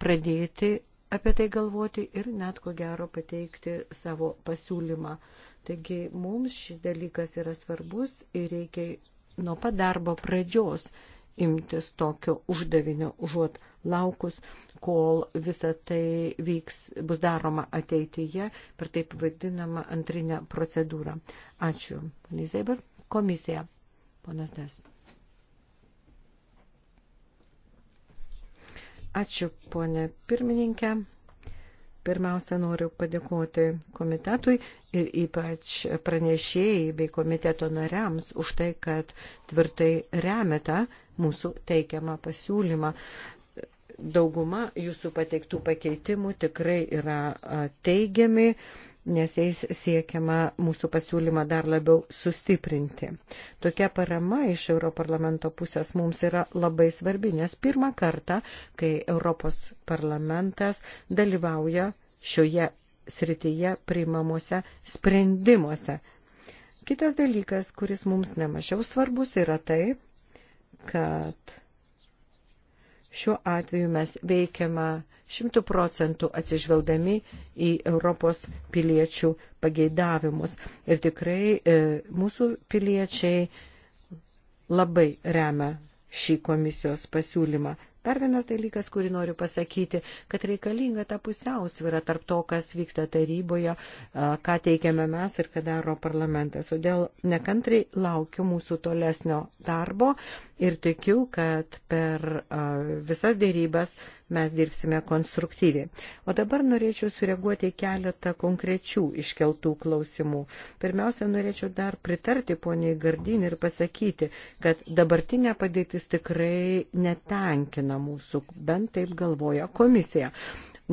pradėti apie tai galvoti ir net ko gero pateikti savo pasiūlymą. Taigi mums šis dalykas yra svarbus ir reikia nuo pat darbo pradžios imtis tokio uždavinio, užuot laukus, kol visa tai vyks, bus daroma ateityje per taip vadinamą antrinę procedūrą. Ačiū. Nizėber, komisija. Ponas Des. Ačiū, ponė pirmininkė. Pirmiausia, noriu padėkoti komitetui ir ypač pranešėjai bei komiteto nariams už tai, kad tvirtai remeta mūsų teikiamą pasiūlymą. Dauguma jūsų pateiktų pakeitimų tikrai yra teigiami nes jais siekiama mūsų pasiūlymą dar labiau sustiprinti. Tokia parama iš Europarlamento pusės mums yra labai svarbi, nes pirmą kartą, kai Europos parlamentas dalyvauja šioje srityje priimamuose sprendimuose. Kitas dalykas, kuris mums nemažiau svarbus, yra tai, kad Šiuo atveju mes veikiama šimtų procentų atsižvelgdami į Europos piliečių pageidavimus. Ir tikrai e, mūsų piliečiai labai remia šį komisijos pasiūlymą. Dar vienas dalykas, kurį noriu pasakyti, kad reikalinga ta pusiausvyra tarp to, kas vyksta taryboje, ką teikiame mes ir ką daro parlamentas. Todėl nekantrai laukiu mūsų tolesnio darbo ir tikiu, kad per visas dėrybas mes dirbsime konstruktyviai. O dabar norėčiau sureaguoti į keletą konkrečių iškeltų klausimų. Pirmiausia, norėčiau dar pritarti poniai Gardinį ir pasakyti, kad dabartinė padėtis tikrai netenkina mūsų, bent taip galvoja komisija.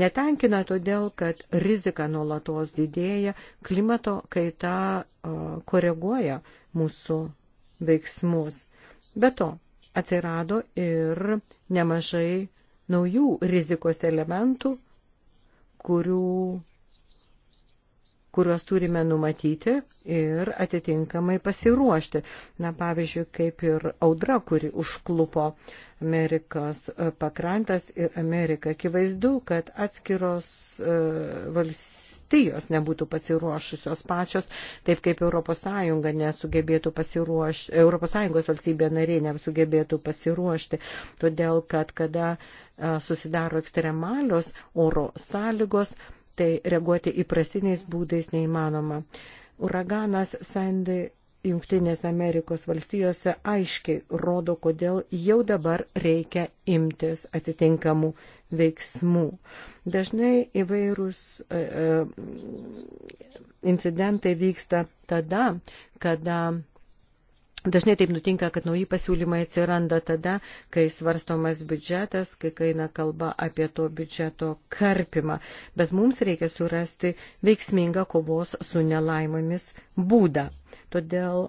Netenkina todėl, kad rizika nuolatos didėja, klimato kaita koreguoja mūsų veiksmus. Be to, atsirado ir nemažai naujų rizikos elementų, kurių, kuriuos turime numatyti ir atitinkamai pasiruošti. Na, pavyzdžiui, kaip ir audra, kuri užklupo Amerikos e, pakrantas ir Ameriką. Akivaizdu, kad atskiros e, valstybės valstijos nebūtų pasiruošusios pačios, taip kaip ES nesugebėtų pasiruošti, ES valstybė nariai nesugebėtų pasiruošti, todėl kad kada susidaro ekstremalios oro sąlygos, tai reaguoti įprastiniais būdais neįmanoma. Uraganas Sandy Junktinės Amerikos valstijose aiškiai rodo, kodėl jau dabar reikia imtis atitinkamų veiksmų. Dažnai įvairūs e, e, incidentai vyksta tada, kada Dažnai taip nutinka, kad nauji pasiūlymai atsiranda tada, kai svarstomas biudžetas, kai kaina kalba apie to biudžeto karpimą. Bet mums reikia surasti veiksmingą kovos su nelaimomis būdą. Todėl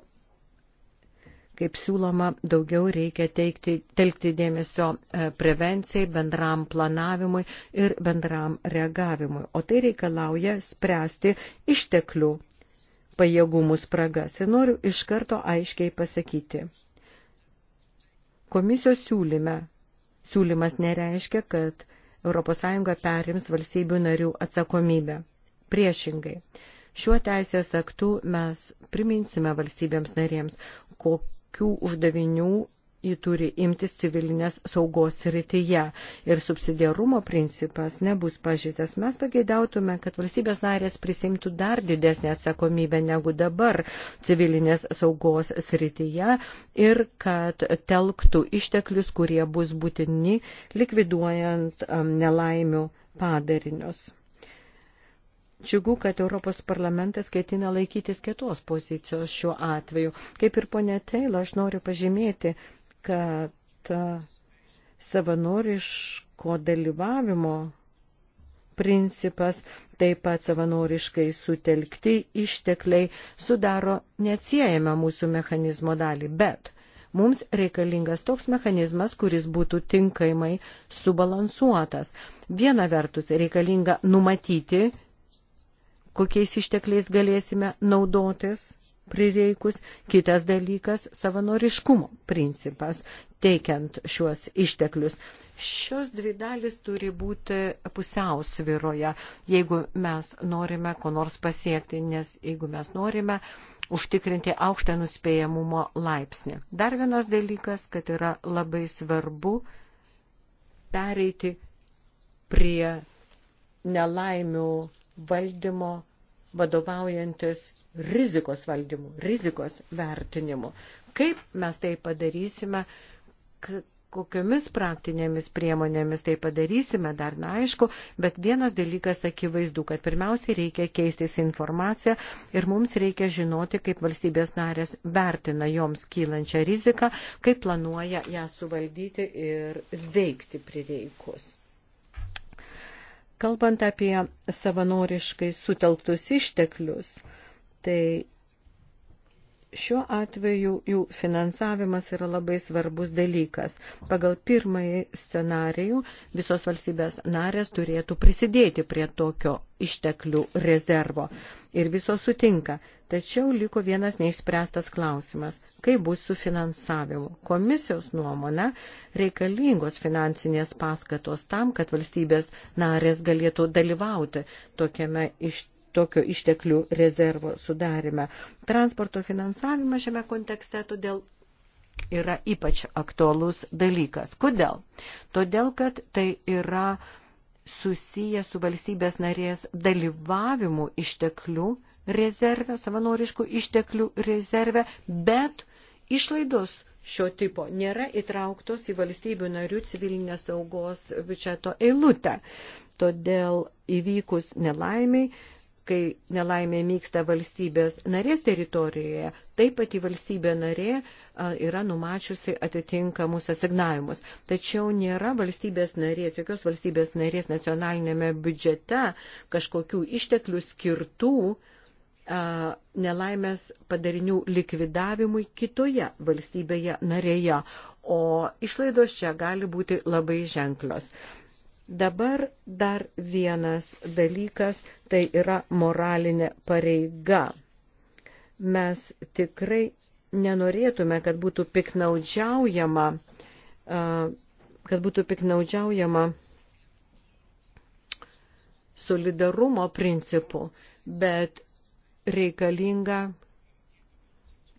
Kaip siūloma, daugiau reikia teikti, telkti dėmesio e, prevencijai, bendram planavimui ir bendram reagavimui. O tai reikalauja spręsti išteklių pajėgumų spragas. Ir noriu iš karto aiškiai pasakyti. Komisijos siūlyme. Siūlymas nereiškia, kad ES perims valstybių narių atsakomybę. Priešingai, šiuo teisės aktu mes priminsime valstybėms narėms, kokiu kokių uždavinių jį turi imtis civilinės saugos rytyje ir subsidiarumo principas nebus pažįstas. Mes pageidautume, kad valstybės narės prisimtų dar didesnį atsakomybę negu dabar civilinės saugos srityje ir kad telktų išteklius, kurie bus būtini likviduojant um, nelaimių padarinius. Čiugu, kad Europos parlamentas ketina laikytis kitos pozicijos šiuo atveju. Kaip ir ponė Teila, aš noriu pažymėti, kad e, savanoriško dalyvavimo principas, taip pat savanoriškai sutelkti ištekliai sudaro neatsiejama mūsų mechanizmo dalį, bet mums reikalingas toks mechanizmas, kuris būtų tinkamai subalansuotas. Viena vertus reikalinga numatyti kokiais ištekliais galėsime naudotis prireikus. Kitas dalykas - savanoriškumo principas, teikiant šiuos išteklius. Šios dvi dalis turi būti pusiausviroje, jeigu mes norime ko nors pasiekti, nes jeigu mes norime užtikrinti aukštą nuspėjamumo laipsnį. Dar vienas dalykas, kad yra labai svarbu pereiti prie nelaimių valdymo vadovaujantis rizikos valdymu, rizikos vertinimu. Kaip mes tai padarysime, kokiomis praktinėmis priemonėmis tai padarysime, dar neaišku, bet vienas dalykas akivaizdu, kad pirmiausiai reikia keistis informaciją ir mums reikia žinoti, kaip valstybės narės vertina joms kylančią riziką, kaip planuoja ją suvaldyti ir veikti prireikus. Kalbant apie savanoriškai sutelktus išteklius, tai šiuo atveju jų finansavimas yra labai svarbus dalykas. Pagal pirmąjį scenarijų visos valstybės narės turėtų prisidėti prie tokio išteklių rezervo. Ir visos sutinka. Tačiau liko vienas neišspręstas klausimas. Kaip bus su finansavimu? Komisijos nuomona reikalingos finansinės paskatos tam, kad valstybės narės galėtų dalyvauti tokiame išteklių tokio išteklių rezervo sudarime. Transporto finansavimas šiame kontekste todėl yra ypač aktualus dalykas. Kodėl? Todėl, kad tai yra susiję su valstybės narės dalyvavimu išteklių rezervę, savanoriškų išteklių rezervę, bet išlaidos šio tipo nėra įtrauktos į valstybių narių civilinės saugos biudžeto eilutę. Todėl įvykus nelaimiai kai nelaimė myksta valstybės narės teritorijoje, taip pati valstybė narė yra numačiusi atitinkamus asignavimus. Tačiau nėra valstybės narės, jokios valstybės narės nacionalinėme biudžete kažkokių išteklių skirtų nelaimės padarinių likvidavimui kitoje valstybėje narėje, o išlaidos čia gali būti labai ženklios. Dabar dar vienas dalykas, tai yra moralinė pareiga. Mes tikrai nenorėtume, kad būtų piknaudžiaujama, kad būtų piknaudžiaujama solidarumo principu, bet reikalinga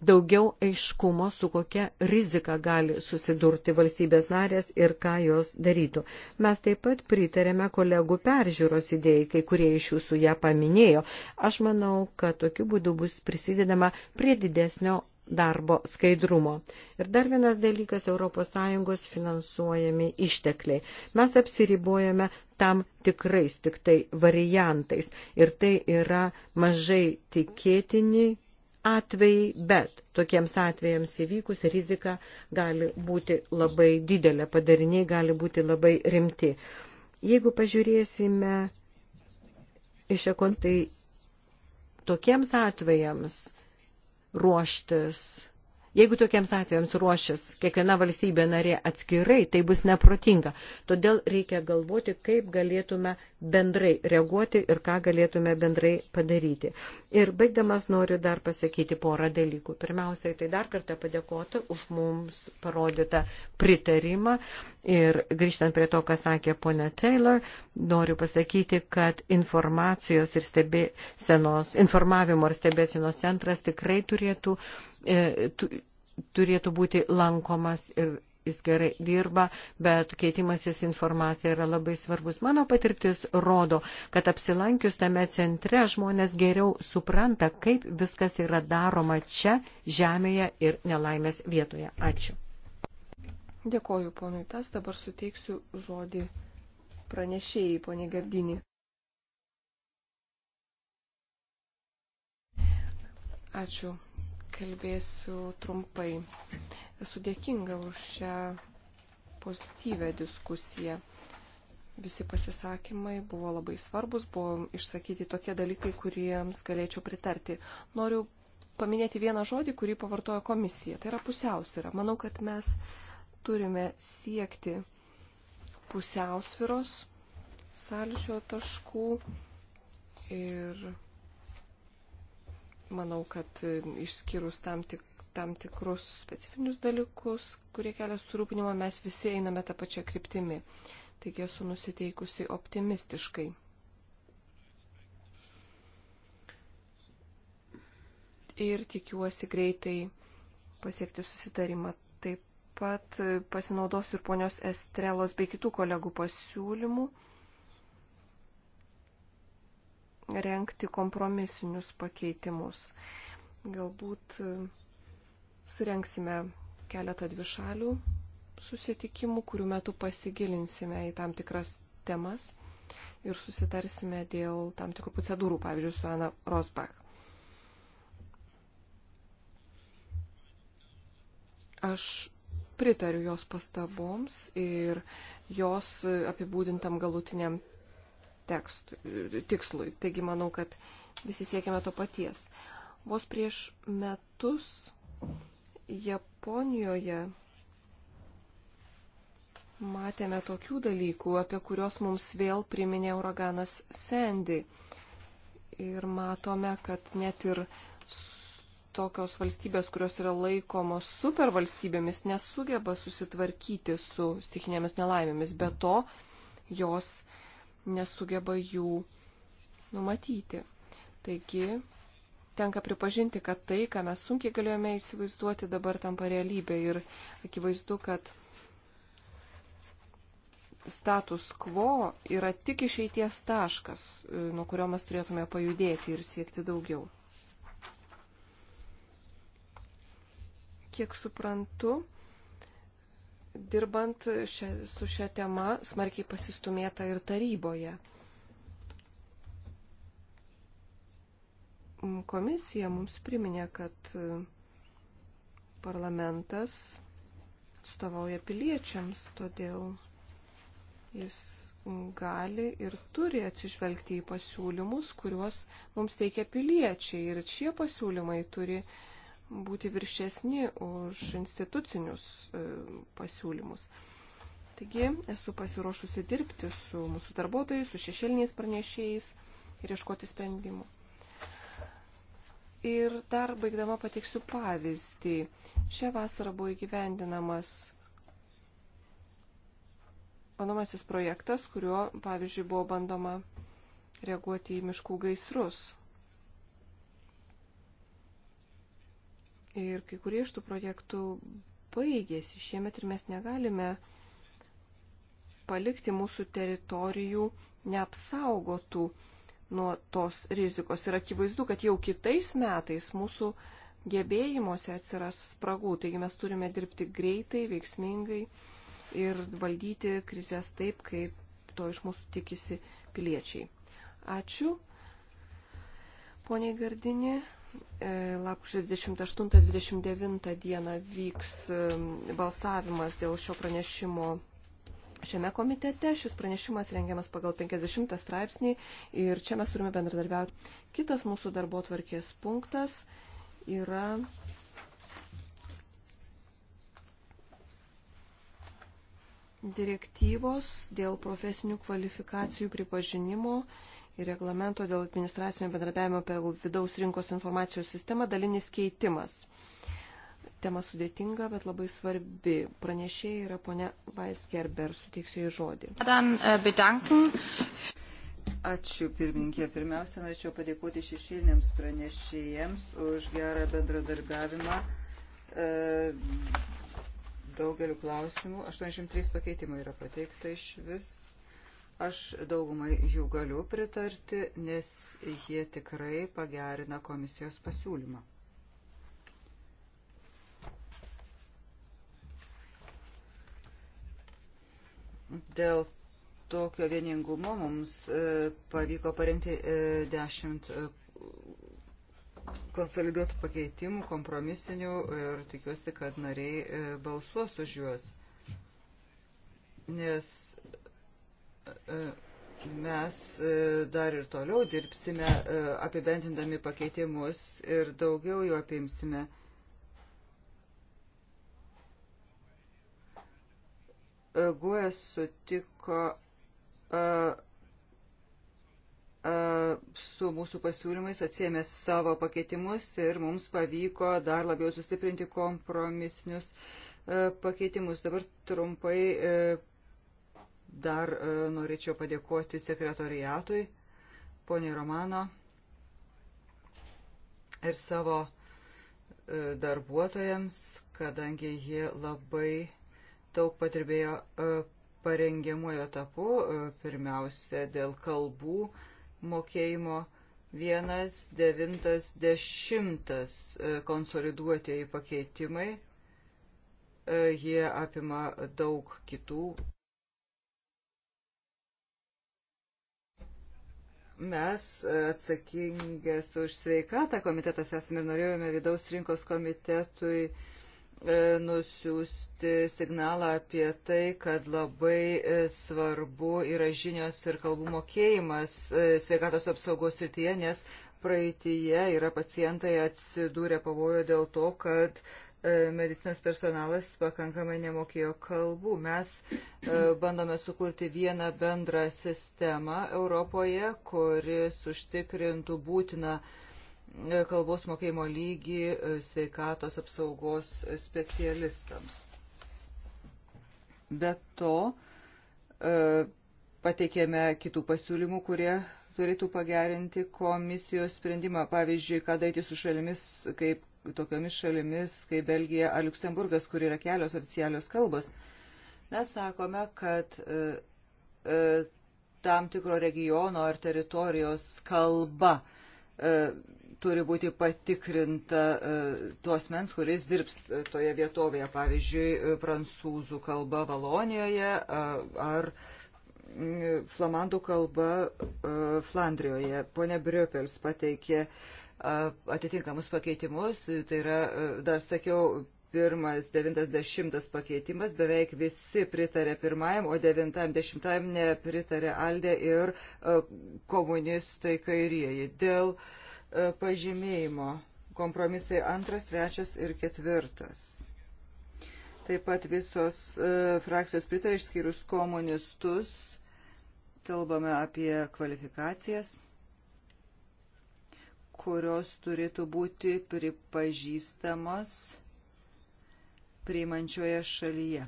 daugiau aiškumo, su kokia rizika gali susidurti valstybės narės ir ką jos darytų. Mes taip pat pritarėme kolegų peržiūros idėjai, kai kurie iš jūsų ją paminėjo. Aš manau, kad tokiu būdu bus prisidedama prie didesnio darbo skaidrumo. Ir dar vienas dalykas - ES finansuojami ištekliai. Mes apsiribojame tam tikrais tik tai variantais ir tai yra mažai tikėtini atvejai, bet tokiems atvejams įvykus rizika gali būti labai didelė, padariniai gali būti labai rimti. Jeigu pažiūrėsime iš ekon, tai tokiems atvejams ruoštis Jeigu tokiems atvejams ruošis kiekviena valstybė narė atskirai, tai bus neprotinga. Todėl reikia galvoti, kaip galėtume bendrai reaguoti ir ką galėtume bendrai padaryti. Ir baigdamas noriu dar pasakyti porą dalykų. Pirmiausiai, tai dar kartą padėkoti už mums parodytą pritarimą. Ir grįžtant prie to, ką sakė ponia Taylor, noriu pasakyti, kad informacijos ir stebėsenos, informavimo ir stebėsenos centras tikrai turėtų E, turėtų būti lankomas ir jis gerai dirba, bet keitimasis informacija yra labai svarbus. Mano patirtis rodo, kad apsilankius tame centre žmonės geriau supranta, kaip viskas yra daroma čia, žemėje ir nelaimės vietoje. Ačiū. Dėkoju, ponui Tas, dabar suteiksiu žodį pranešėjai, ponė Gardinį. Ačiū, kalbėsiu trumpai. Esu dėkinga už šią pozityvę diskusiją. Visi pasisakymai buvo labai svarbus, buvo išsakyti tokie dalykai, kuriems galėčiau pritarti. Noriu paminėti vieną žodį, kurį pavartojo komisija. Tai yra pusiausvyrą. Manau, kad mes turime siekti pusiausviros sąlyčio taškų ir manau, kad e, išskyrus tam, tik, tam tikrus specifinius dalykus, kurie kelia surūpinimą, mes visi einame tą pačią kryptimį. Taigi esu nusiteikusi optimistiškai. Ir tikiuosi greitai pasiekti susitarimą. Taip pat e, pasinaudosiu ir ponios Estrelos bei kitų kolegų pasiūlymų renkti kompromisinius pakeitimus. Galbūt e, surenksime keletą dvišalių susitikimų, kurių metu pasigilinsime į tam tikras temas ir susitarsime dėl tam tikrų procedūrų, pavyzdžiui, su Ana Rosbach. Aš pritariu jos pastaboms ir jos apibūdintam galutiniam tekstu, tikslui. Taigi manau, kad visi siekiame to paties. Vos prieš metus Japonijoje matėme tokių dalykų, apie kuriuos mums vėl priminė uraganas Sandy. Ir matome, kad net ir tokios valstybės, kurios yra laikomos supervalstybėmis, nesugeba susitvarkyti su stichinėmis nelaimėmis. Be to, jos nesugeba jų numatyti. Taigi, tenka pripažinti, kad tai, ką mes sunkiai galėjome įsivaizduoti, dabar tampa realybė ir akivaizdu, kad status quo yra tik išeities taškas, e, nuo kurio mes turėtume pajudėti ir siekti daugiau. Kiek suprantu, dirbant šia, su šia tema smarkiai pasistumėta ir taryboje. Komisija mums priminė, kad e, parlamentas atstovauja piliečiams, todėl jis gali ir turi atsižvelgti į pasiūlymus, kuriuos mums teikia piliečiai. Ir šie pasiūlymai turi uh, būti viršesni už institucinius e, pasiūlymus. Taigi esu pasiruošusi dirbti su mūsų darbuotojais, su šešėliniais pranešėjais ir ieškoti sprendimų. Ir dar baigdama pateiksiu pavyzdį. Šią vasarą buvo įgyvendinamas bandomasis projektas, kuriuo, pavyzdžiui, buvo bandoma reaguoti į miškų gaisrus. Ir kai kurie iš tų projektų baigėsi šiemet ir mes negalime palikti mūsų teritorijų neapsaugotų nuo tos rizikos. Ir akivaizdu, kad jau kitais metais mūsų gebėjimuose atsiras spragų. Taigi mes turime dirbti greitai, veiksmingai ir valdyti krizės taip, kaip to iš mūsų tikisi piliečiai. Ačiū. Pone Gardini, E, lapkričio 28-29 dieną vyks balsavimas dėl šio pranešimo šiame komitete. Šis pranešimas rengiamas pagal 50 straipsnį ir čia mes turime bendradarbiauti. Kitas mūsų darbo tvarkės punktas yra. Direktyvos dėl profesinių kvalifikacijų pripažinimo ir reglamento dėl administracinio bendradarbiavimo per vidaus rinkos informacijos sistemą dalinis keitimas. Tema sudėtinga, bet labai svarbi. Pranešėjai yra ponia Weisgerber, suteiksiu į žodį. Äh, Ačiū pirmininkė. Pirmiausia, norėčiau padėkoti šešėliniams pranešėjams už gerą bendradarbiavimą. Daugeliu klausimų. 83 pakeitimai yra pateikta iš vis Aš daugumai jų galiu pritarti, nes jie tikrai pagerina komisijos pasiūlymą. Dėl tokio vieningumo mums e, pavyko parengti 10 e, e, konsoliduotų pakeitimų, kompromisinių ir tikiuosi, kad nariai balsuos už juos. Nes E, mes e, dar ir toliau dirbsime e, apibendindami pakeitimus ir daugiau jų apimsime. Guė sutiko su mūsų pasiūlymais, atsėmė savo pakeitimus ir mums pavyko dar labiau sustiprinti kompromisinius pakeitimus. Dabar trumpai Dar e, norėčiau padėkoti sekretoriatui, poniai Romano ir savo e, darbuotojams, kadangi jie labai daug patirbėjo e, parengiamojo etapu, pirmiausia dėl kalbų mokėjimo. Vienas, devintas, dešimtas konsoliduotieji pakeitimai. Jie apima daug kitų mes atsakingas už sveikatą komitetas esame ir norėjome vidaus rinkos komitetui e, nusiųsti signalą apie tai, kad labai e, svarbu yra žinios ir kalbų mokėjimas e, sveikatos apsaugos srityje, nes praeitįje yra pacientai atsidūrę pavojo dėl to, kad uh, E, medicinos personalas pakankamai nemokėjo kalbų. Mes e, bandome sukurti vieną bendrą sistemą Europoje, kuris užtikrintų būtiną e, kalbos mokėjimo lygį sveikatos apsaugos specialistams. Be to, pateikėme kitų pasiūlymų, kurie turėtų pagerinti komisijos sprendimą. Pavyzdžiui, ką daryti su šalimis kaip tokiomis šalimis kaip Belgija ar Luksemburgas, kur yra kelios oficialios kalbos. Mes sakome, kad e, e tam tikro regiono ar teritorijos kalba e, turi būti patikrinta e, tuos mens, kuris dirbs e, toje vietovėje, pavyzdžiui, e, prancūzų kalba Valonijoje ar flamandų kalba Flandrijoje. Pone Briopels pateikė uh, atitinkamus pakeitimus. Tai yra, dar sakiau, pirmas, devintas, dešimtas pakeitimas, beveik visi pritarė pirmajam, o devintam, dešimtam nepritarė Aldė ir komunistai kairieji. Dėl pažymėjimo kompromisai antras, trečias ir ketvirtas. Taip pat visos frakcijos pritarė išskyrus komunistus. Kalbame apie kvalifikacijas kurios turėtų būti pripažįstamos priimančioje šalyje.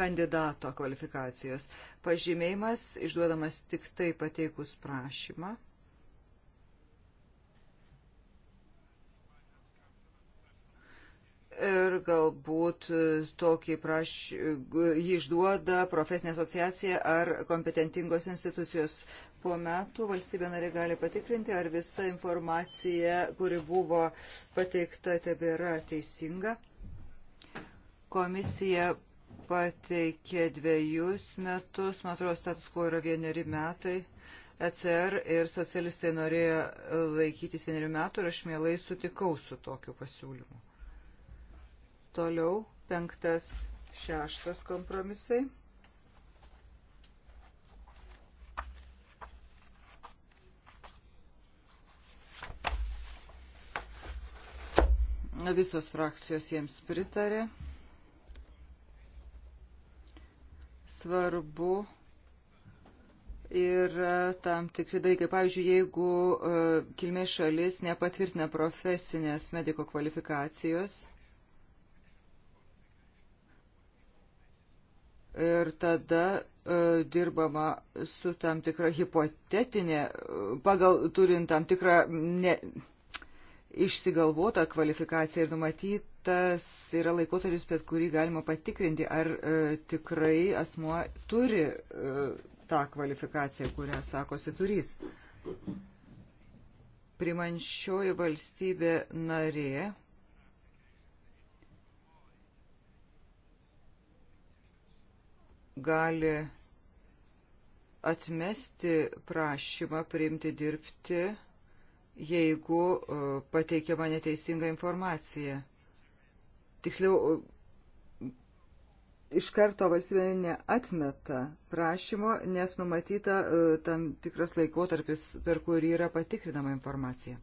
Kandidato kvalifikacijos pažymėjimas išduodamas tik tai pateikus prašymą. ir galbūt e, tokį praš, jį išduoda profesinė asociacija ar kompetentingos institucijos. Po metų valstybė narė gali patikrinti, ar visa informacija, kuri buvo pateikta, tebėra teisinga. Komisija pateikė dviejus metus, man atrodo, status quo yra vieneri metai. ECR ir socialistai norėjo laikytis vienerių metų ir aš mielai sutikau su tokiu pasiūlymu. Toliau penktas šeštas kompromisai. Visos frakcijos jiems pritarė. Svarbu ir e, tam tikri dalykai. Pavyzdžiui, jeigu e, kilmės šalis nepatvirtina profesinės mediko kvalifikacijos, ir tada e, dirbama su tam tikra hipotetinė, e, pagal turint tam tikrą ne, išsigalvotą kvalifikaciją ir numatytas yra laikotarpis, per kurį galima patikrinti, ar e, tikrai asmuo turi e, tą kvalifikaciją, kurią sakosi turys. Primančioji valstybė narė gali atmesti prašymą priimti dirbti, jeigu e, pateikiama neteisinga informacija. Tiksliau, e, iš karto valstybė neatmeta prašymo, nes numatyta e, tam tikras laikotarpis, per kurį yra patikrinama informacija.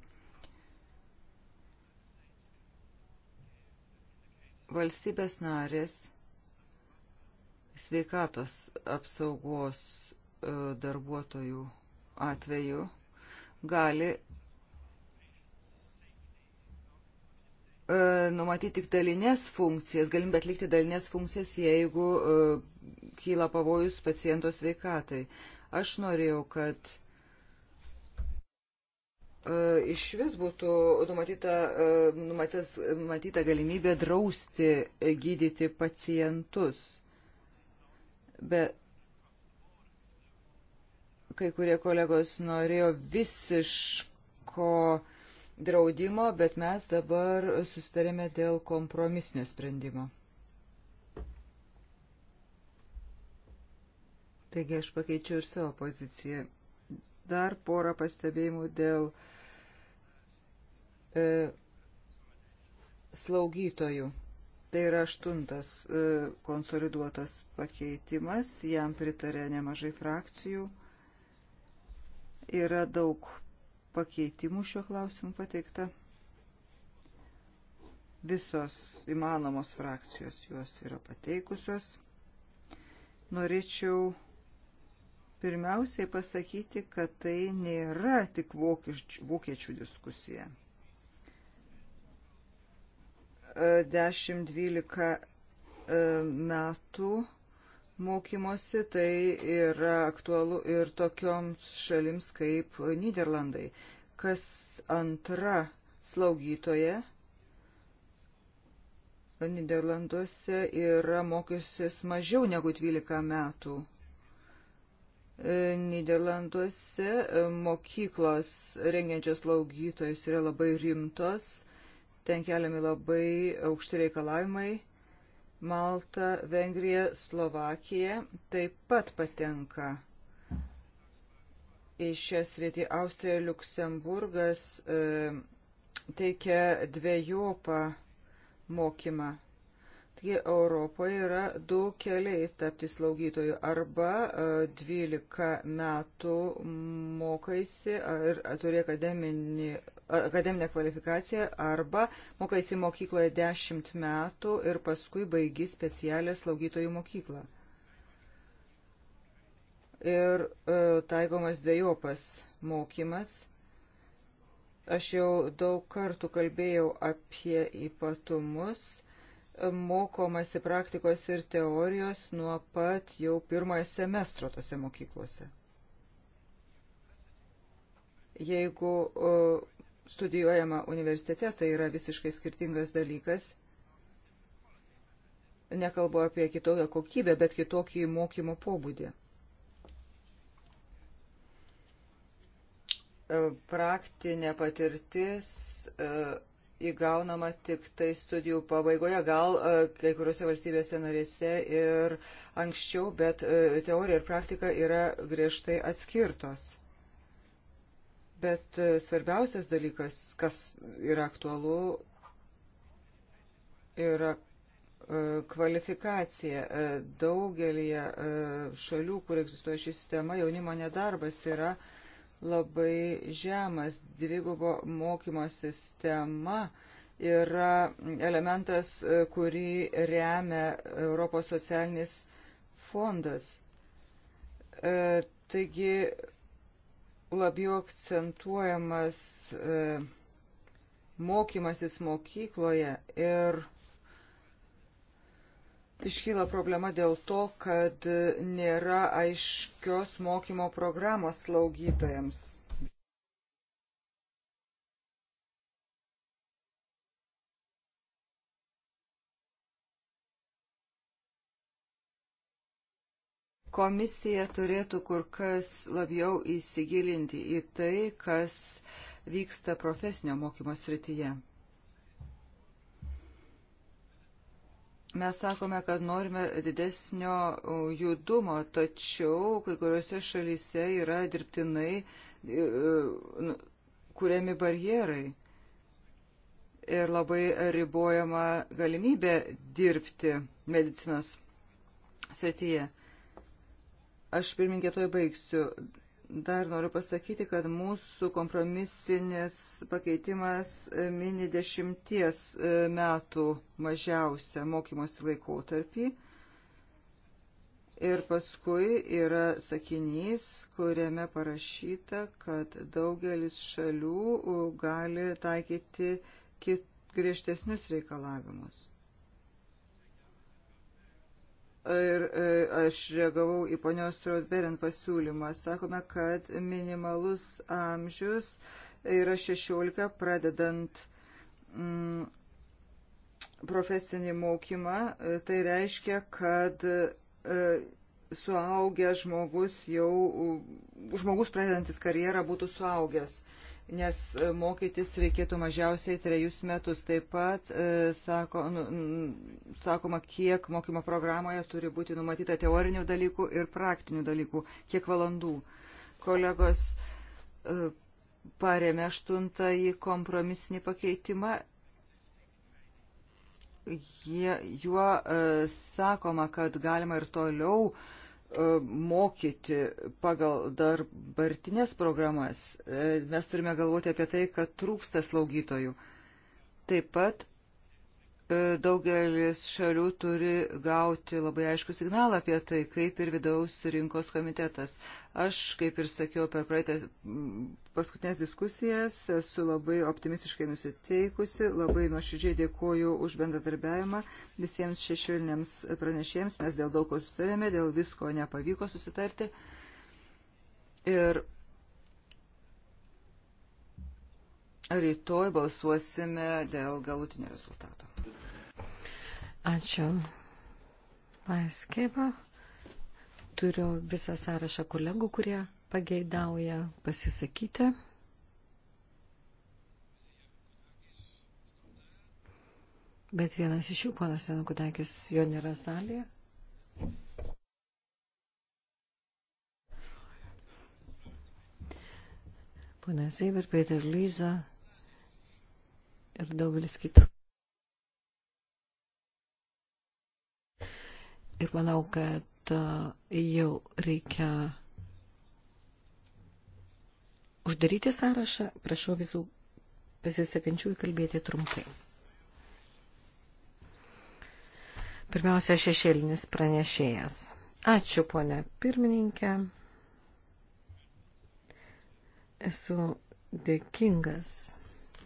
Valstybės narės sveikatos apsaugos e, darbuotojų atveju gali e, numatyti tik dalinės funkcijas, galim atlikti dalinės funkcijas, jeigu uh, kyla pavojus paciento sveikatai. Aš norėjau, kad uh, iš vis būtų numatyta, uh, numatytas, numatyta galimybė drausti gydyti pacientus bet kai kurie kolegos norėjo visiško draudimo, bet mes dabar sustarėme dėl kompromisinio sprendimo. Taigi aš pakeičiau ir savo poziciją. Dar porą pastebėjimų dėl e, slaugytojų. Tai yra aštuntas e, konsoliduotas pakeitimas, jam pritarė nemažai frakcijų. Yra daug pakeitimų šiuo klausimu pateikta. Visos įmanomos frakcijos juos yra pateikusios. Norėčiau pirmiausiai pasakyti, kad tai nėra tik vokiečių, vokiečių diskusija. 10-12 e, metų mokymosi, tai yra aktualu ir tokioms šalims kaip Niderlandai. Kas antra slaugytoja Niderlanduose yra mokiusis mažiau negu 12 metų. E, Niderlanduose mokyklos rengiančios slaugytojus yra labai rimtos Ten keliami labai aukšti reikalavimai. Malta, Vengrija, Slovakija taip pat patenka į šią sritį. Austrija, Luksemburgas e, teikia dviejopą mokymą. Taigi Europoje yra du keliai tapti slaugytoju. Arba e, 12 metų mokaisi ir turi akademinį akademinę kvalifikaciją arba mokaisi mokykloje 10 metų ir paskui baigi specialią slaugytojų mokyklą. Ir e, taikomas dviejopas mokymas. Aš jau daug kartų kalbėjau apie ypatumus mokomasi praktikos ir teorijos nuo pat jau pirmojo semestro tose mokyklose. Jeigu uh, studijuojama universitete, tai yra visiškai skirtingas dalykas. Nekalbu apie kitokią kokybę, bet kitokį mokymo pobūdį. E, praktinė patirtis e, įgaunama tik tai studijų pabaigoje, gal e, kai kuriuose valstybėse narėse ir anksčiau, bet teorija ir praktika yra griežtai atskirtos. Bet e, svarbiausias dalykas, kas yra aktualu, yra e, kvalifikacija. E, daugelį šalių, kur egzistuoja ši sistema, jaunimo nedarbas yra labai žemas. Dvigubo mokymo sistema yra elementas, kurį remia Europos socialinis fondas. Taigi labiau akcentuojamas e, mokymasis mokykloje ir Iškyla problema dėl to, kad nėra aiškios mokymo programos slaugytojams. Komisija turėtų kur kas labiau įsigilinti į tai, kas vyksta profesinio mokymo srityje. Mes sakome, kad norime didesnio judumo, tačiau kai kuriuose šalyse yra dirbtinai e, nu, kuriami barjerai ir labai ribojama galimybė dirbti medicinos srityje. Aš pirmininkė toj baigsiu. Dar noriu pasakyti, kad mūsų kompromisinis pakeitimas mini dešimties e, metų mažiausią mokymosi laikotarpį. Ir paskui yra sakinys, kuriame parašyta, kad daugelis šalių e, gali taikyti kit, griežtesnius reikalavimus. Ir e, aš reagavau į ponios Rodberent pasiūlymą. Sakome, kad minimalus amžius yra 16, pradedant mm, profesinį mokymą. E, tai reiškia, kad e, suaugęs žmogus jau, žmogus pradedantis karjerą būtų suaugęs nes e, mokytis reikėtų mažiausiai trejus metus. Taip pat e, sako, nu, sakoma, kiek mokymo programoje turi būti numatyta teorinių dalykų ir praktinių dalykų, kiek valandų. Kolegos e, paremė aštuntąjį kompromisinį pakeitimą. Jie, juo sakoma, kad galima ir toliau uh, E, mokyti pagal darbartinės programas, e, mes turime galvoti apie tai, kad trūksta slaugytojų. Taip pat daugelis šalių turi gauti labai aišku signalą apie tai, kaip ir vidaus rinkos komitetas. Aš, kaip ir sakiau per praeitą mm, paskutinės diskusijas, esu labai optimistiškai nusiteikusi, labai nuoširdžiai dėkoju už bendradarbiavimą visiems šešėlinėms pranešėjams, mes dėl daug ko sutarėme, dėl visko nepavyko susitarti. Ir rytoj balsuosime dėl galutinio rezultato. Ačiū. Paskėpa. Turiu visą sąrašą kolegų, kurie pageidauja pasisakyti. Bet vienas iš jų, ponas Senakudakis, jo nėra salėje. Ponas Eiver, Peter Lyza ir daugelis kitų. ir manau, kad e, jau reikia uždaryti sąrašą. Prašau visų pasisakančiųjų kalbėti trumpai. Pirmiausia, šešėlinis pranešėjas. Ačiū, ponė pirmininkė. Esu dėkingas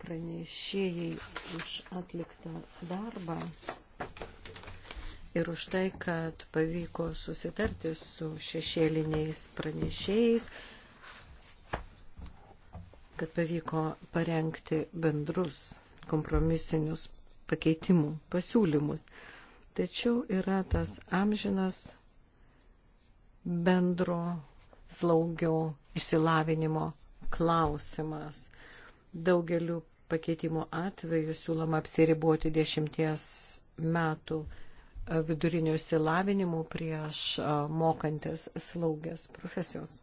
pranešėjai už atliktą darbą ir už tai, kad pavyko susitarti su šešėliniais pranešėjais, kad pavyko parengti bendrus kompromisinius pakeitimų pasiūlymus. Tačiau yra tas amžinas bendro slaugio išsilavinimo klausimas. Daugeliu pakeitimo atveju siūloma apsiriboti dešimties metų vidurinių silavinimų prieš mokantis slaugės profesijos.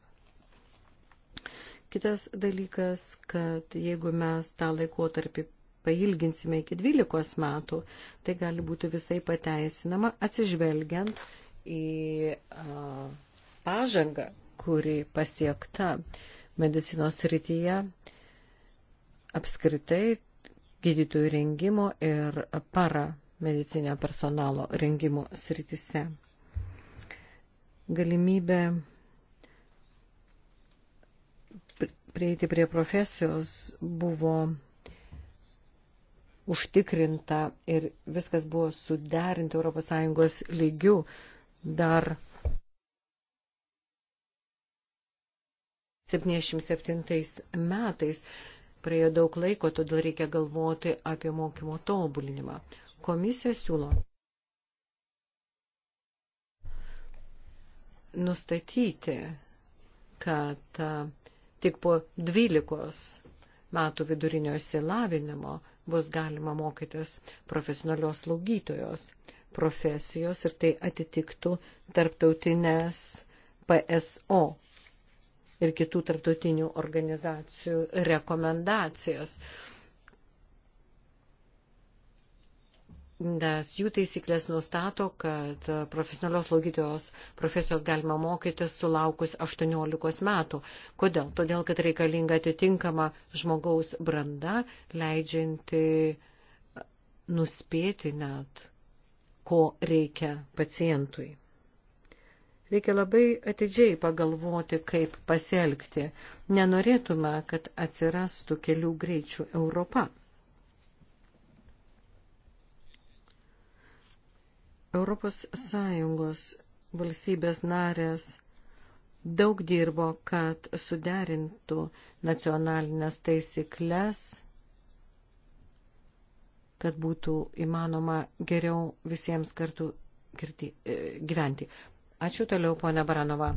Kitas dalykas, kad jeigu mes tą laikotarpį pailginsime iki 12 metų, tai gali būti visai pateisinama atsižvelgiant į a, pažangą, kuri pasiekta medicinos rytyje apskritai gydytojų rengimo ir para medicinio personalo rengimo sritise. Galimybė prieiti prie profesijos buvo užtikrinta ir viskas buvo suderinti ES lygių dar 77 metais. Praėjo daug laiko, todėl reikia galvoti apie mokymo tobulinimą. Komisija siūlo nustatyti, kad tik po 12 metų vidurinio įsilavinimo bus galima mokytis profesionalios slaugytojos profesijos ir tai atitiktų tarptautinės PSO ir kitų tarptautinių organizacijų rekomendacijas. nes jų taisyklės nustato, kad profesionalios slaugytojos profesijos galima mokytis sulaukus 18 metų. Kodėl? Todėl, kad reikalinga atitinkama žmogaus branda, leidžianti nuspėti net, ko reikia pacientui. Reikia labai atidžiai pagalvoti, kaip pasielgti. Nenorėtume, kad atsirastų kelių greičių Europa. Europos Sąjungos valstybės narės daug dirbo, kad suderintų nacionalinės taisyklės, kad būtų įmanoma geriau visiems kartu girti, e, gyventi. Ačiū toliau, ponia Baranova.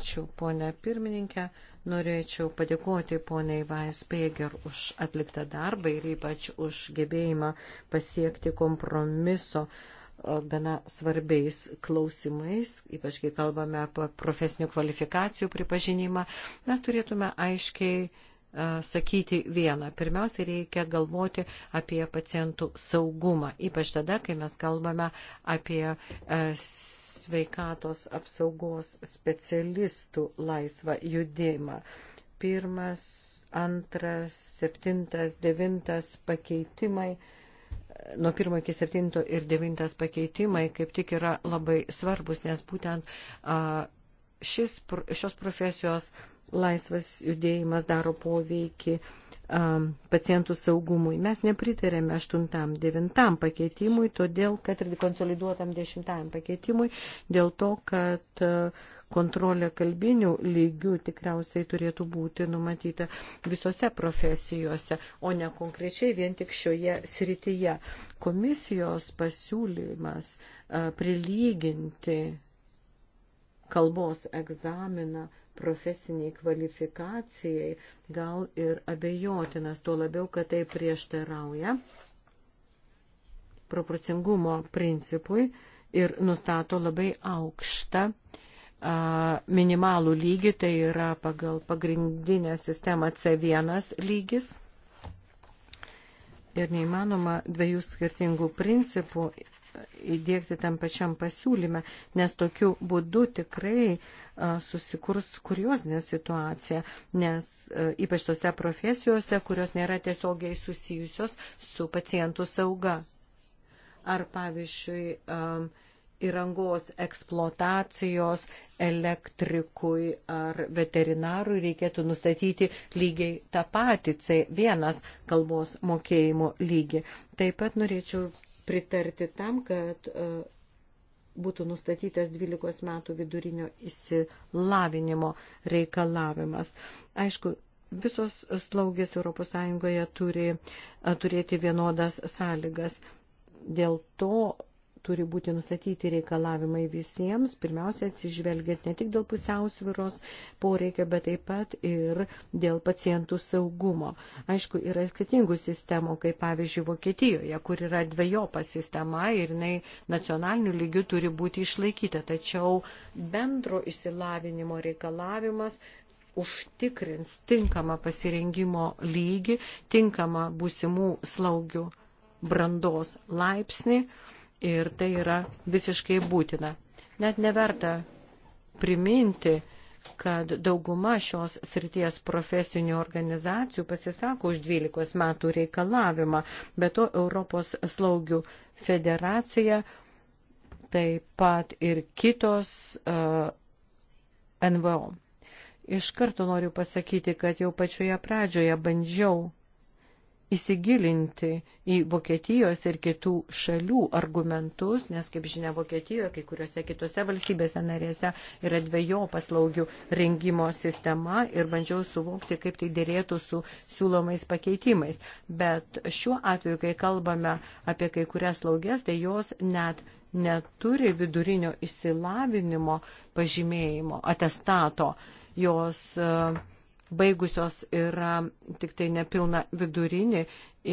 Ačiū, ponia pirmininkė. Norėčiau padėkoti poniai Vaisbėger už atliktą darbą ir ypač už gebėjimą pasiekti kompromiso uh, gana svarbiais klausimais, ypač kai kalbame apie profesinių kvalifikacijų pripažinimą, mes turėtume aiškiai sakyti vieną. Pirmiausia, reikia galvoti apie pacientų saugumą, ypač tada, kai mes kalbame apie sveikatos apsaugos specialistų laisvą judėjimą. Pirmas, antras, septintas, devintas pakeitimai nuo 1 iki 7 ir 9 pakeitimai kaip tik yra labai svarbus, nes būtent šis, šios profesijos laisvas judėjimas daro poveikį pacientų saugumui. Mes nepritarėme 8-9 pakeitimui, todėl, kad ir konsoliduotam 10 pakeitimui, dėl to, kad uh, kontrolė kalbinių lygių tikriausiai turėtų būti numatyta visose profesijose, o ne konkrečiai vien tik šioje srityje. Komisijos pasiūlymas prilyginti kalbos egzaminą profesiniai kvalifikacijai gal ir abejotinas, tuo labiau, kad tai prieštarauja proporcingumo principui ir nustato labai aukštą minimalų lygį, tai yra pagal pagrindinę sistemą C1 lygis. Ir neįmanoma dviejų skirtingų principų įdėkti tam pačiam pasiūlyme, nes tokiu būdu tikrai susikurs kuriozinė situacija, nes ypač tose profesijose, kurios nėra tiesiogiai susijusios su pacientų sauga. Ar pavyzdžiui, įrangos eksploatacijos elektrikui ar veterinarui reikėtų nustatyti lygiai tą patį C1 kalbos mokėjimo lygį. Taip pat norėčiau pritarti tam, kad e, būtų nustatytas 12 metų vidurinio įsilavinimo reikalavimas. Aišku, visos slaugės ES turi e, turėti vienodas sąlygas. Dėl to turi būti nustatyti reikalavimai visiems, pirmiausia, atsižvelgiant ne tik dėl pusiausviros poreikio, bet taip pat ir dėl pacientų saugumo. Aišku, yra skirtingų sistemų, kaip pavyzdžiui Vokietijoje, kur yra dviejopa sistema ir jinai nacionaliniu lygiu turi būti išlaikyta, tačiau bendro išsilavinimo reikalavimas užtikrins tinkamą pasirengimo lygį, tinkamą būsimų slaugių brandos laipsnį ir tai yra visiškai būtina. Net neverta priminti, kad dauguma šios srities profesinių organizacijų pasisako už 12 metų reikalavimą, bet to Europos slaugių federacija, taip pat ir kitos uh, NVO. Iš karto noriu pasakyti, kad jau pačioje pradžioje bandžiau įsigilinti į Vokietijos ir kitų šalių argumentus, nes, kaip žinia, Vokietijoje, kai kuriuose kitose valstybėse narėse yra dviejų paslaugių rengimo sistema ir bandžiau suvokti, kaip tai dėrėtų su siūlomais pakeitimais. Bet šiuo atveju, kai kalbame apie kai kurias slaugės, tai jos net neturi vidurinio išsilavinimo pažymėjimo, atestato. Jos uh, baigusios yra tik tai nepilna vidurinė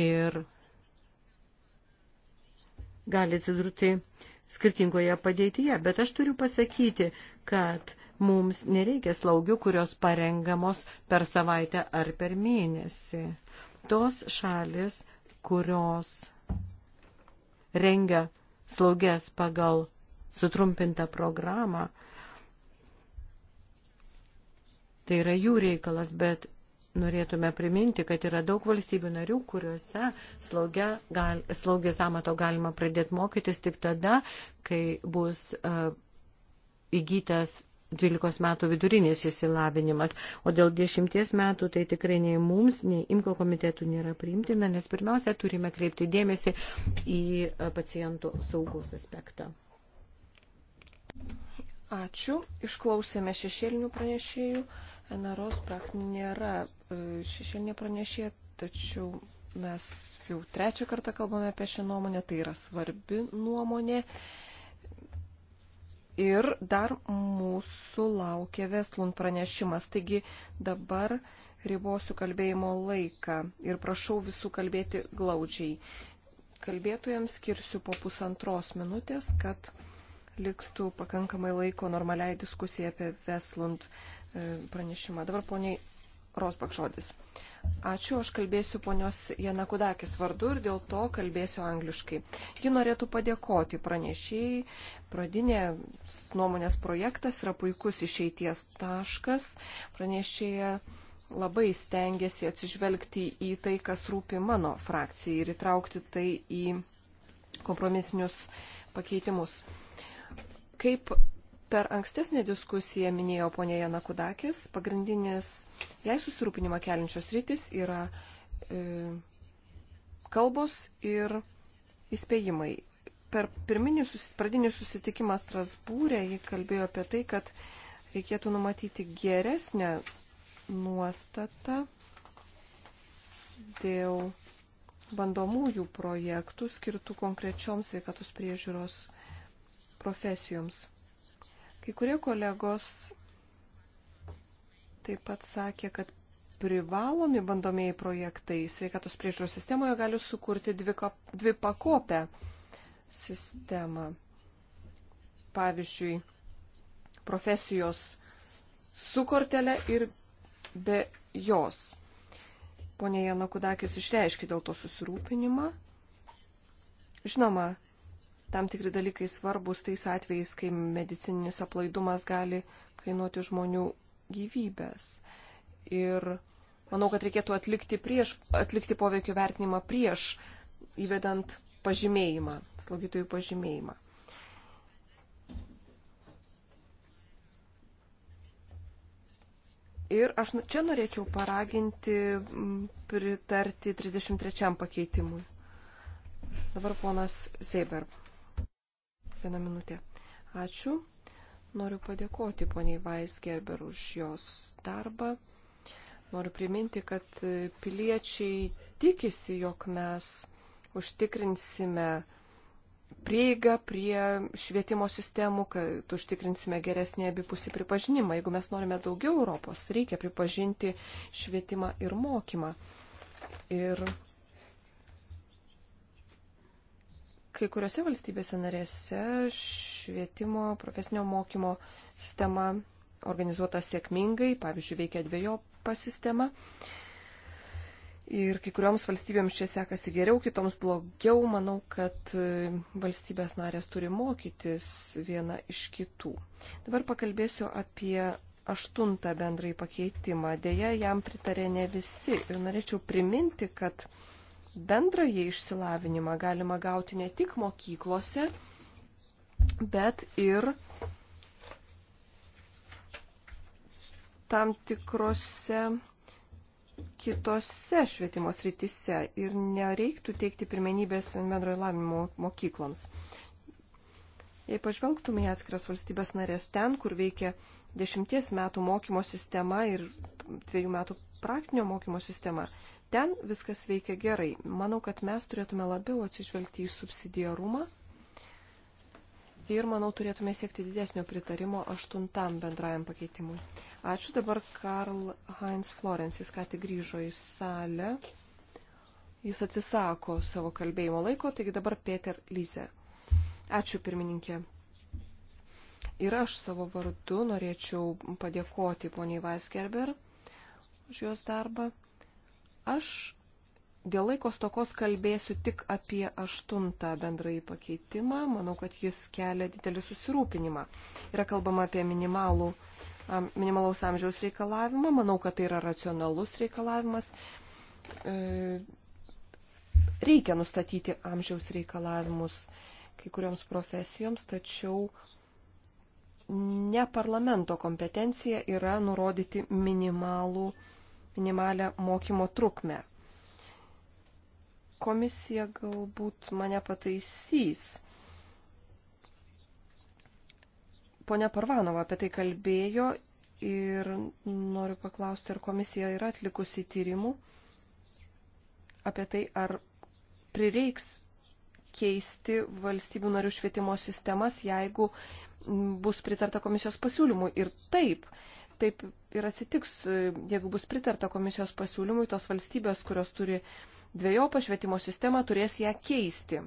ir gali atsidurti skirtingoje padėtyje. Bet aš turiu pasakyti, kad mums nereikia slaugių, kurios parengamos per savaitę ar per mėnesį. Tos šalis, kurios rengia slaugės pagal sutrumpintą programą, tai yra jų reikalas, bet norėtume priminti, kad yra daug valstybių narių, kuriuose slaugė, gal, slaugės amato galima pradėti mokytis tik tada, kai bus uh, įgytas 12 metų vidurinis įsilavinimas, o dėl 10 metų tai tikrai nei mums, nei imko komitetų nėra priimtina, nes pirmiausia turime kreipti dėmesį į e, pacientų saugaus aspektą. Ačiū, išklausėme šešėlinių pranešėjų. Naros Brak nėra e, šešėlinė pranešė, tačiau mes jau trečią kartą kalbame apie šią nuomonę, tai yra svarbi nuomonė. Ir dar mūsų laukia Veslun pranešimas. Taigi dabar ribosiu kalbėjimo laiką ir prašau visų kalbėti glaudžiai. Kalbėtojams skirsiu po pusantros minutės, kad liktų pakankamai laiko normaliai diskusijai apie Veslund pranešimus E, pranešimą. Dabar poniai Rosbak žodis. Ačiū, aš kalbėsiu ponios Janakudakis vardu ir dėl to kalbėsiu angliškai. Ji norėtų padėkoti pranešėjai. Pradinė nuomonės projektas yra puikus išeities taškas. Pranešėja labai stengiasi atsižvelgti į tai, kas rūpi mano frakcijai ir įtraukti tai į kompromisinius pakeitimus. Kaip Per ankstesnę diskusiją minėjo ponė Jana Kudakis, pagrindinis jai susirūpinimą keliančios rytis yra e, kalbos ir įspėjimai. Per pirminį sus, pradinį susitikimą Strasbūrė ji kalbėjo apie tai, kad reikėtų numatyti geresnę nuostatą dėl bandomųjų projektų skirtų konkrečioms sveikatos priežiūros profesijoms. Kai kurie kolegos taip pat sakė, kad privalomi bandomieji projektai sveikatos priežiūros sistemoje gali sukurti dvi, dvi pakopę sistemą. Pavyzdžiui, profesijos su kortelė ir be jos. Pone Janakudakis išreiškė dėl to susirūpinimą. Žinoma, tam tikri dalykai svarbus tais atvejais, kai medicininis aplaidumas gali kainuoti žmonių gyvybės. Ir manau, kad reikėtų atlikti, prieš, atlikti poveikio vertinimą prieš įvedant pažymėjimą, slaugytojų pažymėjimą. Ir aš čia norėčiau paraginti pritarti 33 pakeitimui. Dabar ponas Zeiberb vieną minutę. Ačiū. Noriu padėkoti poniai Vaisgerber už jos darbą. Noriu priminti, kad piliečiai tikisi, jog mes užtikrinsime prieigą prie švietimo sistemų, kad užtikrinsime geresnį abipusį pripažinimą. Jeigu mes norime daugiau Europos, reikia pripažinti švietimą ir mokymą. Ir Kai kuriuose valstybėse narėse švietimo, profesinio mokymo sistema organizuota sėkmingai, pavyzdžiui, veikia dviejopa sistema. Ir kai kurioms valstybėms čia sekasi geriau, kitoms blogiau. Manau, kad e, valstybės narės turi mokytis viena iš kitų. Dabar pakalbėsiu apie aštuntą bendrąjį pakeitimą. Deja, jam pritarė ne visi. Ir norėčiau priminti, kad bendrąjį išsilavinimą galima gauti ne tik mokyklose, bet ir tam tikrose kitose švietimo srityse ir nereiktų teikti pirmenybės bendrojo lavinimo mokykloms. Jei pažvelgtume į atskiras valstybės narės ten, kur veikia dešimties metų mokymo sistema ir dviejų metų praktinio mokymo sistema, ten viskas veikia gerai. Manau, kad mes turėtume labiau atsižvelgti į subsidiarumą ir, manau, turėtume siekti didesnio pritarimo aštuntam bendrajam pakeitimui. Ačiū dabar Karl Heinz Florence, jis ką tik grįžo į salę. Jis atsisako savo kalbėjimo laiko, taigi dabar Peter Lyze. Ačiū pirmininkė. Ir aš savo vardu norėčiau padėkoti poniai Weisgerber už jos darbą. Aš dėl laiko stokos kalbėsiu tik apie aštuntą bendrąjį pakeitimą. Manau, kad jis kelia didelį susirūpinimą. Yra kalbama apie minimalų, minimalaus amžiaus reikalavimą. Manau, kad tai yra racionalus reikalavimas. E, reikia nustatyti amžiaus reikalavimus kai kurioms profesijoms, tačiau ne parlamento kompetencija yra nurodyti minimalų amžiaus minimalę mokymo trukmę. Komisija galbūt mane pataisys. Pone Parvanova apie tai kalbėjo ir noriu paklausti, ar komisija yra atlikusi tyrimų apie tai, ar prireiks keisti valstybių narių švietimo sistemas, jeigu bus pritarta komisijos pasiūlymui. Ir taip, uh, taip ir atsitiks, jeigu bus pritarta komisijos pasiūlymui, tos valstybės, kurios turi dviejopą švietimo sistemą, turės ją keisti.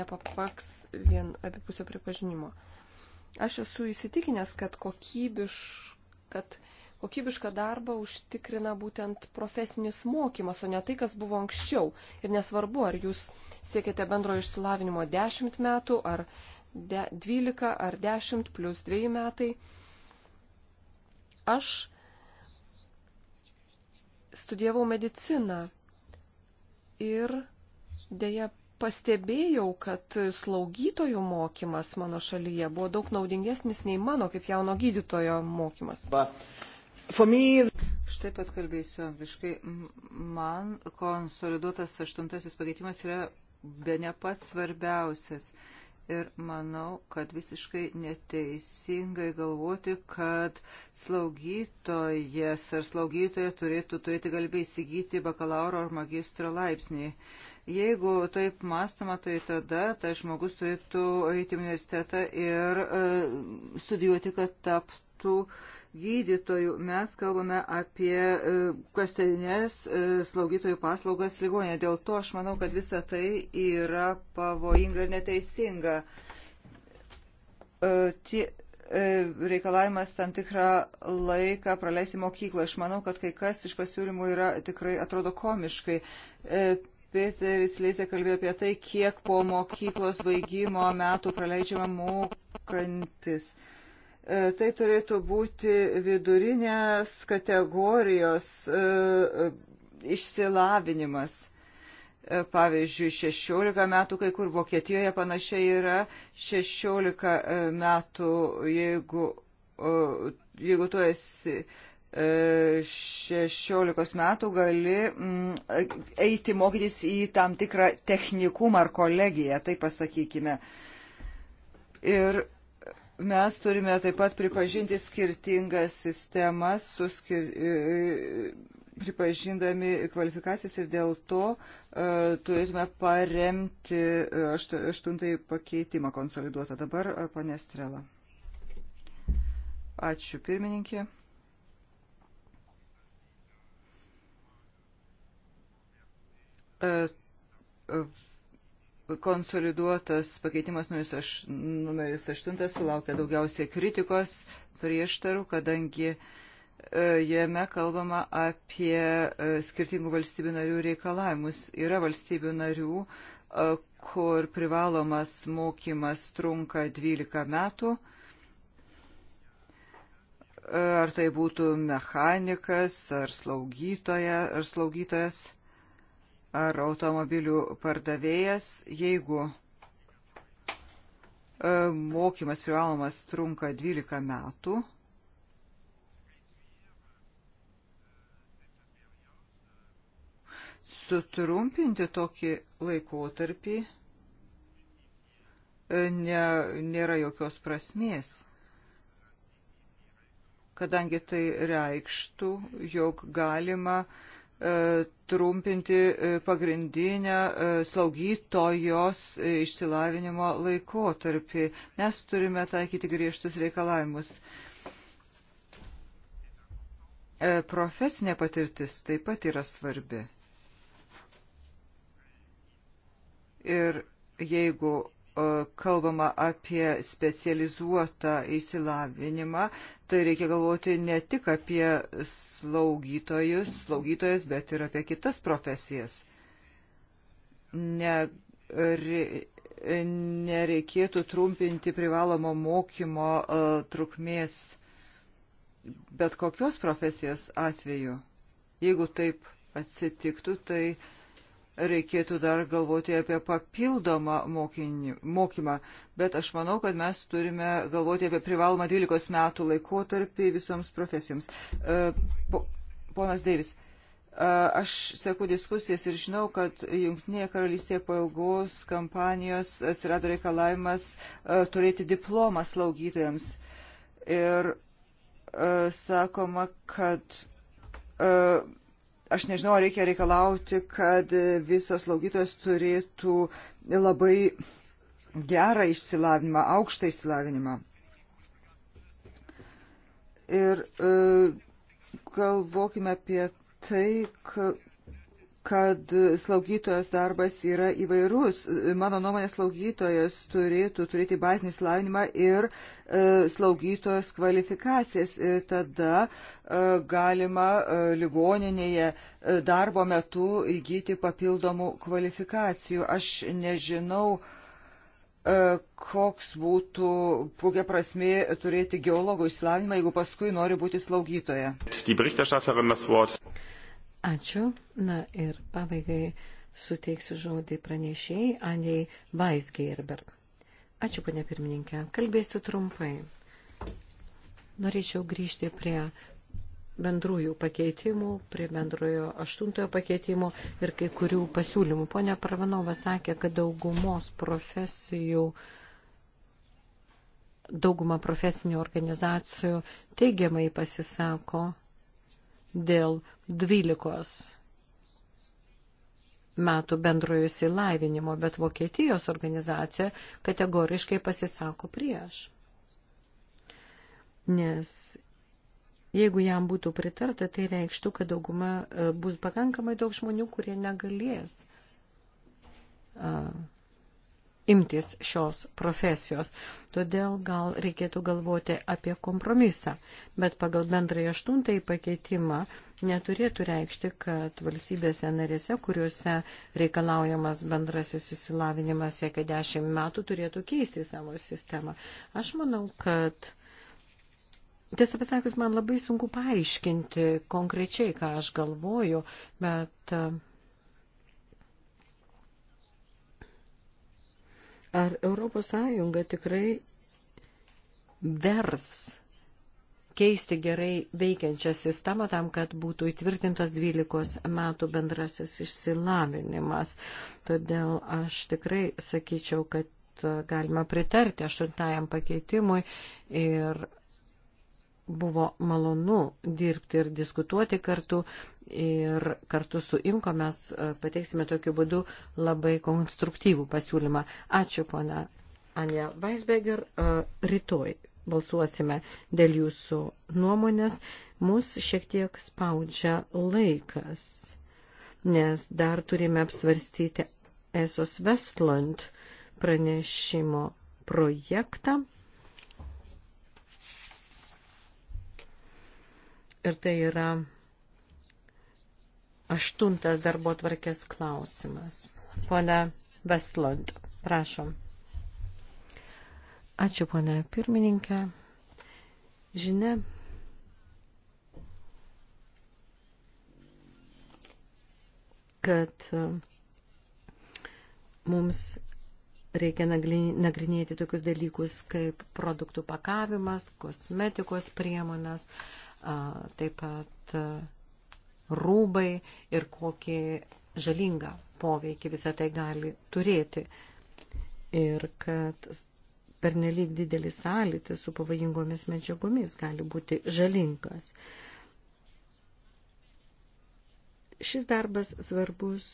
Nepapaks vien abipusio pripažinimo. Aš esu įsitikinęs, kad, kokybiš, kad kokybišką darbą užtikrina būtent profesinis mokymas, o ne tai, kas buvo anksčiau. Ir nesvarbu, ar jūs siekite bendrojo išsilavinimo 10 metų, ar de, 12, ar 10 plus 2 metai Aš studijavau mediciną ir dėja pastebėjau, kad slaugytojų mokymas mano šalyje buvo daug naudingesnis nei mano kaip jauno gydytojo mokymas. Štai pat kalbėsiu angliškai. Man konsoliduotas aštuntasis pakeitimas yra be ne pats svarbiausias. Uh, ir manau, kad visiškai neteisingai galvoti, kad slaugytojas ar slaugytoja turėtų turėti galimybę įsigyti bakalauro ar magistro laipsnį. Jeigu taip mąstoma, tai tada tas žmogus turėtų eiti į universitetą ir e, studijuoti, kad taptų tų gydytojų. Mes kalbame apie e, kastelinės e, slaugytojų paslaugas ligonė. Dėl to aš manau, kad visa tai yra pavojinga ir neteisinga. E, tie reikalavimas tam tikrą laiką praleisti mokykloje. Aš manau, kad kai kas iš pasiūlymų yra tikrai atrodo komiškai. Peteris Leisė kalbėjo apie tai, kiek po mokyklos baigimo metų praleidžiama mokantis. E, tai turėtų būti vidurinės kategorijos e, e, išsilavinimas. Pavyzdžiui, 16 metų, kai kur Vokietijoje panašiai yra 16 metų, jeigu, jeigu tu esi 16 metų gali mm, eiti mokytis į tam tikrą technikumą ar kolegiją, tai pasakykime. Ir Mes turime taip pat pripažinti skirtingas sistemas, skir... E, pripažindami kvalifikacijas ir dėl to uh, turėtume paremti e, aštu, aštuntąjį pakeitimą konsoliduotą. Dabar ponė Strela. Ačiū pirmininkė. Uh, uh konsoliduotas pakeitimas numeris 8 sulaukė daugiausiai kritikos prieštarų, kadangi e, jame kalbama apie e, skirtingų valstybių narių reikalavimus. Yra valstybių narių, e, kur privalomas mokymas trunka 12 metų. Ar tai būtų mechanikas, ar slaugytoja, ar slaugytojas ar automobilių pardavėjas, jeigu e, mokymas privalomas trunka 12 metų, sutrumpinti tokį laikotarpį e, ne, nėra jokios prasmės, kadangi tai reikštų, jog galima uh, E, trumpinti e, pagrindinę e, slaugytojos išsilavinimo laikotarpį. Mes turime taikyti griežtus reikalavimus. Profesinė patirtis taip pat yra svarbi. Ir jeigu E, kalbama apie specializuotą įsilavinimą, tai reikia galvoti ne tik apie slaugytojus, slaugytojas, bet ir apie kitas profesijas. Ne, re, nereikėtų trumpinti privalomo mokymo e, trukmės bet kokios profesijos atveju. Jeigu taip atsitiktų, tai reikėtų dar galvoti apie papildomą mokinį, mokymą, bet aš manau, kad mes turime galvoti apie privalomą 12 metų laikotarpį visoms profesijoms. E, po, ponas Deivis, e, aš seku diskusijas ir žinau, kad Junktinėje karalystėje po ilgos kampanijos atsirado reikalavimas e, turėti diplomą slaugytojams. Ir sakoma, kad Aš nežinau, ar reikia reikalauti, kad visos slaugytos turėtų labai gerą išsilavinimą, aukštą išsilavinimą. Ir e, galvokime apie tai, kad slaugytojos darbas yra įvairus. Mano nuomonė, slaugytojas turėtų turėti bazinį slavinimą ir e, slaugytojos kvalifikacijas. Ir tada e, galima e, ligoninėje e, darbo metu įgyti papildomų kvalifikacijų. Aš nežinau, e, koks būtų, kokia prasmė turėti geologo išsilavinimą, jeigu paskui nori būti slaugytoja. Ačiū. Na ir pabaigai suteiksiu žodį pranešėjai Anijai Weisgerber. Ačiū, ponia pirmininkė. Kalbėsiu trumpai. Norėčiau grįžti prie bendrųjų pakeitimų, prie bendrojo aštuntojo pakeitimo ir kai kurių pasiūlymų. Pone Parvanova sakė, kad daugumos profesijų, dauguma profesinių organizacijų teigiamai pasisako dėl 12 metų bendrojo įsilavinimo, bet Vokietijos organizacija kategoriškai pasisako prieš. Nes jeigu jam būtų pritarta, tai reikštų, kad dauguma e, bus pakankamai daug žmonių, kurie negalės imtis šios profesijos. Todėl gal reikėtų galvoti apie kompromisą, bet pagal bendrąjį aštuntąjį pakeitimą neturėtų reikšti, kad valstybėse narėse, kuriuose reikalaujamas bendrasis įsilavinimas siekia dešimt metų, turėtų keisti savo sistemą. Aš manau, kad Tiesą pasakius, man labai sunku paaiškinti konkrečiai, ką aš galvoju, bet uh, ar ES tikrai vers keisti gerai veikiančią sistemą tam, kad būtų įtvirtintas 12 metų bendrasis išsilavinimas. Todėl aš tikrai sakyčiau, kad uh, galima pritarti aštuntajam pakeitimui ir buvo malonu dirbti ir diskutuoti kartu. Ir kartu su Imko mes e, pateiksime tokiu būdu labai konstruktyvų pasiūlymą. Ačiū, pona Anja Weisbeger. E, rytoj balsuosime dėl jūsų nuomonės. Mūsų šiek tiek spaudžia laikas, nes dar turime apsvarstyti Esos Westland pranešimo projektą. Ir tai yra aštuntas darbo tvarkės klausimas. Pone Vestlund, prašom. Ačiū, pone pirmininkė. Žinia. kad e, mums reikia nagrinėti tokius dalykus kaip produktų pakavimas, kosmetikos priemonės, uh, taip pat rūbai ir kokį žalingą poveikį visą tai gali turėti. Ir kad pernelyg didelis sąlytis su pavojingomis medžiagomis gali būti žalingas. Šis darbas svarbus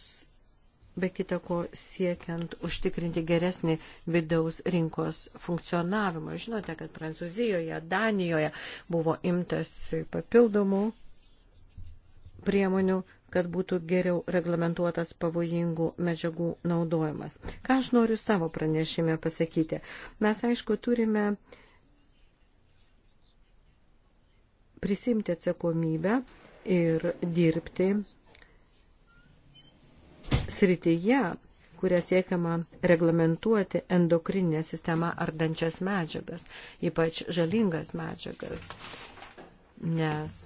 be kita ko siekiant užtikrinti geresnį vidaus rinkos funkcionavimą. Žinote, kad Prancūzijoje, Danijoje buvo imtas papildomų priemonių, kad būtų geriau reglamentuotas pavojingų medžiagų naudojimas. Ką aš noriu savo pranešime pasakyti? Mes, aišku, turime prisimti atsakomybę ir dirbti srityje, kuria siekiama reglamentuoti endokrininę sistemą ardančias medžiagas, ypač žalingas medžiagas, nes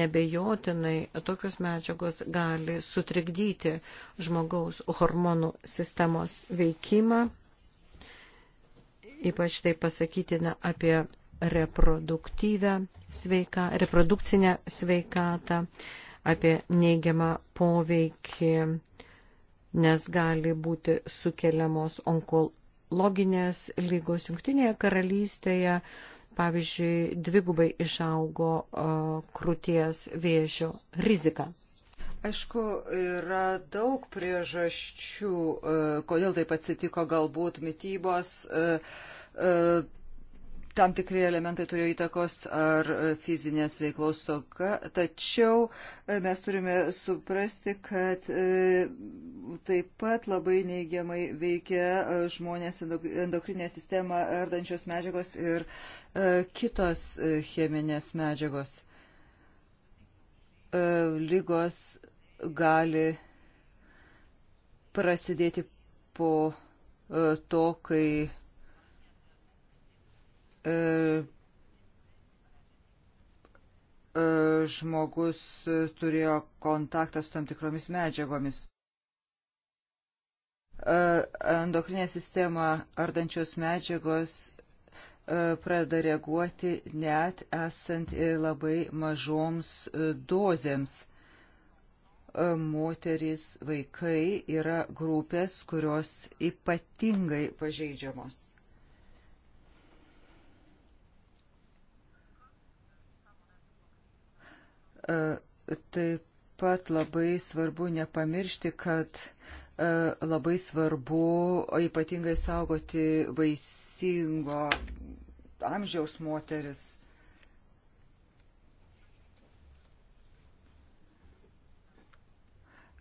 nebejotinai tokios medžiagos gali sutrikdyti žmogaus hormonų sistemos veikimą, ypač tai pasakytina apie reproduktyvę sveiką, reprodukcinę sveikatą, apie neigiamą poveikį, nes gali būti sukeliamos onkologinės lygos. Junktinėje karalystėje, pavyzdžiui, dvigubai išaugo krūties vėžio rizika. Aišku, yra daug priežasčių, kodėl taip atsitiko galbūt mytybos tam tikri elementai turėjo įtakos ar fizinės veiklos toka, tačiau e, mes turime suprasti, kad e, taip pat labai neigiamai veikia e, žmonės endokrinę sistemą ardančios medžiagos ir kitos cheminės medžiagos. Lygos gali prasidėti po to, kai E, e, žmogus turėjo kontaktą su tam tikromis medžiagomis. E, endokrinė sistema ardančios medžiagos pradeda reaguoti net esant labai mažoms dozėms. Moterys, vaikai yra grupės, kurios ypatingai pažeidžiamos. E, taip pat labai svarbu nepamiršti, kad e, labai svarbu ypatingai saugoti vaisingo amžiaus moteris.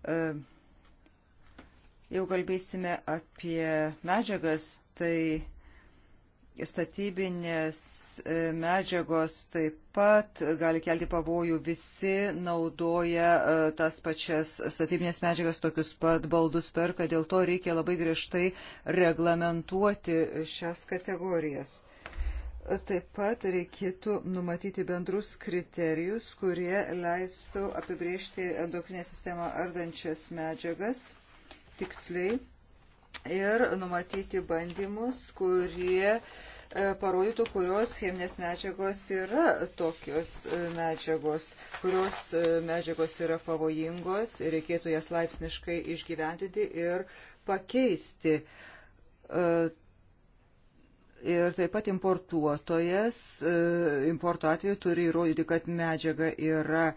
E, jau kalbėsime apie medžiagas, tai statybinės e, medžiagos taip pat gali kelti pavojų. Visi naudoja e, tas pačias statybinės medžiagas, tokius pat baldus perka, dėl to reikia labai griežtai reglamentuoti šias kategorijas. E, taip pat reikėtų numatyti bendrus kriterijus, kurie leistų apibriežti endokrinę sistemą ardančias medžiagas tiksliai ir numatyti bandymus, kurie e, parodytų, kurios cheminės medžiagos yra tokios e, medžiagos, kurios e, medžiagos yra pavojingos ir reikėtų jas laipsniškai išgyventinti ir pakeisti. Ir taip pat importuotojas importo atveju turi įrodyti, kad medžiaga yra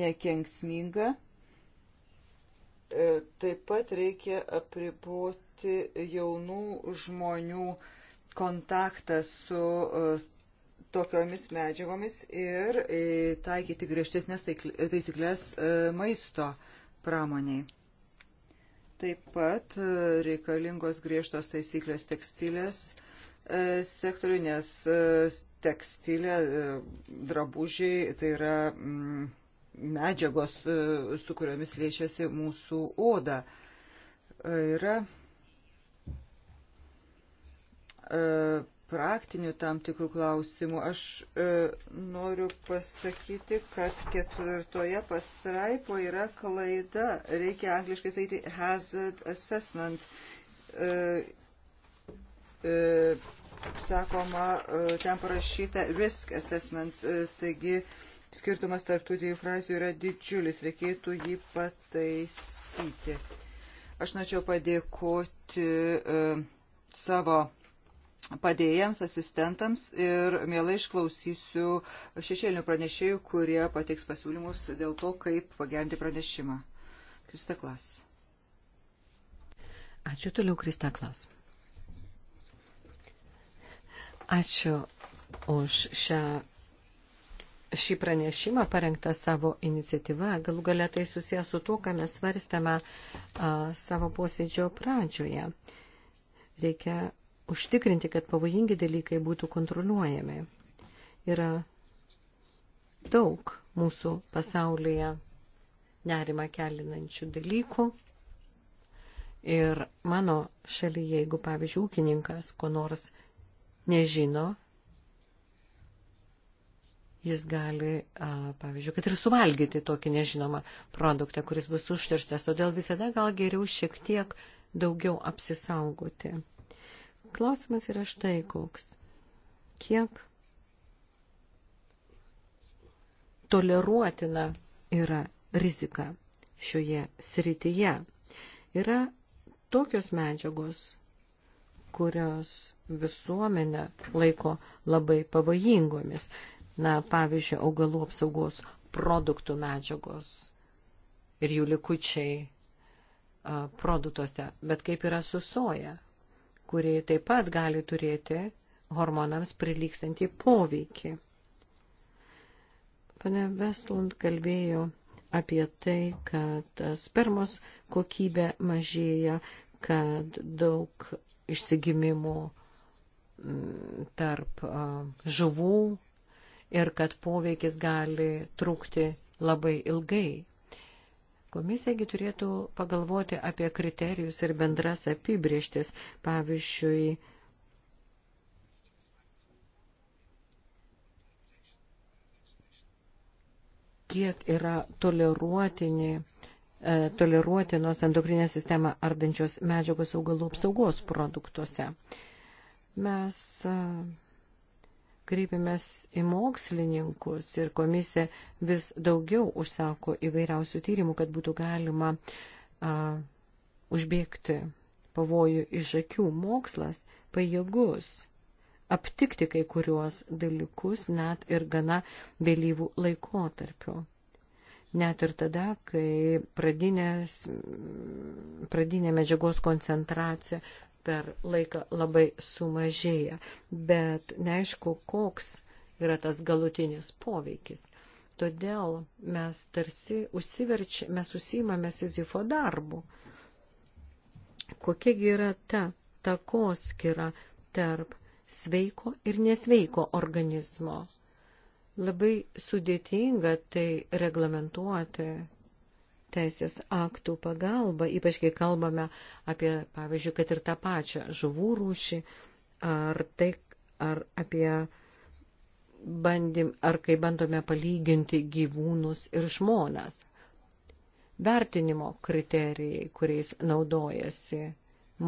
nekenksminga E, taip pat reikia apriboti jaunų žmonių kontaktą su e, tokiomis medžiagomis ir e, taikyti griežtesnės taisyklės maisto pramoniai. Taip pat reikalingos griežtos taisyklės tekstilės sektoriui, nes tekstilė, drabužiai tai yra mm, medžiagos, e, su kuriomis liečiasi mūsų oda. E, yra e, praktinių tam tikrų klausimų. Aš noriu pasakyti, kad ketvirtoje pastraipoje yra klaida. Reikia angliškai sakyti hazard assessment sakoma, ten parašyta risk assessment, taigi skirtumas tarptų dviejų frazių yra didžiulis, reikėtų jį pataisyti. Aš norėčiau padėkoti e, savo padėjėjams, asistentams ir mielai išklausysiu šešėlinių pranešėjų, kurie pateiks pasiūlymus dėl to, kaip pagerinti pranešimą. Krista Klas. Ačiū toliau, Krista Klas. Ačiū už šią šį pranešimą parengtą savo iniciatyvą. Galų galia tai susijęs su to, ką mes svarstame a, savo posėdžio pradžioje. Reikia užtikrinti, kad pavojingi dalykai būtų kontroliuojami. Yra daug mūsų pasaulyje nerima kelinančių dalykų. Ir mano šalyje, jeigu, pavyzdžiui, ūkininkas ko nors nežino, jis gali, pavyzdžiui, kad ir suvalgyti tokį nežinomą produktą, kuris bus užterštas. Todėl visada gal geriau šiek tiek daugiau apsisaugoti. Klausimas yra štai koks. Kiek toleruotina yra rizika šioje srityje? Yra tokios medžiagos, kurios visuomenę laiko labai pavojingomis na, pavyzdžiui, augalų apsaugos produktų medžiagos ir jų likučiai a, produktuose, bet kaip yra su soja, kuri taip pat gali turėti hormonams prilykstantį poveikį. Pane Vestlund kalbėjo apie tai, kad spermos kokybė mažėja, kad daug išsigimimų tarp žuvų ir kad poveikis gali trukti labai ilgai. Komisijagi turėtų pagalvoti apie kriterijus ir bendras apibrieštis, pavyzdžiui, kiek yra toleruotini e, toleruotinos endokrinę sistemą ardančios medžiagos augalų apsaugos produktuose. Mes e, kreipiamės į mokslininkus ir komisija vis daugiau užsako įvairiausių tyrimų, kad būtų galima a, užbėgti pavojų iš akių. Mokslas pajėgus aptikti kai kuriuos dalykus net ir gana vėlyvų laikotarpių. Net ir tada, kai pradinės, pradinė medžiagos koncentracija per laiką labai sumažėja, bet neaišku, koks yra tas galutinis poveikis. Todėl mes tarsi užsiverčiame, mes užsimame Sizifo darbu. Kokiegi yra ta takos skira tarp sveiko ir nesveiko organizmo? Labai sudėtinga tai reglamentuoti teisės aktų pagalba, ypač kai kalbame apie, pavyzdžiui, kad ir tą pačią žuvų rūšį, ar, tai, ar apie bandym, ar kai bandome palyginti gyvūnus ir žmonas. Vertinimo kriterijai, kuriais naudojasi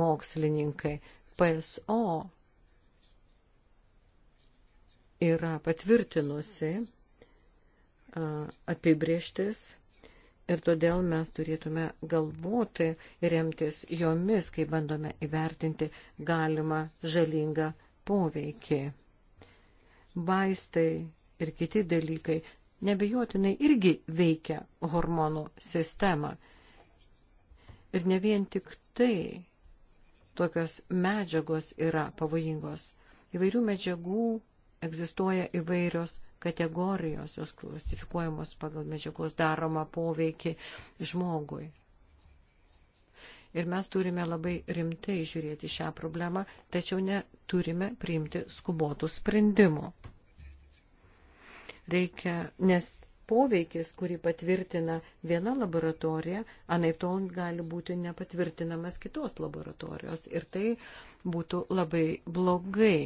mokslininkai, PSO yra patvirtinusi apibrieštis ir todėl mes turėtume galvoti remtis jomis, kai bandome įvertinti galimą žalingą poveikį. Vaistai ir kiti dalykai nebejotinai irgi veikia hormonų sistemą. Ir ne vien tik tai tokios medžiagos yra pavojingos. Įvairių medžiagų egzistuoja įvairios kategorijos, jos klasifikuojamos pagal medžiagos daromą poveikį žmogui. Ir mes turime labai rimtai žiūrėti šią problemą, tačiau neturime priimti skubotų sprendimų. Reikia, nes poveikis, kurį patvirtina viena laboratorija, anaip tol gali būti nepatvirtinamas kitos laboratorijos. Ir tai būtų labai blogai.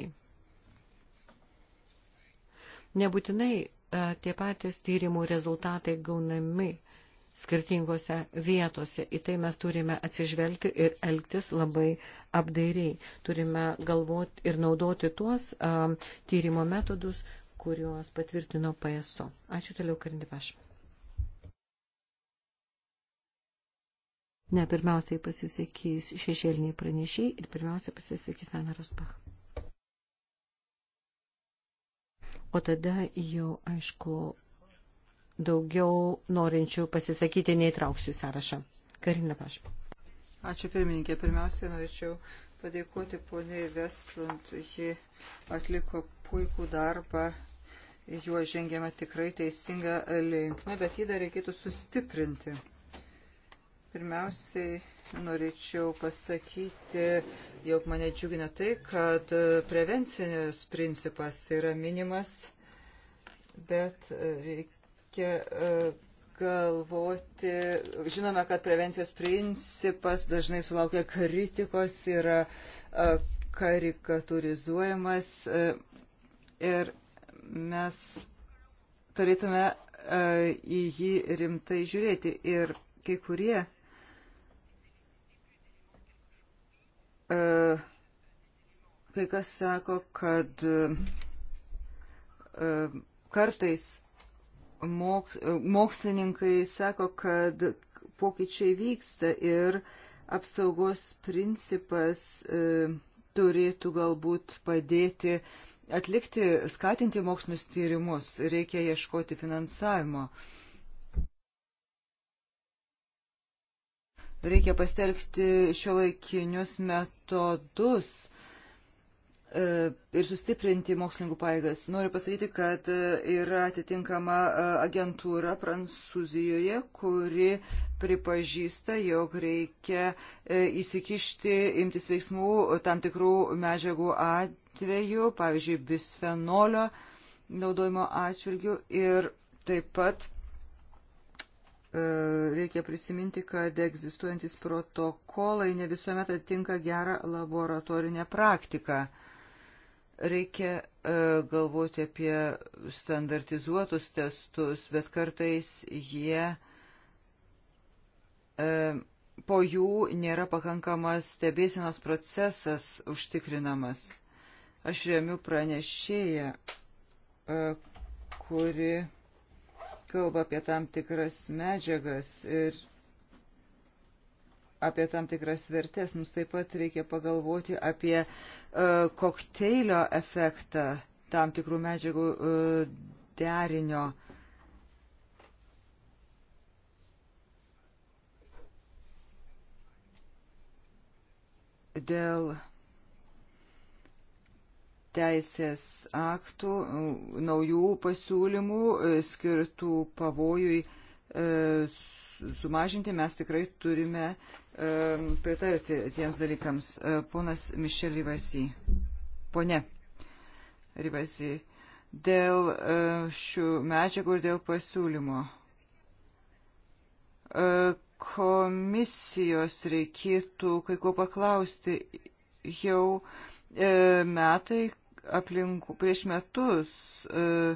Nebūtinai e, tie patys tyrimų rezultatai gaunami skirtingose vietose. Į tai mes turime atsižvelgti ir elgtis labai apdairiai. Turime galvoti ir naudoti tuos um, tyrimo metodus, kuriuos patvirtino PSO. Ačiū toliau, Karindipaš. Ne, pirmiausiai pasisakys šešėliniai pranešiai ir pirmiausia pasisakys Anaros Pach. O tada jau, aišku, daugiau norinčių pasisakyti neįtrauksiu į sąrašą. Karina Paš. Ačiū pirmininkė. Pirmiausia, norėčiau padėkoti poniai Vestlund. Ji atliko puikų darbą. Juo žengėme tikrai teisingą linkmę, bet jį dar reikėtų sustiprinti. Pirmiausiai norėčiau pasakyti, jog mane džiugina tai, kad prevencinis principas yra minimas, bet reikia e, galvoti, žinome, kad prevencijos principas dažnai sulaukia kritikos, yra e, karikaturizuojamas e, ir mes turėtume į jį rimtai žiūrėti. Ir kai kurie E, kai kas sako, kad e, kartais mokslininkai sako, kad pokyčiai vyksta ir apsaugos principas e, turėtų galbūt padėti atlikti, skatinti mokslinius tyrimus. Reikia ieškoti finansavimo. Uh, Reikia pastelgti šio laikinius metodus e, ir sustiprinti mokslininkų paėgas. Noriu pasakyti, kad e, yra atitinkama e, agentūra Prancūzijoje, kuri pripažįsta, jog reikia įsikišti, imtis veiksmų tam tikrų medžiagų atveju, pavyzdžiui, bisfenolio naudojimo atžvilgių ir taip pat reikia prisiminti, kad egzistuojantis protokolai ne visuomet atitinka gerą laboratorinę praktiką. Reikia e, galvoti apie standartizuotus testus, bet kartais jie e, po jų nėra pakankamas stebėsinos procesas užtikrinamas. Aš remiu pranešėją, e, kuri kalba apie tam tikras medžiagas ir apie tam tikras vertės. Mums taip pat reikia pagalvoti apie uh, kokteilio efektą tam tikrų medžiagų uh, derinio. Dėl teisės aktų, e, naujų pasiūlymų e, skirtų pavojui e, sumažinti, mes tikrai turime pritarti tiems dalykams. Ponas Mišel Rivasi. Pone Rivasi. Dėl šių medžiagų ir dėl pasiūlymo. Komisijos reikėtų kai ko paklausti jau metai, aplink, prieš metus e,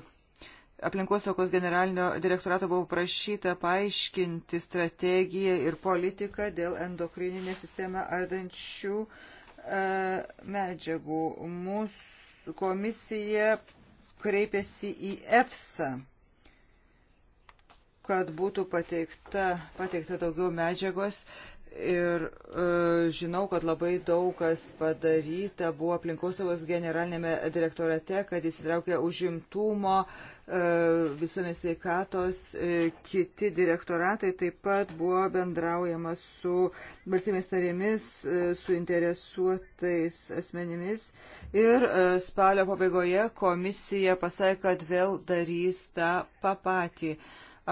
aplinkosaugos generalinio direktorato buvo prašyta paaiškinti strategiją ir politiką dėl endokrininę sistemą ardančių e, medžiagų. Mūsų komisija kreipėsi į EFSA kad būtų pateikta, pateikta daugiau medžiagos. E, Ir e, žinau, kad labai daug kas padaryta buvo aplinkosaugos generalinėme direktorate, kad įsitraukė užimtumo, e, visuomis veikatos, e, kiti direktoratai taip pat buvo bendraujama su valstybės narėmis, e, su interesuotais asmenimis. Ir e, spalio pabaigoje komisija pasakė, kad vėl darys tą papatį.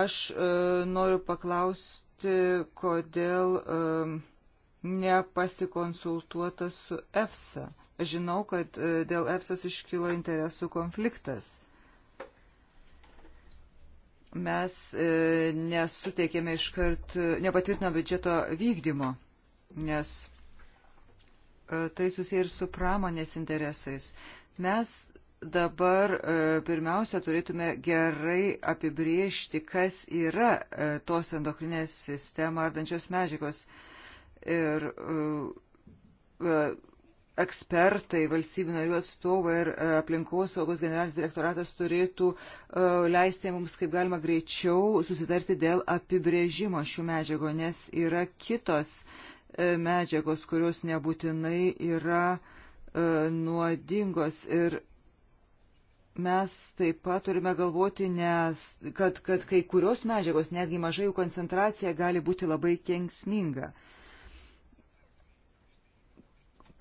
Aš e, noriu paklausti suprasti, kodėl nepasikonsultuota su EFSA. Aš žinau, kad e, dėl EFSA iškilo interesų konfliktas mes e, nesuteikėme iškart, nepatvirtino biudžeto vykdymo, nes e, tai susiję ir su pramonės interesais. Mes dabar e, pirmiausia turėtume gerai apibriežti, kas yra e, tos endokrinės sistemą ardančios medžiagos. Ir e, ekspertai, valstybių narių atstovai ir aplinkos saugos generalinis direktoratas turėtų leisti mums kaip galima greičiau susitarti dėl apibrėžimo šių medžiagų, nes yra kitos medžiagos, kurios nebūtinai yra nuodingos ir mes taip pat turime galvoti, nes, kad, kad kai kurios medžiagos, netgi mažai jų koncentracija, gali būti labai kengsminga.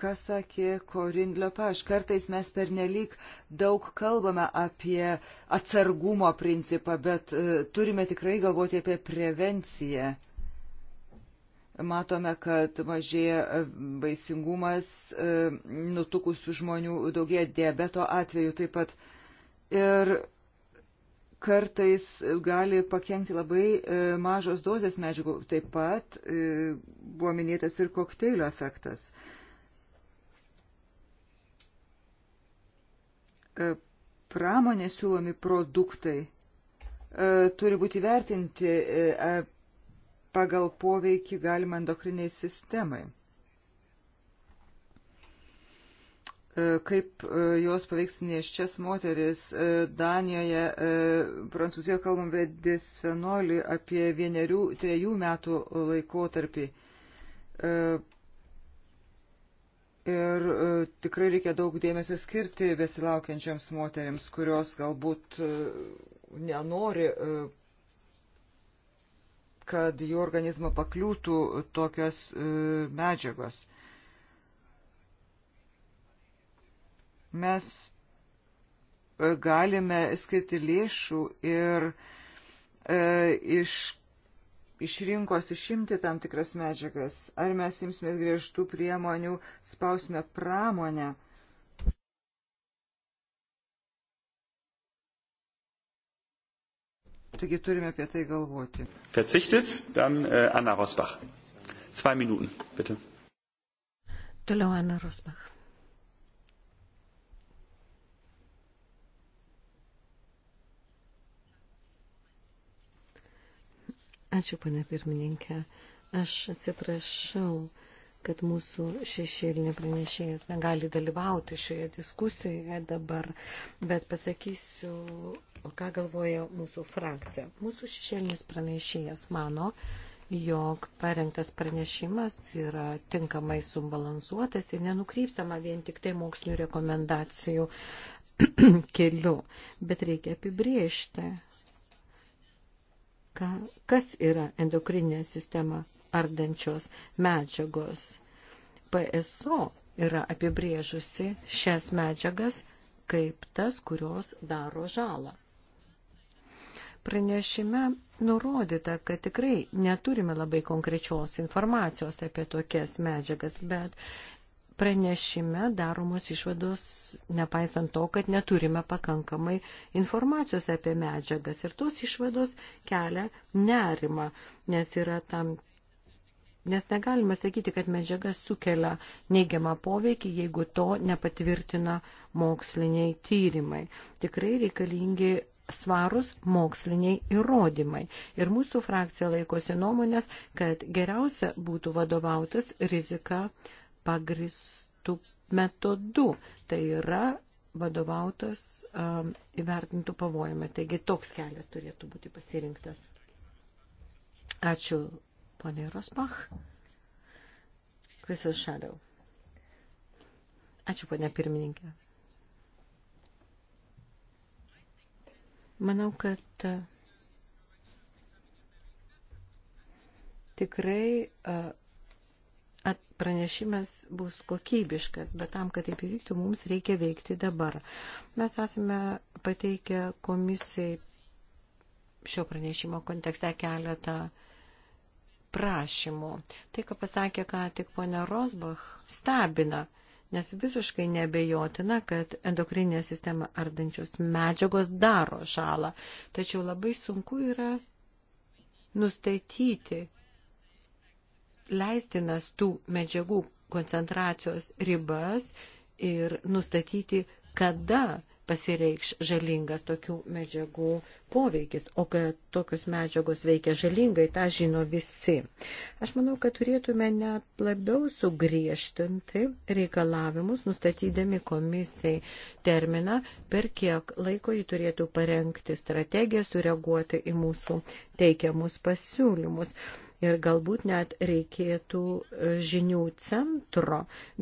Ką sakė Korin Lepaš, kartais mes pernelyg daug kalbame apie atsargumo principą, bet e, turime tikrai galvoti apie prevenciją matome, kad mažėja e, vaisingumas e, nutukusių žmonių, daugėja diabeto atveju taip pat ir kartais gali pakengti labai e, mažos dozės medžiagų. Taip pat e, buvo minėtas ir kokteilio efektas. E, pramonė siūlomi produktai turi būti vertinti pagal poveikį galimą endokriniai sistemai. E, kaip e, jos paveiks neščias moteris. E, Danijoje, Prancūzijoje kalbam apie disfenolį, apie vienerių, trejų metų laikotarpį. Ir tikrai reikia daug dėmesio skirti besilaukiančiams moteriams, kurios galbūt nenori, kad jų organizmą pakliūtų tokios medžiagos. Mes e, galime skirti lėšų ir e, iš, iš rinkos išimti tam tikras medžiagas. Ar mes imsimės griežtų priemonių, spausime pramonę. Taigi turime apie tai galvoti. Verzichtet, dann äh, Anna Rosbach. Zwei Minuten, bitte. Toliau Anna Rosbach. Ačiū, pane pirmininkė. Aš atsiprašau, kad mūsų šešėlinė pranešėjas negali dalyvauti šioje diskusijoje dabar, bet pasakysiu, ką galvoja mūsų frakcija. Mūsų šešėlinis pranešėjas mano, jog parengtas pranešimas yra tinkamai subalansuotas ir nenukrypsama vien tik tai mokslinių rekomendacijų keliu, bet reikia apibriežti, ka, kas yra endokrininė sistema ardančios medžiagos. PSO yra apibrėžusi šias medžiagas kaip tas, kurios daro žalą. Pranešime nurodyta, kad tikrai neturime labai konkrečios informacijos apie tokias medžiagas, bet pranešime daromos išvados, nepaisant to, kad neturime pakankamai informacijos apie medžiagas. Ir tos išvados kelia nerima, nes yra tam. Nes negalima sakyti, kad medžiaga sukelia neigiamą poveikį, jeigu to nepatvirtina moksliniai tyrimai. Tikrai reikalingi svarus moksliniai įrodymai. Ir mūsų frakcija laikosi nuomonės, kad geriausia būtų vadovautis rizika pagristų metodų, tai yra vadovautas um, įvertintų pavojame. Taigi toks kelias turėtų būti pasirinktas. Ačiū, ponė Rosbach. Visas šadau. Ačiū, ponė pirmininkė. Manau, kad uh, tikrai uh, pranešimas bus kokybiškas, bet tam, kad taip įvyktų, mums reikia veikti dabar. Mes esame pateikę komisijai šio pranešimo kontekste keletą prašymų. Tai, ką pasakė ką tik ponia Rosbach, stebina, nes visiškai nebejotina, kad endokrininė sistema ardančios medžiagos daro žalą. Tačiau labai sunku yra nustatyti leistinas tų medžiagų koncentracijos ribas ir nustatyti, kada pasireikš žalingas tokių medžiagų poveikis, o kad tokius medžiagos veikia žalingai, tą žino visi. Aš manau, kad turėtume net labiau sugriežtinti reikalavimus, nustatydami komisijai terminą, per kiek laiko jį turėtų parengti strategiją, sureaguoti į mūsų teikiamus pasiūlymus ir galbūt net reikėtų e, žinių centro.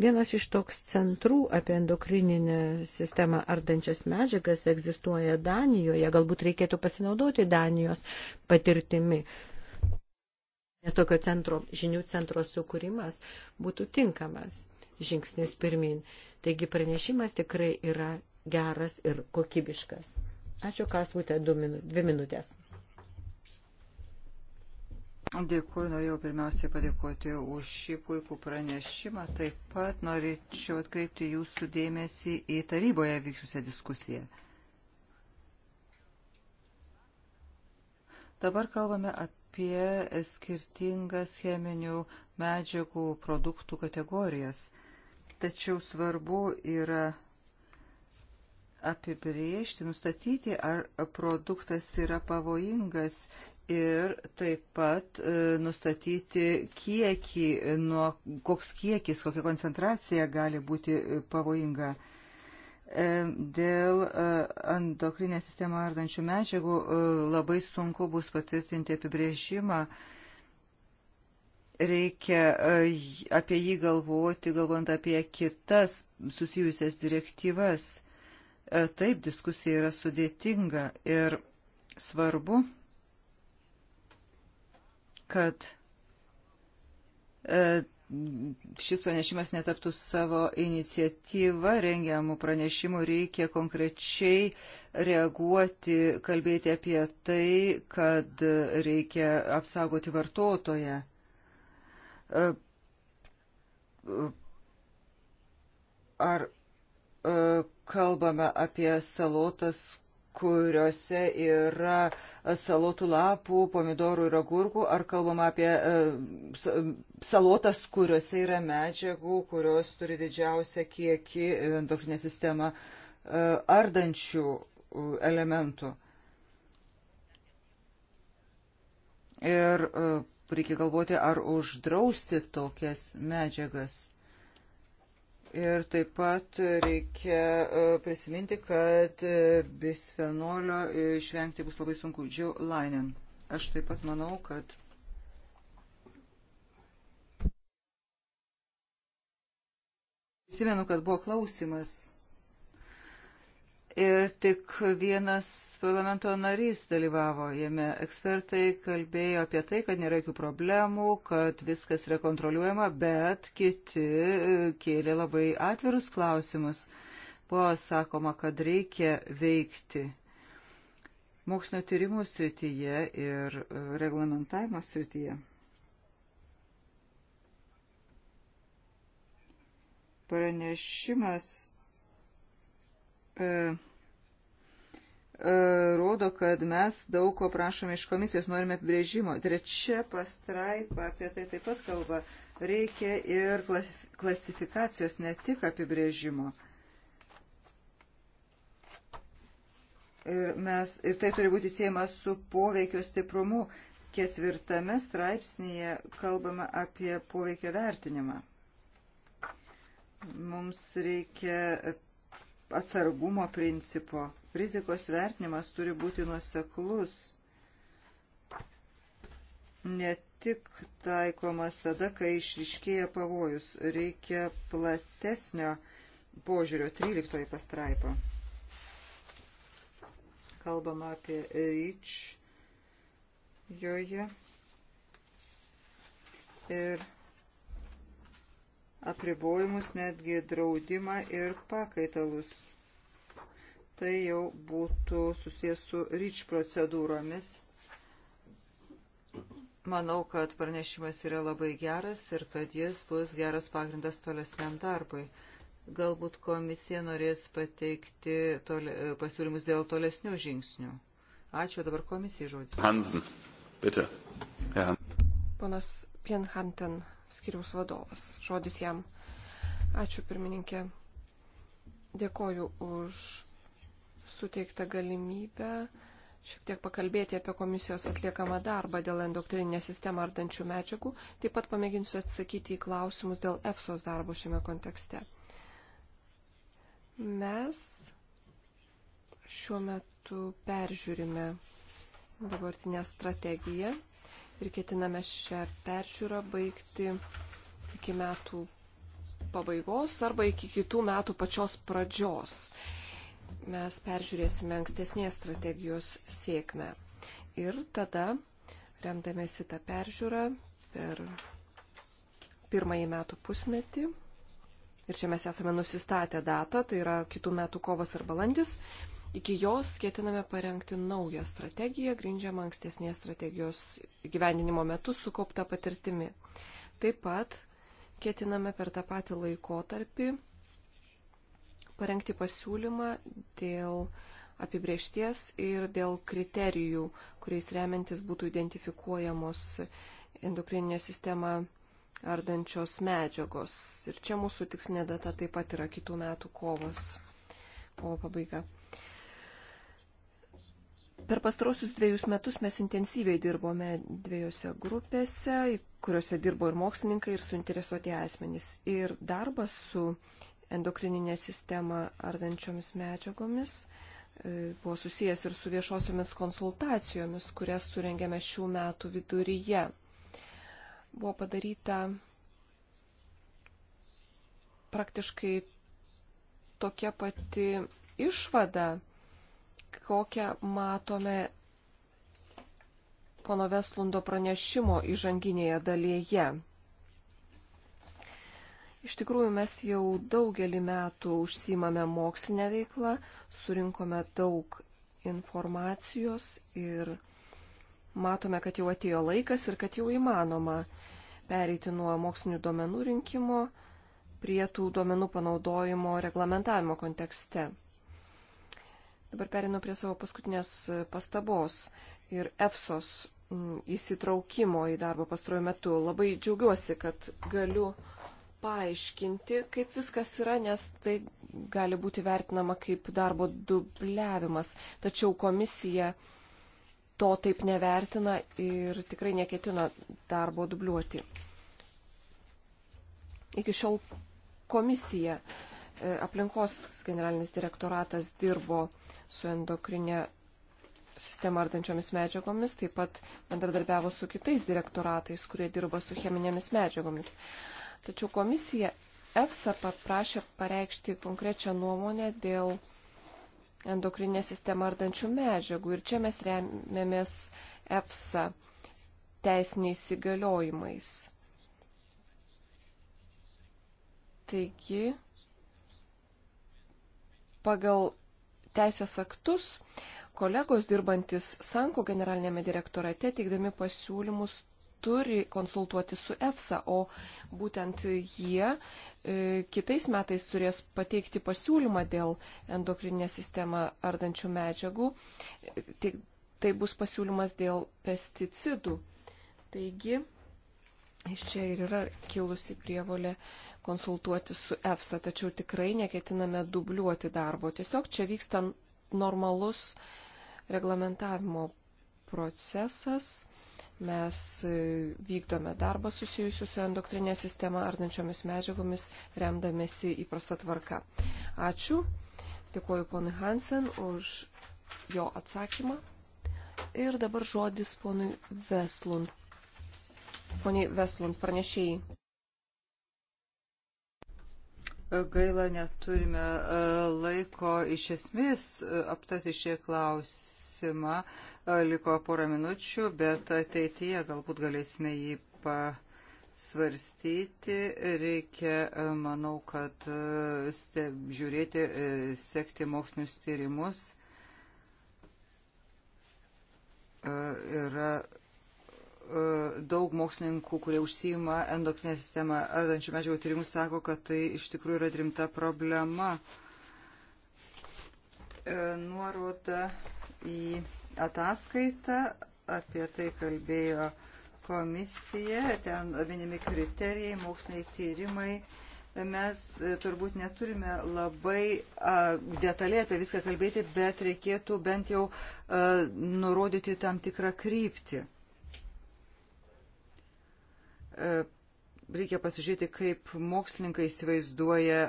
Vienas iš toks centrų apie endokrininę sistemą ardančias medžiagas egzistuoja Danijoje, galbūt reikėtų pasinaudoti Danijos patirtimi. Nes tokio centro, žinių centro sukūrimas būtų tinkamas žingsnis pirmin. Taigi pranešimas tikrai yra geras ir kokybiškas. Ačiū, kas būtė dvi minutės. Dėkuoju, norėjau pirmiausiai padėkoti už šį puikų pranešimą. Taip pat norėčiau atkreipti jūsų dėmesį į taryboje vykusią diskusiją. Dabar kalbame apie skirtingas cheminių medžiagų produktų kategorijas. Tačiau svarbu yra apibriežti, nustatyti, ar produktas yra pavojingas ir taip pat e, nustatyti kiekį, nuo koks kiekis, kokia koncentracija gali būti e, pavojinga. E, dėl endokrinę sistemą ardančių medžiagų labai sunku bus patvirtinti apibrėžimą. Reikia apie jį galvoti, galvojant apie kitas susijusias direktyvas. Taip, diskusija yra sudėtinga ir svarbu kad e, šis pranešimas netaptų savo iniciatyvą, rengiamų pranešimų reikia konkrečiai reaguoti, kalbėti apie tai, kad reikia apsaugoti vartotoją. E, e, ar kalbame apie salotas, kuriuose yra e, salotų lapų, pomidorų ir agurkų, ar kalbama apie e, salotas, kuriuose yra medžiagų, kurios turi didžiausią kiekį e, endokrinę sistemą ardančių elementų. Ir reikia galvoti, ar uždrausti tokias medžiagas. Ir taip pat reikia e, prisiminti, kad e, bisfenolio išvengti bus labai sunku. Džiau Lainen. Aš taip pat manau, kad Prisimenu, kad buvo klausimas ir tik vienas parlamento narys dalyvavo jame. Ekspertai kalbėjo apie tai, kad nėra jokių problemų, kad viskas yra kontroliuojama, bet kiti e, kėlė labai atvirus klausimus. Buvo sakoma, kad reikia veikti mokslinio tyrimų srityje ir e, reglamentavimo srityje. Pranešimas E, e, rodo, kad mes daug ko prašome iš komisijos, norime apibrėžimo. Trečia pastraipa apie tai taip pat kalba. Reikia ir klasifikacijos, ne tik apibrėžimo. Ir, mes, ir tai turi būti siejama su poveikio stiprumu. Ketvirtame straipsnėje kalbama apie poveikio vertinimą. Mums reikia atsargumo principo. Rizikos vertinimas turi būti nuoseklus. Ne tik taikomas tada, kai išriškėja pavojus. Reikia platesnio požiūrio 13 pastraipą. Kalbama apie EIČ joje. Ir apribojimus, netgi draudimą ir pakaitalus. Tai jau būtų susijęs su ryč procedūromis. Manau, kad pranešimas yra labai geras ir kad jis bus geras pagrindas tolesniam darbui. Galbūt komisija norės pateikti toli, pasiūlymus dėl tolesnių žingsnių. Ačiū dabar komisijai žodis. Hansen, bitte. Ja. Ponas Pienhanten skiriaus vadovas. Žodis jam. Ačiū pirmininkė. Dėkoju už suteiktą galimybę šiek tiek pakalbėti apie komisijos atliekamą darbą dėl endoktrininę sistemą ardančių medžiagų. Taip pat pamėginsiu atsakyti į klausimus dėl EFSOS darbo šiame kontekste. Mes šiuo metu peržiūrime dabartinę strategiją ir ketiname šią peržiūrą baigti iki metų pabaigos arba iki kitų metų pačios pradžios. Mes peržiūrėsime ankstesnės strategijos sėkmę. Ir tada, remdamėsi tą peržiūrą per pirmąjį metų pusmetį, ir čia mes esame nusistatę datą, tai yra kitų metų kovas ar balandis, Iki jos ketiname parengti naują strategiją, grindžiamą ankstesnės strategijos gyvendinimo metu sukauptą patirtimi. Taip pat ketiname per tą patį laikotarpį parengti pasiūlymą dėl apibriešties ir dėl kriterijų, kuriais remiantis būtų identifikuojamos endokrininę sistemą ardančios medžiagos. Ir čia mūsų tikslinė data taip pat yra kitų metų kovas, kovo pabaiga. Per pastarosius dviejus metus mes intensyviai dirbome dviejose grupėse, kuriuose dirbo ir mokslininkai, ir suinteresuoti asmenys. Ir darbas su endokrininė sistema ardančiomis medžiagomis e, buvo susijęs ir su viešosiomis konsultacijomis, kurias surengėme šių metų viduryje. Buvo padaryta praktiškai tokia pati išvada kokią matome pono Veslundo pranešimo įžanginėje dalyje. Iš tikrųjų, mes jau daugelį metų užsimame mokslinę veiklą, surinkome daug informacijos ir matome, kad jau atėjo laikas ir kad jau įmanoma pereiti nuo mokslinių duomenų rinkimo prie tų duomenų panaudojimo reglamentavimo kontekste. Dabar perinu prie savo paskutinės e, pastabos ir EFSOS įsitraukimo į darbą pastaruoju metu. Labai džiaugiuosi, kad galiu paaiškinti, kaip viskas yra, nes tai gali būti vertinama kaip darbo dubliavimas. Tačiau komisija to taip nevertina ir tikrai neketina darbo dubliuoti. Iki šiol komisija e, aplinkos generalinis direktoratas dirbo su endokrinė sistema ardančiomis medžiagomis, taip pat bendradarbiavo su kitais direktoratais, kurie dirba su cheminėmis medžiagomis. Tačiau komisija EFSA paprašė pareikšti konkrečią nuomonę dėl endokrinė sistema ardančių medžiagų ir čia mes remiamės EFSA teisiniais įgaliojimais. Taigi, pagal teisės aktus, kolegos dirbantis Sanko generalinėme direktorate teikdami pasiūlymus turi konsultuoti su EFSA, o būtent jie e, kitais metais turės pateikti pasiūlymą dėl endokrininę sistemą ardančių medžiagų. E, tai, tai bus pasiūlymas dėl pesticidų. Taigi, iš čia ir yra kilusi prievolė e, konsultuoti su EFSA, tačiau tikrai neketiname dubliuoti darbo. Tiesiog čia vyksta normalus reglamentavimo procesas. Mes e, vykdome darbą susijusiu su endokrinė sistema ardančiomis medžiagomis, remdamėsi įprasta tvarka. Ačiū. Dėkuoju ponui Hansen už jo atsakymą. Ir dabar žodis ponui Veslund. Poniai Veslund, pranešėjai. Gaila, neturime e, laiko iš esmės e, aptati šie klausimą. E, liko porą minučių, bet ateityje galbūt galėsime jį pasvarstyti. Reikia, manau, kad steb, žiūrėti, sekti mokslinius tyrimus. Yra E, daug mokslininkų, kurie užsijima endokrinę sistemą ardančių medžiagų tyrimus, sako, kad tai iš tikrųjų yra rimta problema. E, nuoroda į ataskaitą, apie tai kalbėjo komisija, ten minimi kriterijai, moksliniai tyrimai mes e, turbūt neturime labai detaliai apie viską kalbėti, bet reikėtų bent jau nurodyti tam tikrą kryptį. E, reikia pasižiūrėti, kaip mokslininkai įsivaizduoja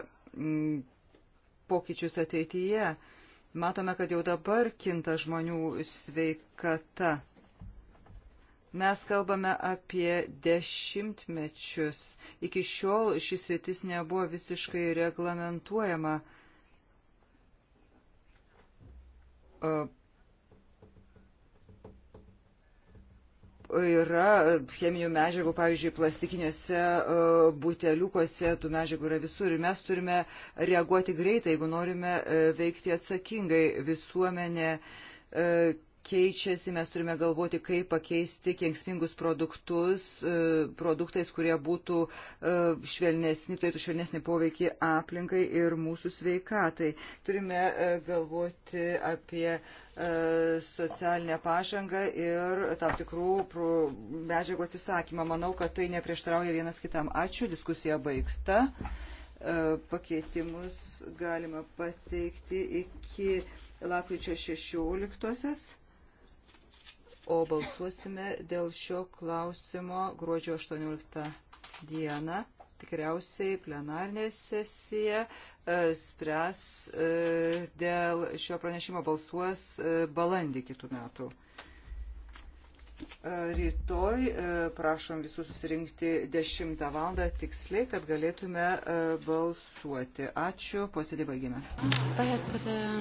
pokyčius ateityje. Matome, kad jau dabar kinta žmonių sveikata. Mes kalbame apie dešimtmečius. Iki šiol šis rytis nebuvo visiškai reglamentuojama. Uh, yra cheminių medžiagų, pavyzdžiui, plastikiniuose e, buteliukuose, tų medžiagų yra visur ir mes turime reaguoti greitai, jeigu norime e, veikti atsakingai visuomenė e, keičiasi, mes turime galvoti, kaip pakeisti kenksmingus produktus e, produktais, kurie būtų e, švelnesni, turėtų švelnesnį poveikį aplinkai ir mūsų sveikatai. Turime e, galvoti apie socialinę pažangą ir tam tikrų medžiagų atsisakymą. Manau, kad tai neprieštrauja vienas kitam. Ačiū, diskusija baigta. Pakeitimus galima pateikti iki lapkričio 16. -osios o balsuosime dėl šio klausimo gruodžio 18 dieną. Tikriausiai plenarnė sesija e, spręs e, dėl šio pranešimo balsuos e, balandį kitų metų. Rytoj prašom visus susirinkti 10 val. tiksliai, kad galėtume balsuoti. Ačiū, posėdį baigime.